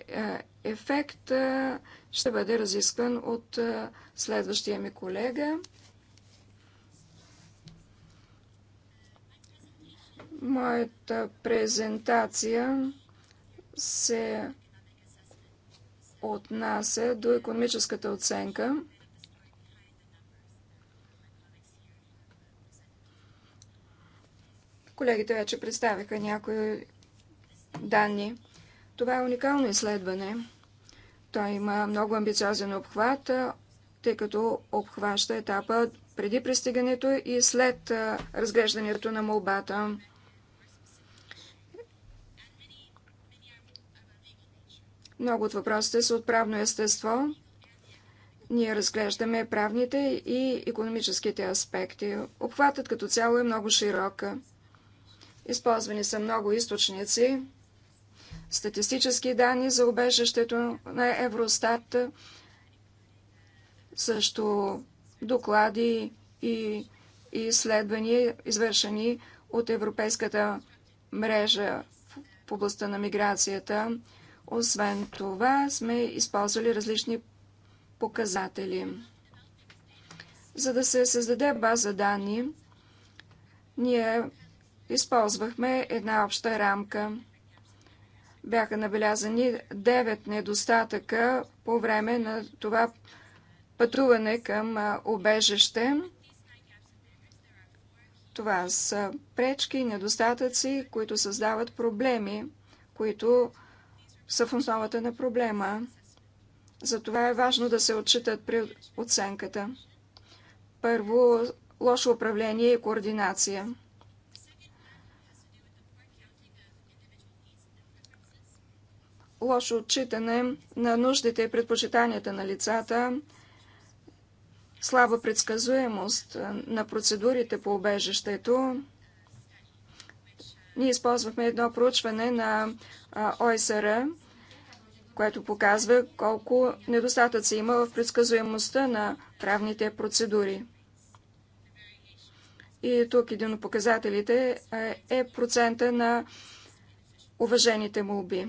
ефект е, ще бъде разискван от е, следващия ми колега. Моята презентация се отнася до економическата оценка. Колегите вече представиха някои данни. Това е уникално изследване. Той има много амбициозен обхват, тъй като обхваща етапа преди пристигането и след разглеждането на молбата. Много от въпросите са от правно естество. Ние разглеждаме правните и економическите аспекти. Обхватът като цяло е много широк. Използвани са много източници, статистически данни за убежището на Евростат, също доклади и изследвания, извършени от Европейската мрежа в областта на миграцията. Освен това, сме използвали различни показатели. За да се създаде база данни, ние използвахме една обща рамка. Бяха набелязани 9 недостатъка по време на това пътуване към обежище. Това са пречки и недостатъци, които създават проблеми, които са в основата на проблема. Затова е важно да се отчитат при оценката. Първо, лошо управление и координация. лошо отчитане на нуждите и предпочитанията на лицата, слаба предсказуемост на процедурите по обежището. Ние използвахме едно проучване на ОСР, което показва колко недостатъци има в предсказуемостта на правните процедури. И тук един от показателите е процента на уважените молби.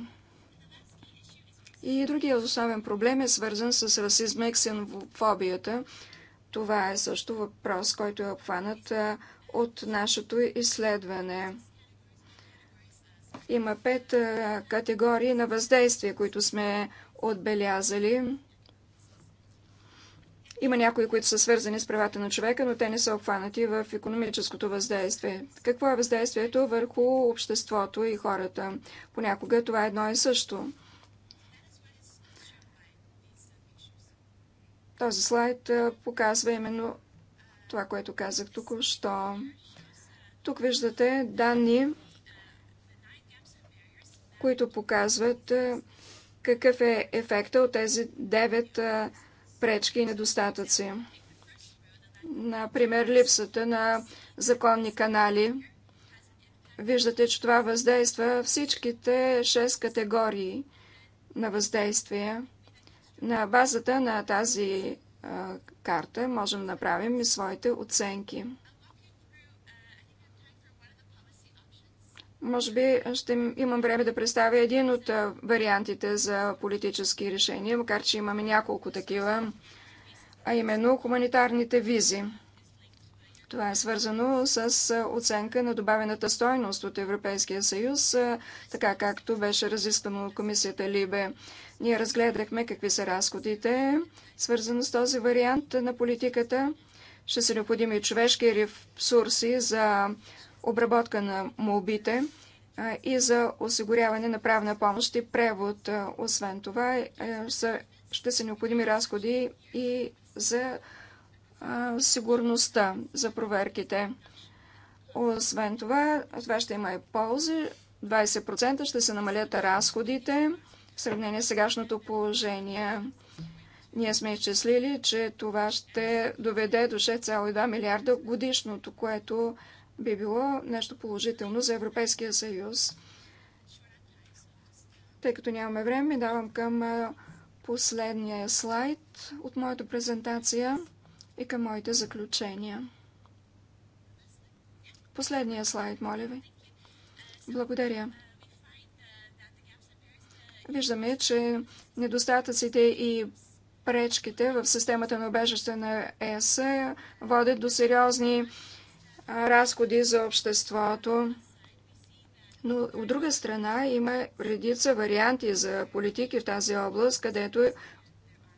И другия основен проблем е свързан с расизма и ксенофобията. Това е също въпрос, който е обхванат от нашето изследване. Има пет категории на въздействие, които сме отбелязали. Има някои, които са свързани с правата на човека, но те не са обхванати в економическото въздействие. Какво е въздействието върху обществото и хората? Понякога това е едно и също. Този слайд показва именно това, което казах тук, що Тук виждате данни, които показват какъв е ефекта от тези 9 пречки и недостатъци. Например, липсата на законни канали. Виждате, че това въздейства всичките 6 категории на въздействие – на базата на тази карта можем да направим и своите оценки. Може би ще имам време да представя един от вариантите за политически решения, макар че имаме няколко такива, а именно хуманитарните визи. Това е свързано с оценка на добавената стойност от Европейския съюз, така както беше разисквано от комисията Либе. Ние разгледахме какви са разходите, свързано с този вариант на политиката. Ще са необходими човешки ресурси за обработка на молбите и за осигуряване на правна помощ и превод. Освен това, е, ще са необходими разходи и за сигурността за проверките. Освен това, това ще има и ползи. 20% ще се намалят разходите в сравнение с сегашното положение. Ние сме изчислили, че това ще доведе до 6,2 милиарда годишното, което би било нещо положително за Европейския съюз. Тъй като нямаме време, давам към последния слайд от моята презентация и към моите заключения. Последния слайд, моля ви. Благодаря. Виждаме, че недостатъците и пречките в системата на обежище на ЕС водят до сериозни разходи за обществото. Но от друга страна има редица варианти за политики в тази област, където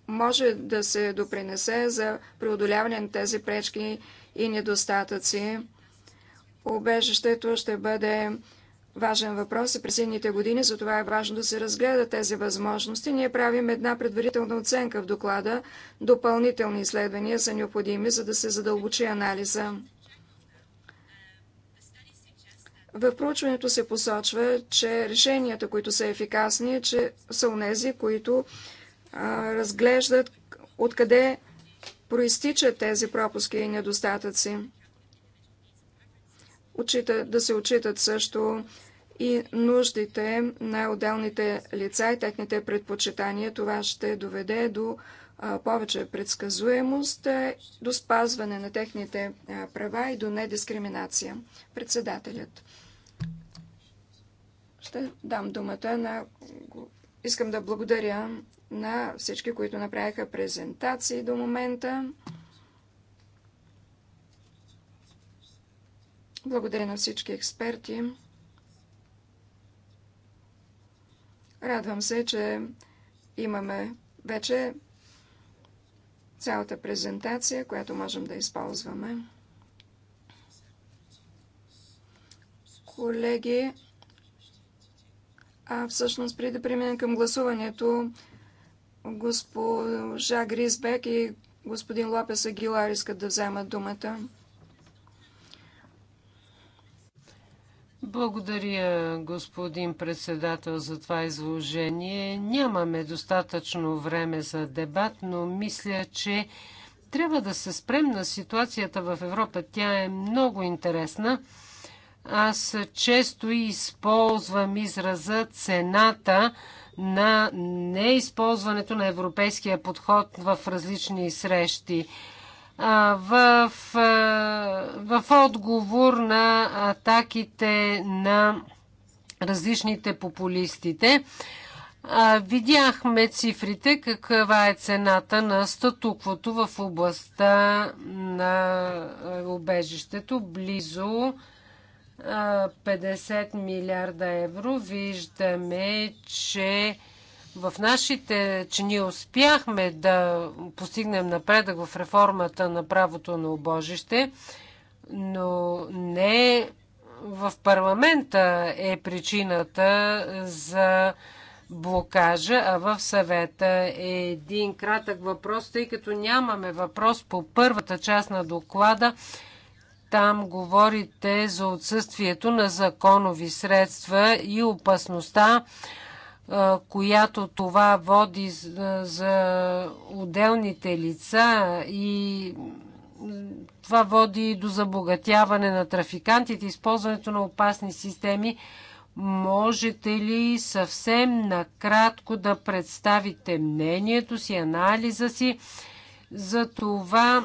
може да се допринесе за преодоляване на тези пречки и недостатъци. Обежището ще бъде важен въпрос и през едните години, затова е важно да се разгледат тези възможности. Ние правим една предварителна оценка в доклада. Допълнителни изследвания са необходими, за да се задълбочи анализа. В проучването се посочва, че решенията, които са ефикасни, че са унези, които разглеждат откъде проистичат тези пропуски и недостатъци. Учита, да се отчитат също и нуждите на отделните лица и техните предпочитания. Това ще доведе до повече предсказуемост, до спазване на техните права и до недискриминация. Председателят. Ще дам думата на... Искам да благодаря на всички, които направиха презентации до момента. Благодаря на всички експерти. Радвам се, че имаме вече цялата презентация, която можем да използваме. Колеги, а всъщност преди да преминем към гласуването, Госпожа Гризбек и господин Лопес Агилар искат да вземат думата. Благодаря, господин председател, за това изложение. Нямаме достатъчно време за дебат, но мисля, че трябва да се спрем на ситуацията в Европа. Тя е много интересна. Аз често използвам израза цената на неизползването на европейския подход в различни срещи. В, в отговор на атаките на различните популистите, видяхме цифрите, каква е цената на статуквото в областта на убежището. Близо 50 милиарда евро. Виждаме, че в нашите, че ние успяхме да постигнем напредък в реформата на правото на обожище, но не в парламента е причината за блокажа, а в съвета е един кратък въпрос, тъй като нямаме въпрос по първата част на доклада там говорите за отсъствието на законови средства и опасността, която това води за отделните лица и това води до забогатяване на трафикантите, използването на опасни системи. Можете ли съвсем накратко да представите мнението си, анализа си за това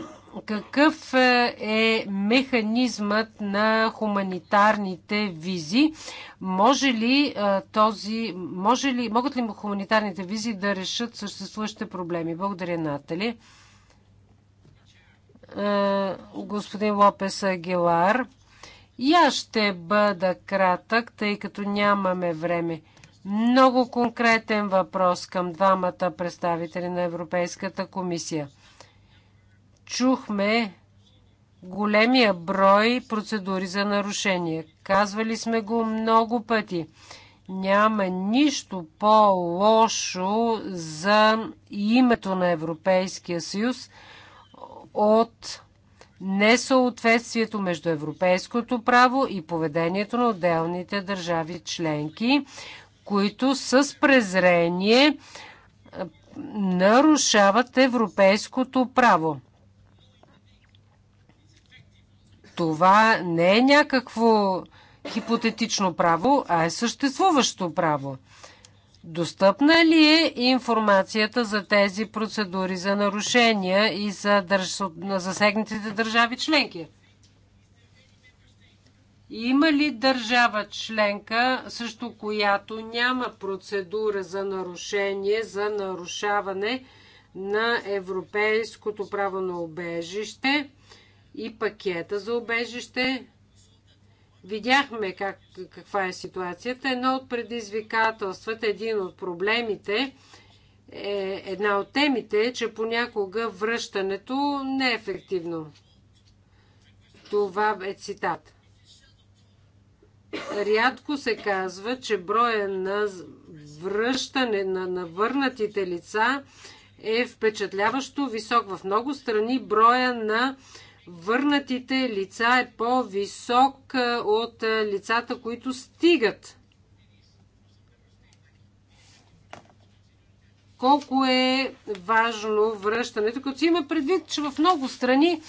какъв е, е механизмът на хуманитарните визи? Може ли е, този, може ли, могат ли хуманитарните визи да решат съществуващите проблеми? Благодаря, Натали. Е, господин Лопес Агилар. И аз ще бъда кратък, тъй като нямаме време. Много конкретен въпрос към двамата представители на Европейската комисия чухме големия брой процедури за нарушение. Казвали сме го много пъти. Няма нищо по-лошо за името на Европейския съюз от несъответствието между европейското право и поведението на отделните държави членки, които с презрение нарушават европейското право. Това не е някакво хипотетично право, а е съществуващо право. Достъпна ли е информацията за тези процедури за нарушения и за държ... на засегнатите държави членки? Има ли държава членка, също която няма процедура за нарушение, за нарушаване на европейското право на обежище? и пакета за обежище. Видяхме как, каква е ситуацията. Едно от предизвикателствата, един от проблемите, е, една от темите е, че понякога връщането не е ефективно. Това е цитат. Рядко се казва, че броя на връщане на навърнатите лица е впечатляващо висок. В много страни броя на върнатите лица е по-висок е, от е, лицата, които стигат. Колко е важно връщането, като има предвид, че в много страни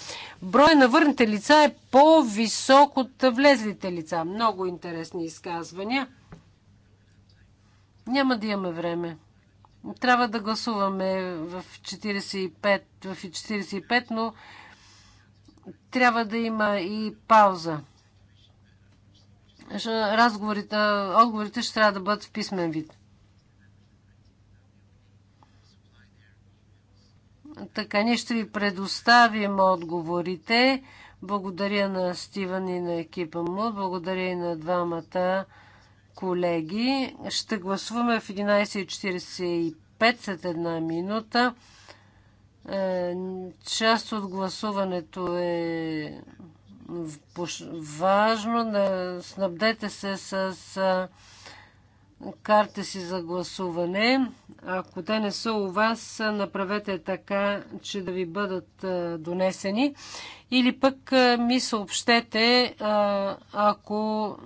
брой на върнатите лица е по-висок от влезлите лица. Много интересни изказвания. Няма да имаме време. Трябва да гласуваме в 45, в 45 но трябва да има и пауза. Разговорите, отговорите ще трябва да бъдат в писмен вид. Така, ние ще ви предоставим отговорите. Благодаря на Стивън и на екипа му. Благодаря и на двамата колеги. Ще гласуваме в 11.45 след една минута. Е, част от гласуването е важно. Снабдете се с карта си за гласуване. Ако те не са у вас, направете така, че да ви бъдат донесени. Или пък ми съобщете, ако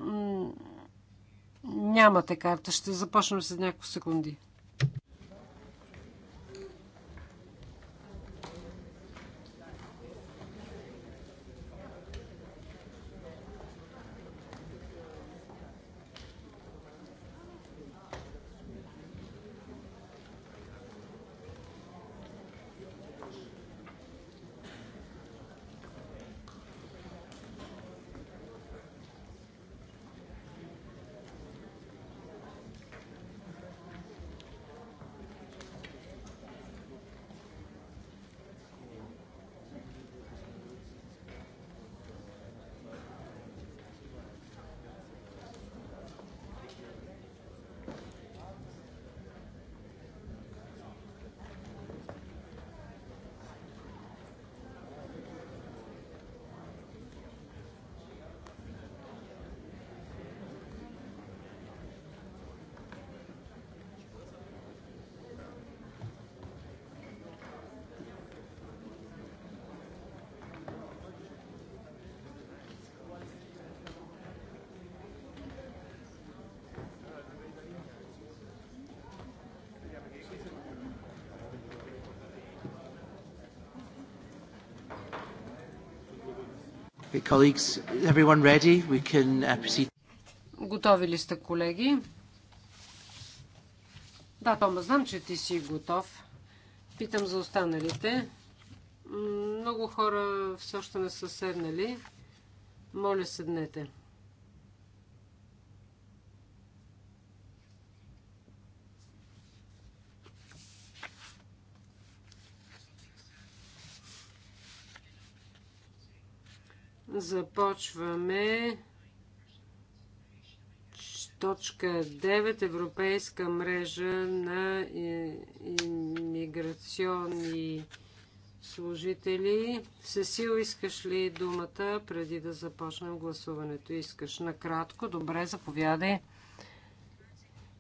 нямате карта. Ще започнем с няколко секунди. colleagues, everyone ready? We can uh, proceed. Готови ли сте, колеги? Да, Тома, знам, че ти си готов. Питам за останалите. Много хора все още не са седнали. Моля, седнете. Започваме точка 9 Европейска мрежа на иммиграционни служители. Сесил, искаш ли думата преди да започнем гласуването? Искаш накратко. Добре, заповядай.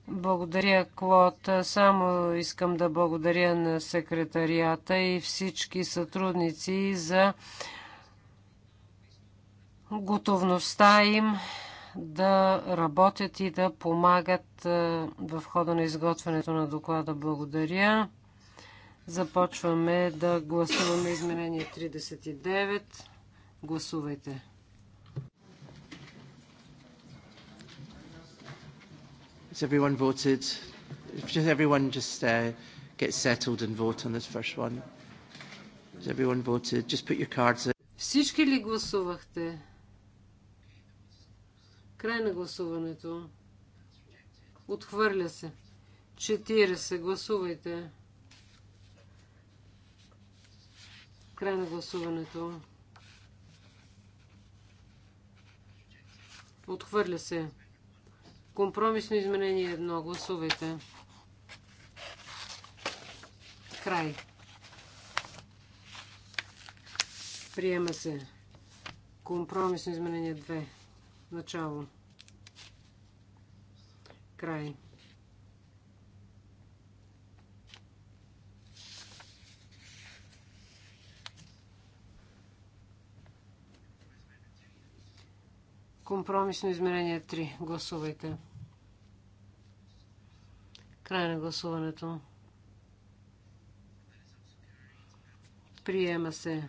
Благодаря, Клод. Само искам да благодаря на секретарията и всички сътрудници за готовността им да работят и да помагат е, в хода на изготвянето на доклада. Благодаря. Започваме да гласуваме изменение 39. Гласувайте. Has everyone voted? If just everyone just uh, get settled and vote on this first one. Has everyone voted? Just put your cards in. Всички ли гласувахте? Край на гласуването. Отхвърля се. 40. Гласувайте. Край на гласуването. Отхвърля се. Компромисно изменение едно. Гласувайте. Край. Приема се. Компромисно изменение 2. Начало. Край. Компромисно измерение 3. Гласувайте. Край на гласуването. Приема се.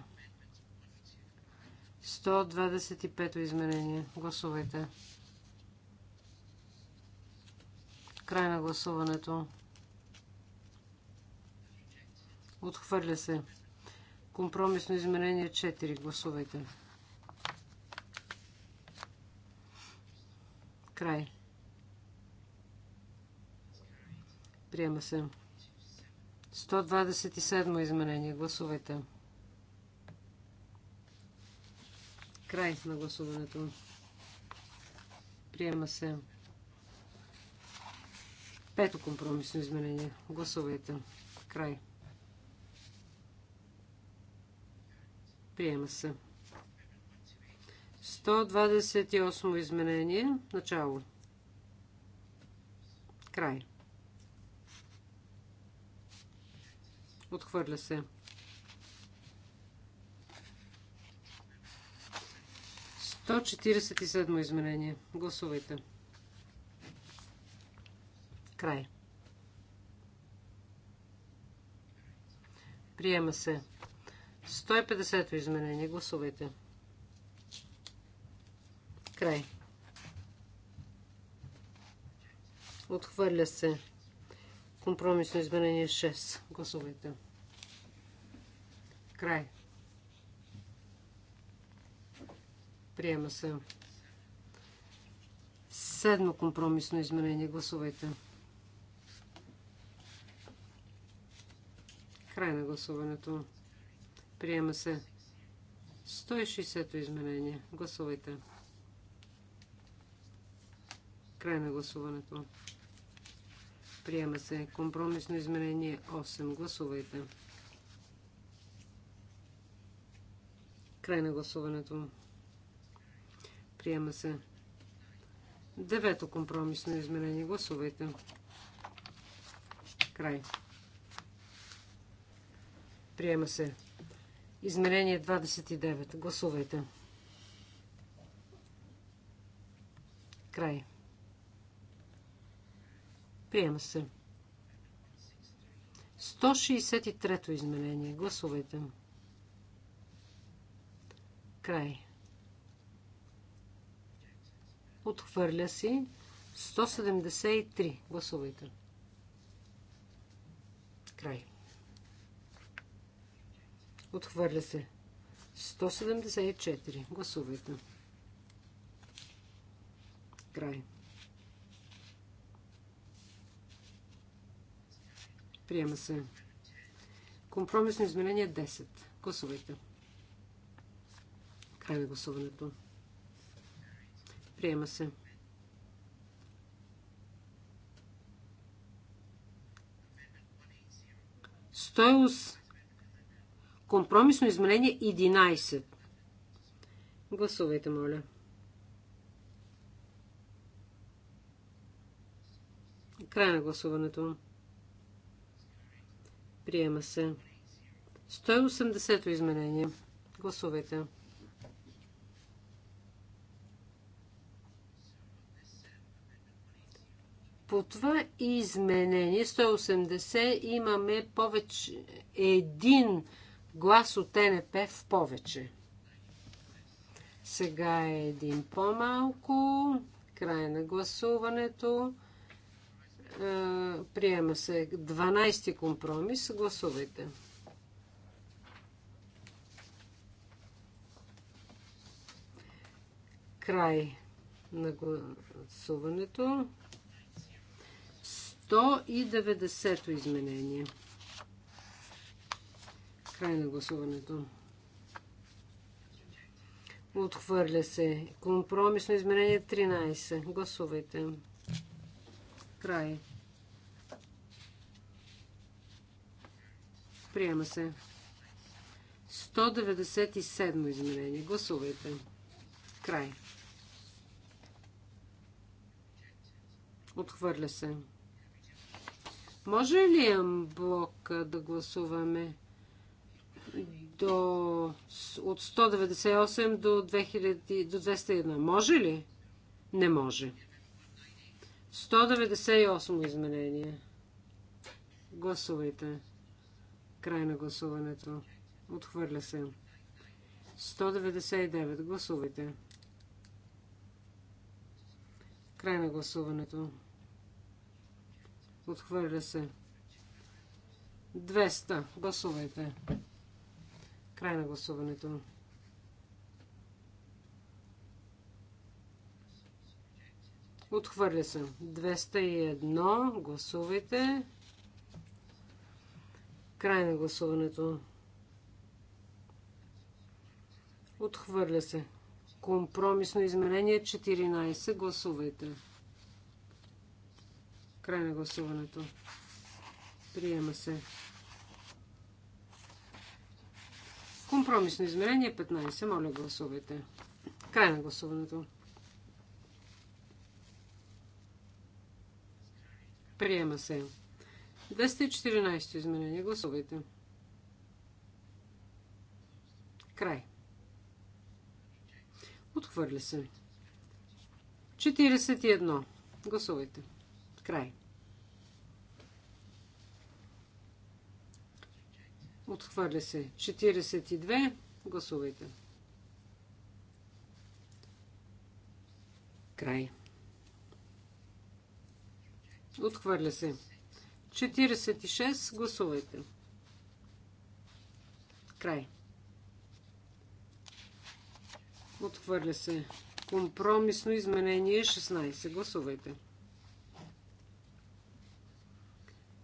125 изменение. Гласувайте. Край на гласуването. Отхвърля се. Компромисно изменение 4. Гласувайте. Край. Приема се. 127 изменение. Гласувайте. Край на гласуването. Приема се. Пето компромисно изменение. Гласувайте. Край. Приема се. 128 изменение. Начало. Край. Отхвърля се. 147 изменение. Гласувайте. Край. Приема се. 150 изменение. Гласувайте. Край. Отхвърля се. Компромисно изменение 6. Гласувайте. Край. Приема се. Седмо компромисно изменение. Гласувайте. Край на гласуването. Приема се. 160-то изменение. Гласувайте. Край на гласуването. Приема се. Компромисно изменение 8. Гласувайте. Край на гласуването. Приема се. Девето компромисно изменение. Гласувайте. Край. Приема се. Измерение 29. Гласувайте. Край. Приема се. 163-то изменение. Гласувайте. Край. Отхвърля си. 173. Гласувайте. Край. Отхвърля се. 174. Гласувайте. Край. Приема се. Компромисно изменение 10. Гласувайте. Край на гласуването. Приема се. Стоилс. Компромисно изменение 11. Гласувайте, моля. Край на гласуването. Приема се. 180-то изменение. Гласувайте. По това изменение 180 имаме повече един глас от НП в повече. Сега е един по-малко. Край на гласуването. Е, приема се 12 компромис. Гласувайте. Край на гласуването. 190-то изменение. Край на гласуването. Отхвърля се. Компромисно изменение 13. Гласувайте. Край. Приема се. 197 изменение. Гласувайте. Край. Отхвърля се. Може ли амблок да гласуваме до, от 198 до, 2000, до 201? Може ли? Не може. 198 изменение. Гласувайте. Край на гласуването. Отхвърля се. 199. Гласувайте. Край на гласуването. Отхвърля се. 200. Гласувайте. Край на гласуването. Отхвърля се. 201. Гласувайте. Край на гласуването. Отхвърля се. Компромисно изменение 14. Гласувайте. Край на гласуването. Приема се. Компромисно измерение 15. Моля, гласувайте. Край на гласуването. Приема се. 214 изменение. Гласувайте. Край. Отхвърля се. 41. Гласувайте. 41. Край. Отхвърля се. 42. Гласувайте. Край. Отхвърля се. 46. Гласувайте. Край. Отхвърля се. Компромисно изменение 16. Гласувайте.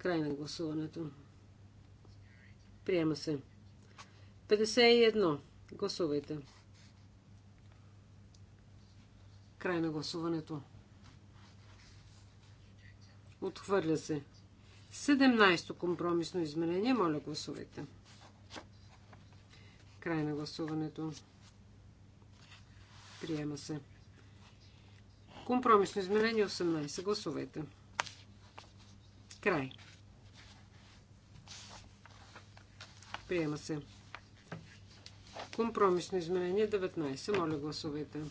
Край на гласуването. Приема се. 51. Гласувайте. Край на гласуването. Отхвърля се. 17-то компромисно изменение. Моля, гласувайте. Край на гласуването. Приема се. Компромисно изменение 18. Гласувайте. Край. Приема се. Компромисно изменение 19. Моля гласувайте.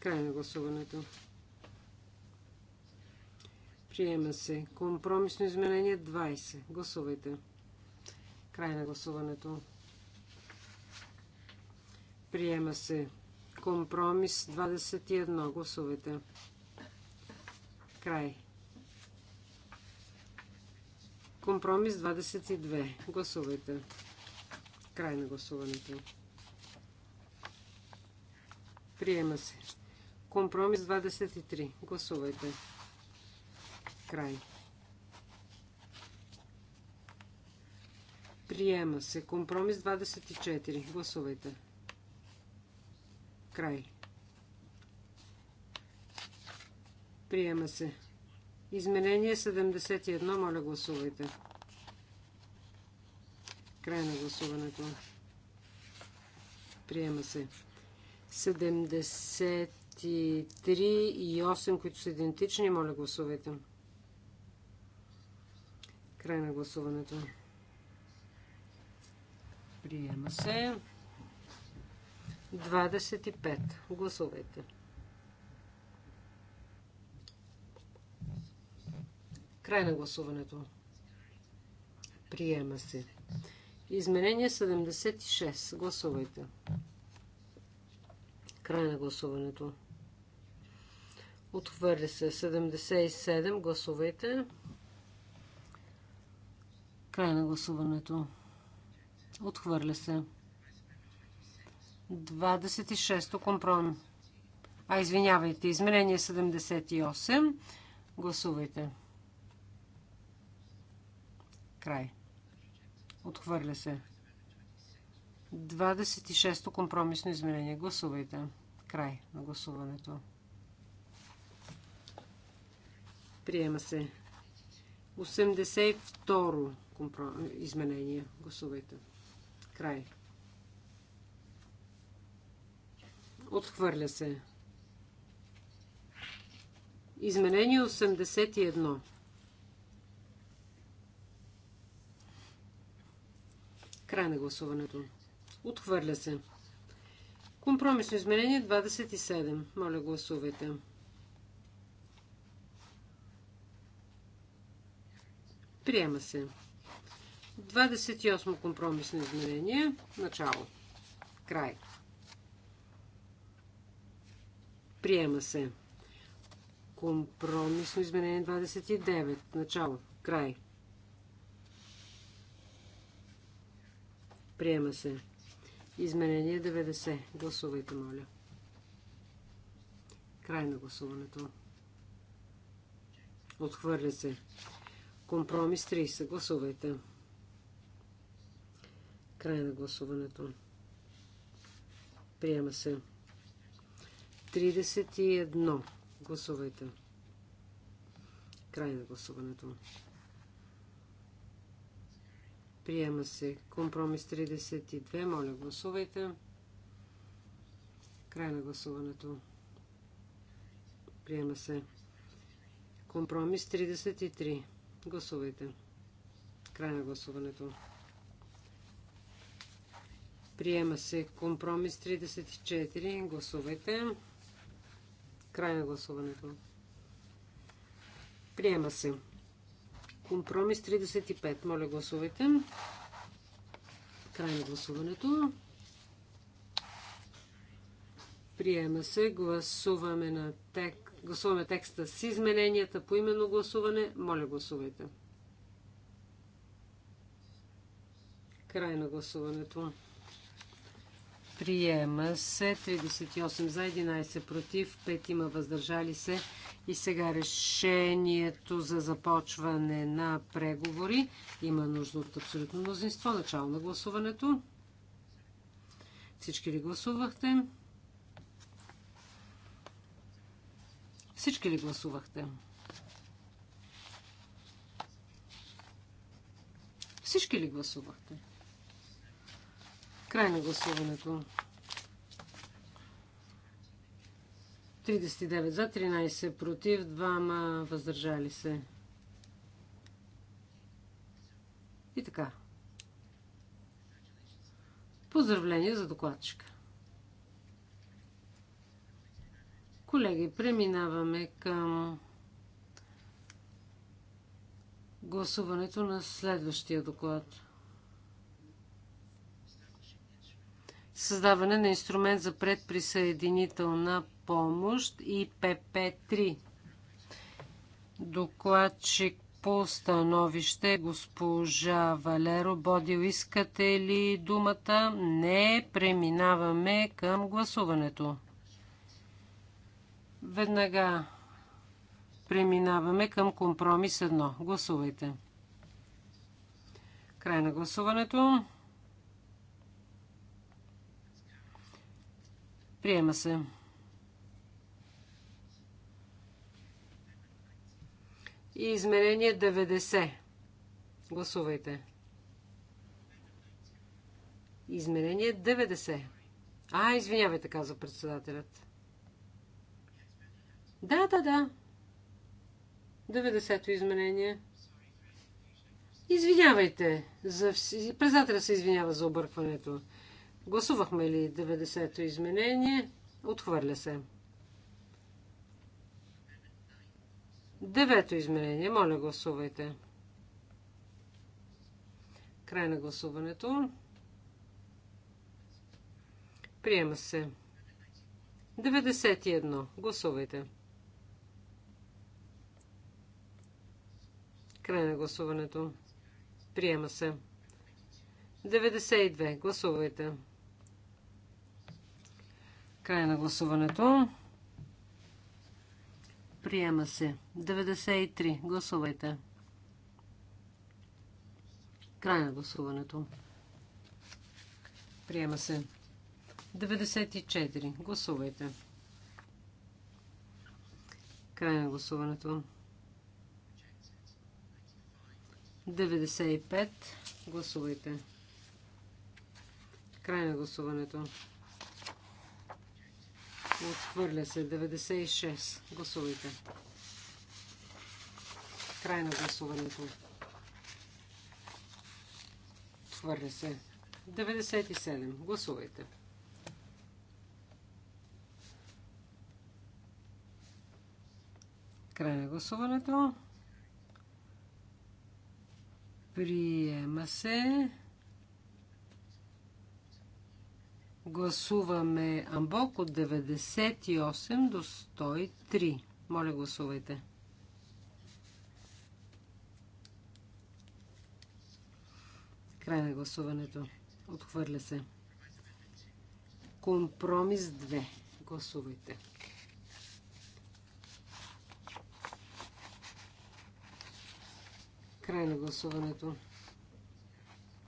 Край на гласуването. Приема се. Компромисно изменение 20. Гласувайте. Край на гласуването. Приема се. Компромис 21. Гласувайте. Край Компромис 22. Гласувайте. Край на гласуването. Приема се. Компромис 23. Гласувайте. Край. Приема се. Компромис 24. Гласувайте. Край. Приема се. Изменение 71. Моля гласувайте. Край на гласуването. Приема се. 73 и 8, които са идентични. Моля гласувайте. Край на гласуването. Приема се. 25. Гласувайте. Край на гласуването. Приема се. Изменение 76. Гласувайте. Край на гласуването. Отхвърли се 77. Гласувайте. Край на гласуването. Отхвърля се. 26-то компром. А, извинявайте, изменение 78. Гласувайте. Край. Отхвърля се. 26-то компромисно изменение. Гласувайте. Край на гласуването. Приема се. 82-ро изменение. Гласувайте. Край. Отхвърля се. Изменение 81. Край на гласуването. Отхвърля се. Компромисно изменение 27. Моля, гласувайте. Приема се. 28 компромисно изменение. Начало. Край. Приема се. Компромисно изменение 29. Начало. Край. Приема се. Изменение 90. Гласувайте, моля. Край на гласуването. Отхвърля се. Компромис 30. Гласувайте. Край на гласуването. Приема се. 31. Гласувайте. Край на гласуването. Приема се. Компромис 32. Моля, гласувайте. Край на гласуването. Приема се. Компромис 33. Гласувайте. Край на гласуването. Приема се. Компромис 34. Гласувайте. Край на гласуването. Приема се. Компромис 35. Моля, гласувайте. Край на гласуването. Приема се. Гласуваме, на тек... гласуваме текста с измененията по именно гласуване. Моля, гласувайте. Край на гласуването. Приема се. 38 за 11 против. 5 има въздържали се. И сега решението за започване на преговори има нужда от абсолютно мнозинство. Начало на гласуването. Всички ли гласувахте? Всички ли гласувахте? Всички ли гласувахте? Край на гласуването. 39 за, 13 против, 2 въздържали се. И така. Поздравление за докладчика. Колеги, преминаваме към гласуването на следващия доклад. Създаване на инструмент за предприсъединителна помощ и ПП-3. Докладчик по становище госпожа Валеро Бодил. Искате ли думата? Не. Преминаваме към гласуването. Веднага преминаваме към компромис 1. Гласувайте. Край на гласуването. Приема се. и изменение 90. Гласувайте. Изменение 90. А, извинявайте, каза председателят. Да, да, да. 90-то изменение. Извинявайте. За... Председателя се извинява за объркването. Гласувахме ли 90-то изменение? Отхвърля се. Девето измерение. Моля, гласувайте. Край на гласуването. Приема се. 91. Гласувайте. Край на гласуването. Приема се. 92. Гласувайте. Край на гласуването. Приема се. 93. Гласувайте. Край на гласуването. Приема се. 94. Гласувайте. Край на гласуването. 95. Гласувайте. Край на гласуването. Отхвърля се. 96. Гласувайте. Край на гласуването. Отхвърля се. 97. Гласувайте. Край на гласуването. Приема се. Гласуваме Амбок от 98 до 103. Моля, гласувайте. Край на гласуването. Отхвърля се. Компромис 2. Гласувайте. Край на гласуването.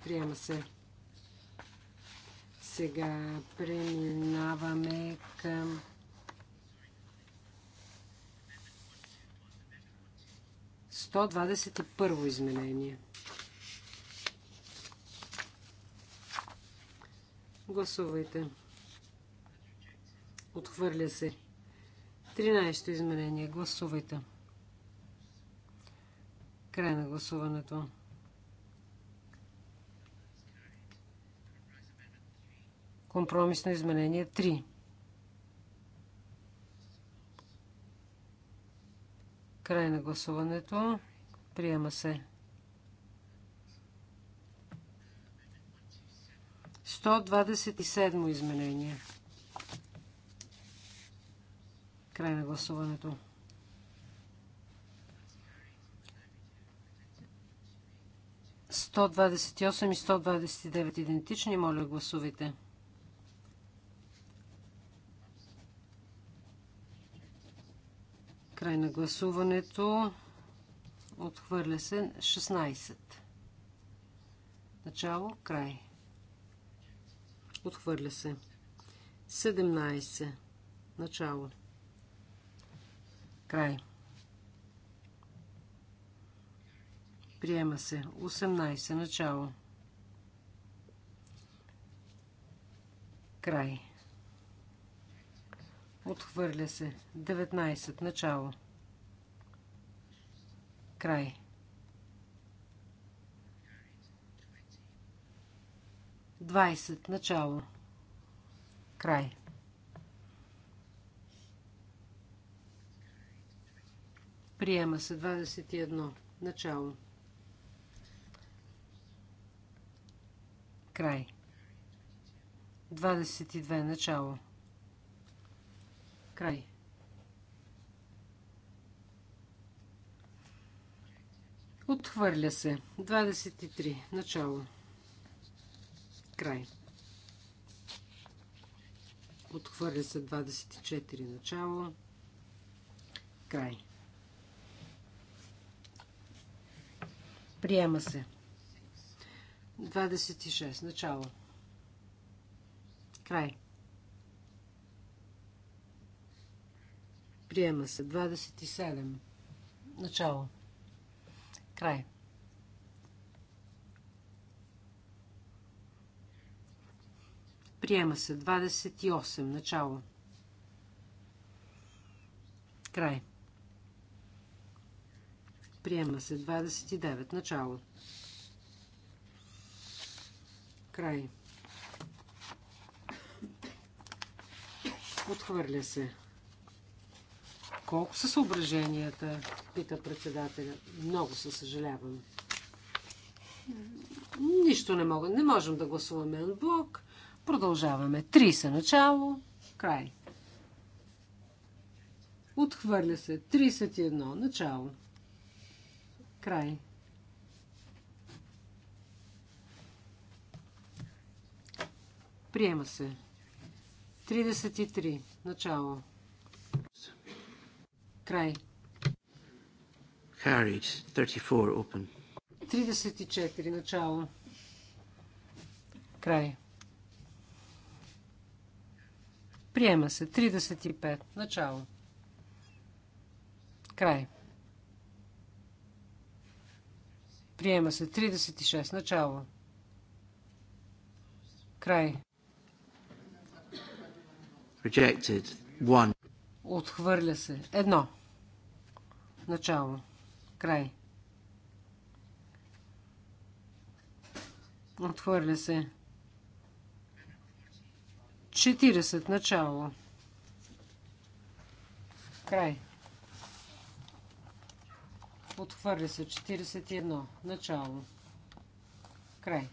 Приема се. Сега преминаваме към сто двадесет и първо изменение. Гласувайте. Отхвърля се. 13-то изменение. Гласувайте. Край на гласуването. Компромисно изменение 3. Край на гласуването. Приема се. 127 изменение. Край на гласуването. Сто двадесет и 129 идентични. Моля, гласувайте. Край на гласуването. Отхвърля се 16. Начало, край. Отхвърля се. 17. Начало. Край. Приема се. 18. Начало. Край. Отхвърля се. 19. Начало. Край. Двайсет. Начало. Край. Приема се 21. Начало. Край. 22. Начало. Край. Отхвърля се. 23. Начало. Край. Отхвърля се 24. Начало. Край. Приема се. 26. Начало. Край. Приема се. 27. Начало. Край. Приема се. 28. Начало. Край. Приема се. 29. Начало. Край. Отхвърля се. Колко са съображенията? Пита председателя. Много се съжалявам. Нищо не мога. Не можем да гласуваме на блок. Продължаваме. 30 начало. Край. Отхвърля се. 31 начало. Край. Приема се. 33. Начало. Край. Carriage 34 open. 34 начало. Край. Приема се. 35 начало. Край. Приема се. 36 начало. Край. Rejected. One. Отхвърля се. Едно. Начало. Край. Отхвърля се. 40. Начало. Край. Отхвърля се. 41. Начало. Край.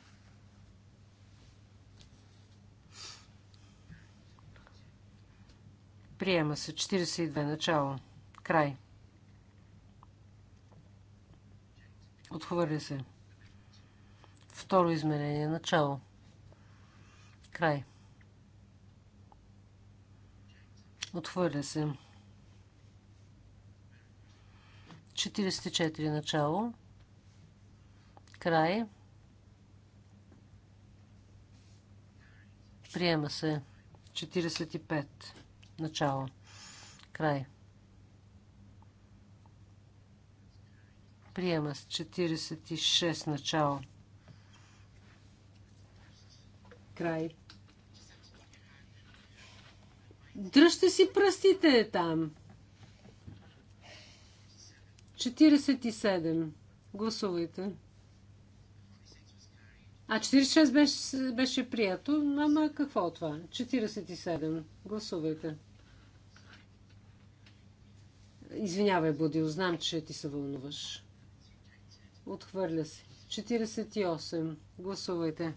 Приема се. 42. Начало. Край. Отхвърля се. Второ изменение. Начало. Край. Отхвърля се. 44 начало. Край. Приема се. 45 начало. Край. Приема с 46 начало. Край. Дръжте си пръстите там. 47. Гласувайте. А 46 беше, беше прието. Ама какво е това? 47. Гласувайте. Извинявай, Будил, знам, че ти се вълнуваш. Отхвърля се. 48. Гласувайте.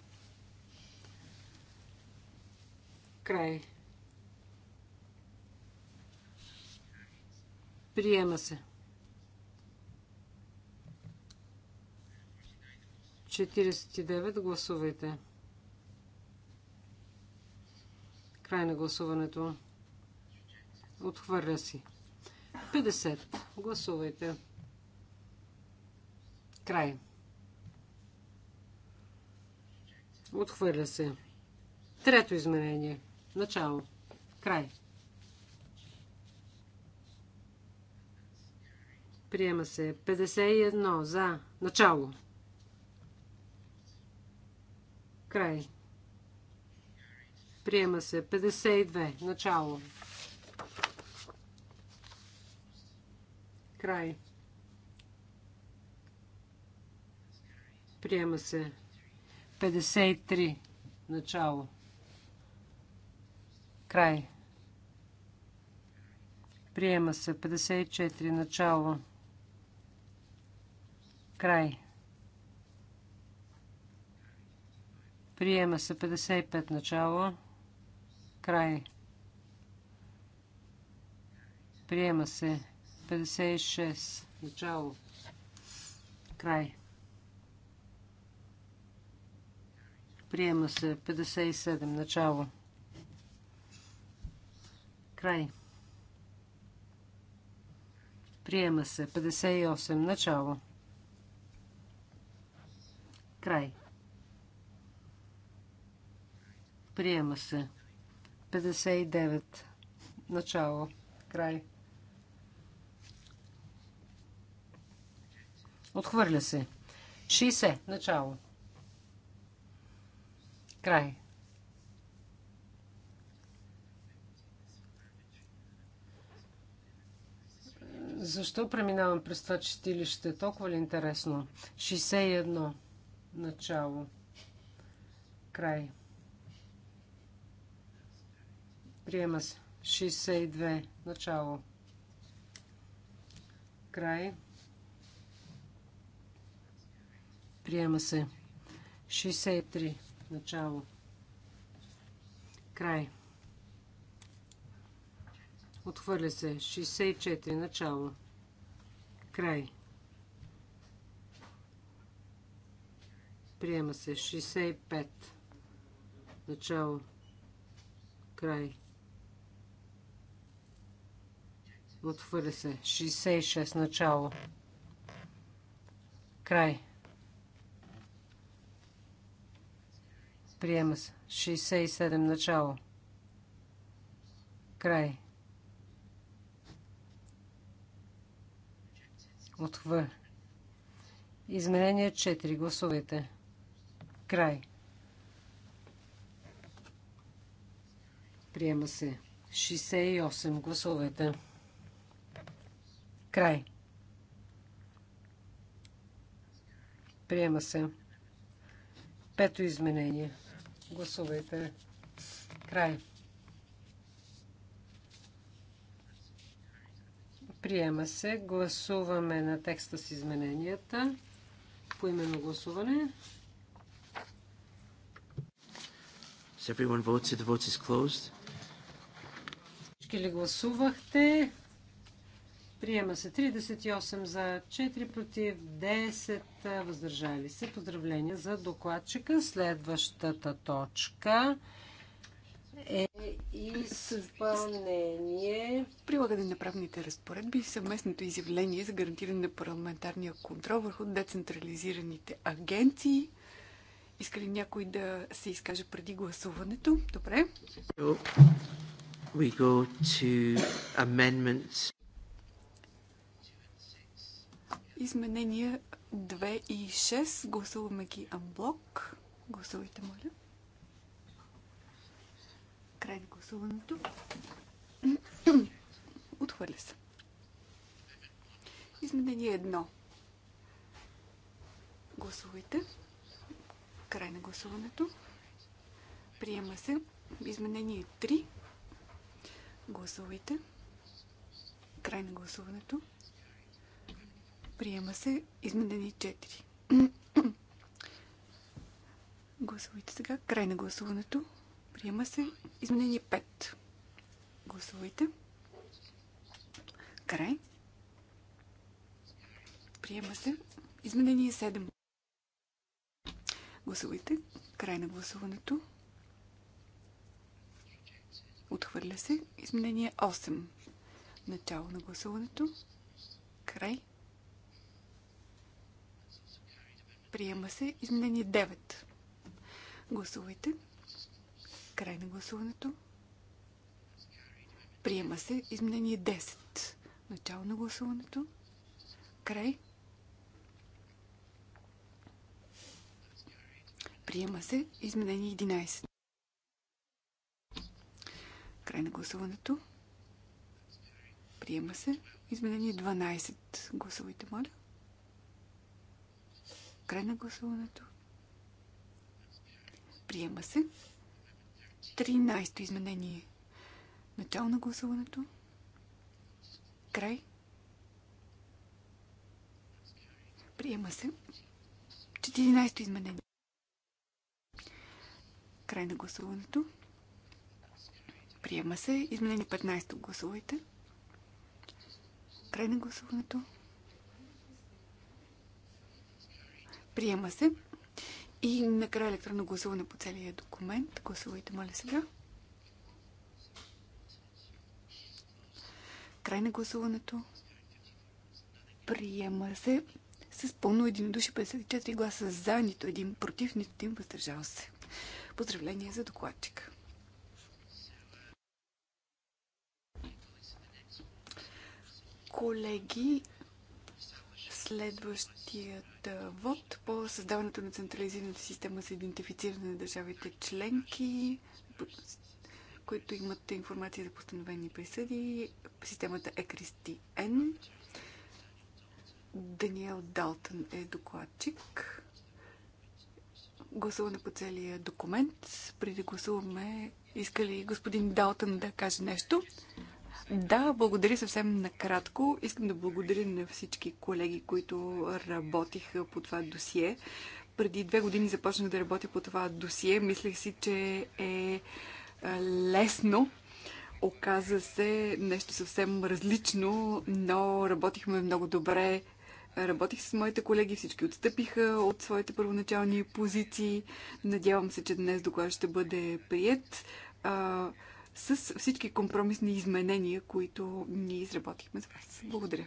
Край. Приема се. 49. Гласувайте. Край на гласуването. Отхвърля си. 50. Гласувайте. Край. Отхвърля се. Трето изменение. Начало. Край. Приема се. 51 за. Начало. Край. Приема се. 52. Начало. Край. Приема се. 53. Начало. Край. Приема се. 54. Начало. Край. Приема се. 55. Начало. Край. Приема се. 56. Начало. Край. Приема се 57 начало. Край. Приема се 58 начало. Край. Приема се 59 начало. Край. Отхвърля се. 60 начало. Край. Защо преминавам през това четилище? Толкова ли е интересно? 61. Начало. Край. Приема се. 62. Начало. Край. Приема се. 63. Начало. Край. Отхвърля се. 64. Начало. Край. Приема се. 65. Начало. Край. Отхвърля се. 66. Начало. Край. Приема се. 67 начало. Край. Отхвър. Изменение 4. Гласувайте. Край. Приема се. 68. Гласувайте. Край. Приема се. Пето изменение. Гласувайте. Край. Приема се. Гласуваме на текста с измененията. По именно гласуване. Всички ли гласувахте? Приема се 38 за 4 против 10 въздържали се. Поздравления за докладчика. Следващата точка е изпълнение. Прилагане на правните разпоредби и съвместното изявление за гарантиране на парламентарния контрол върху децентрализираните агенции. Иска ли някой да се изкаже преди гласуването? Добре. We go to amendments. Изменения 2 и 6. Гласуваме ги амблок. Гласувайте, моля. Край на гласуването. Отхвърля се. Изменение 1. Гласувайте. Край на гласуването. Приема се. Изменение 3. Гласувайте. Край на гласуването. Приема се изменени 4. Гласувайте сега. Край на гласуването. Приема се изменени 5. Гласувайте. Край. Приема се изменение 7. Гласувайте. Край на гласуването. Отхвърля се. Изменение 8. Начало на гласуването. Край. Приема се. Изменение 9. Гласувайте. Край на гласуването. Приема се. Изменение 10. Начало на гласуването. Край. Приема се. Изменение 11. Край на гласуването. Приема се. Изменение 12. Гласувайте, моля. Край на гласуването. Приема се. 13-то изменение. Начало на гласуването. Край. Приема се. 14-то изменение. Край на гласуването. Приема се. Изменение 15-то. Гласувайте. Край на гласуването. Приема се. И накрая електронно гласуване по целия документ. Гласувайте, моля сега. Край на гласуването. Приема се с пълно единодушие 54 гласа за, нито един против, нито един въздържал се. Поздравление за докладчика. Колеги, Следващият вод по създаването на централизираната система за идентифициране на държавите членки, които имат информация за постановени присъди, системата Екристи Н. Даниел Далтън е докладчик. Гласуване по целия документ. Преди гласуваме, иска ли господин Далтън да каже нещо? Да, благодаря съвсем накратко. Искам да благодаря на всички колеги, които работиха по това досие. Преди две години започнах да работя по това досие. Мислех си, че е, е лесно. Оказа се нещо съвсем различно, но работихме много добре. Работих с моите колеги, всички отстъпиха от своите първоначални позиции. Надявам се, че днес доклад ще бъде прият с всички компромисни изменения, които ние изработихме за вас. Благодаря.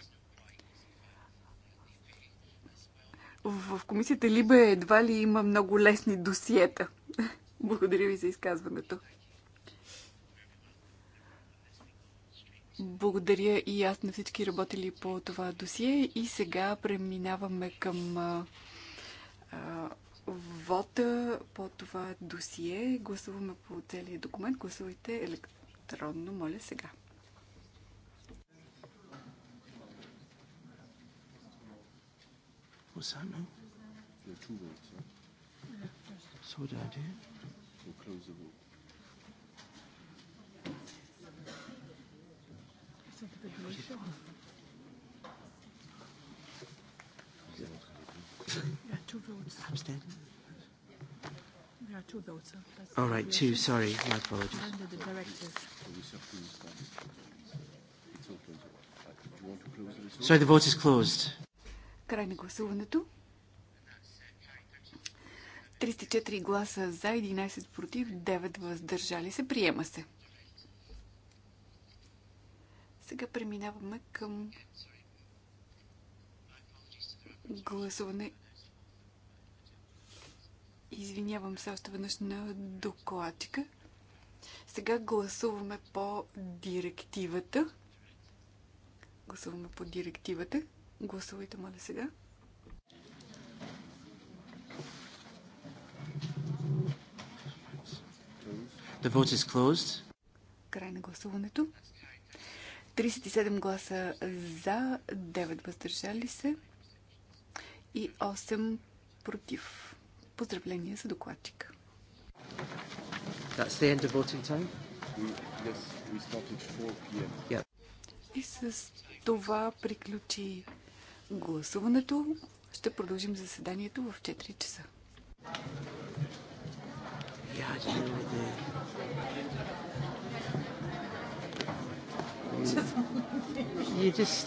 В комисията Либе едва ли има много лесни досиета. Благодаря ви за изказването. Благодаря и аз на всички работили по това досие. И сега преминаваме към а, вода по това досие. Гласуваме по целия документ. Гласувайте електронно, моля сега. Thank you. two votes. Abstention. There are two votes. All right, two. Sorry, my apologies. Under the directive. Sorry, the vote is closed. Край на гласуването. 304 гласа за, 11 против, 9 въздържали се. Приема се. Сега преминаваме към гласуване Извинявам се още веднъж на докладчика. Сега гласуваме по директивата. Гласуваме по директивата. Гласувайте, моля, сега. The vote is closed. Край на гласуването. 37 гласа за, 9 въздържали се и 8 против. Поздравление за докладчика. Yeah. И с това приключи гласуването. Ще продължим заседанието в 4 часа. Yeah, I don't know you just...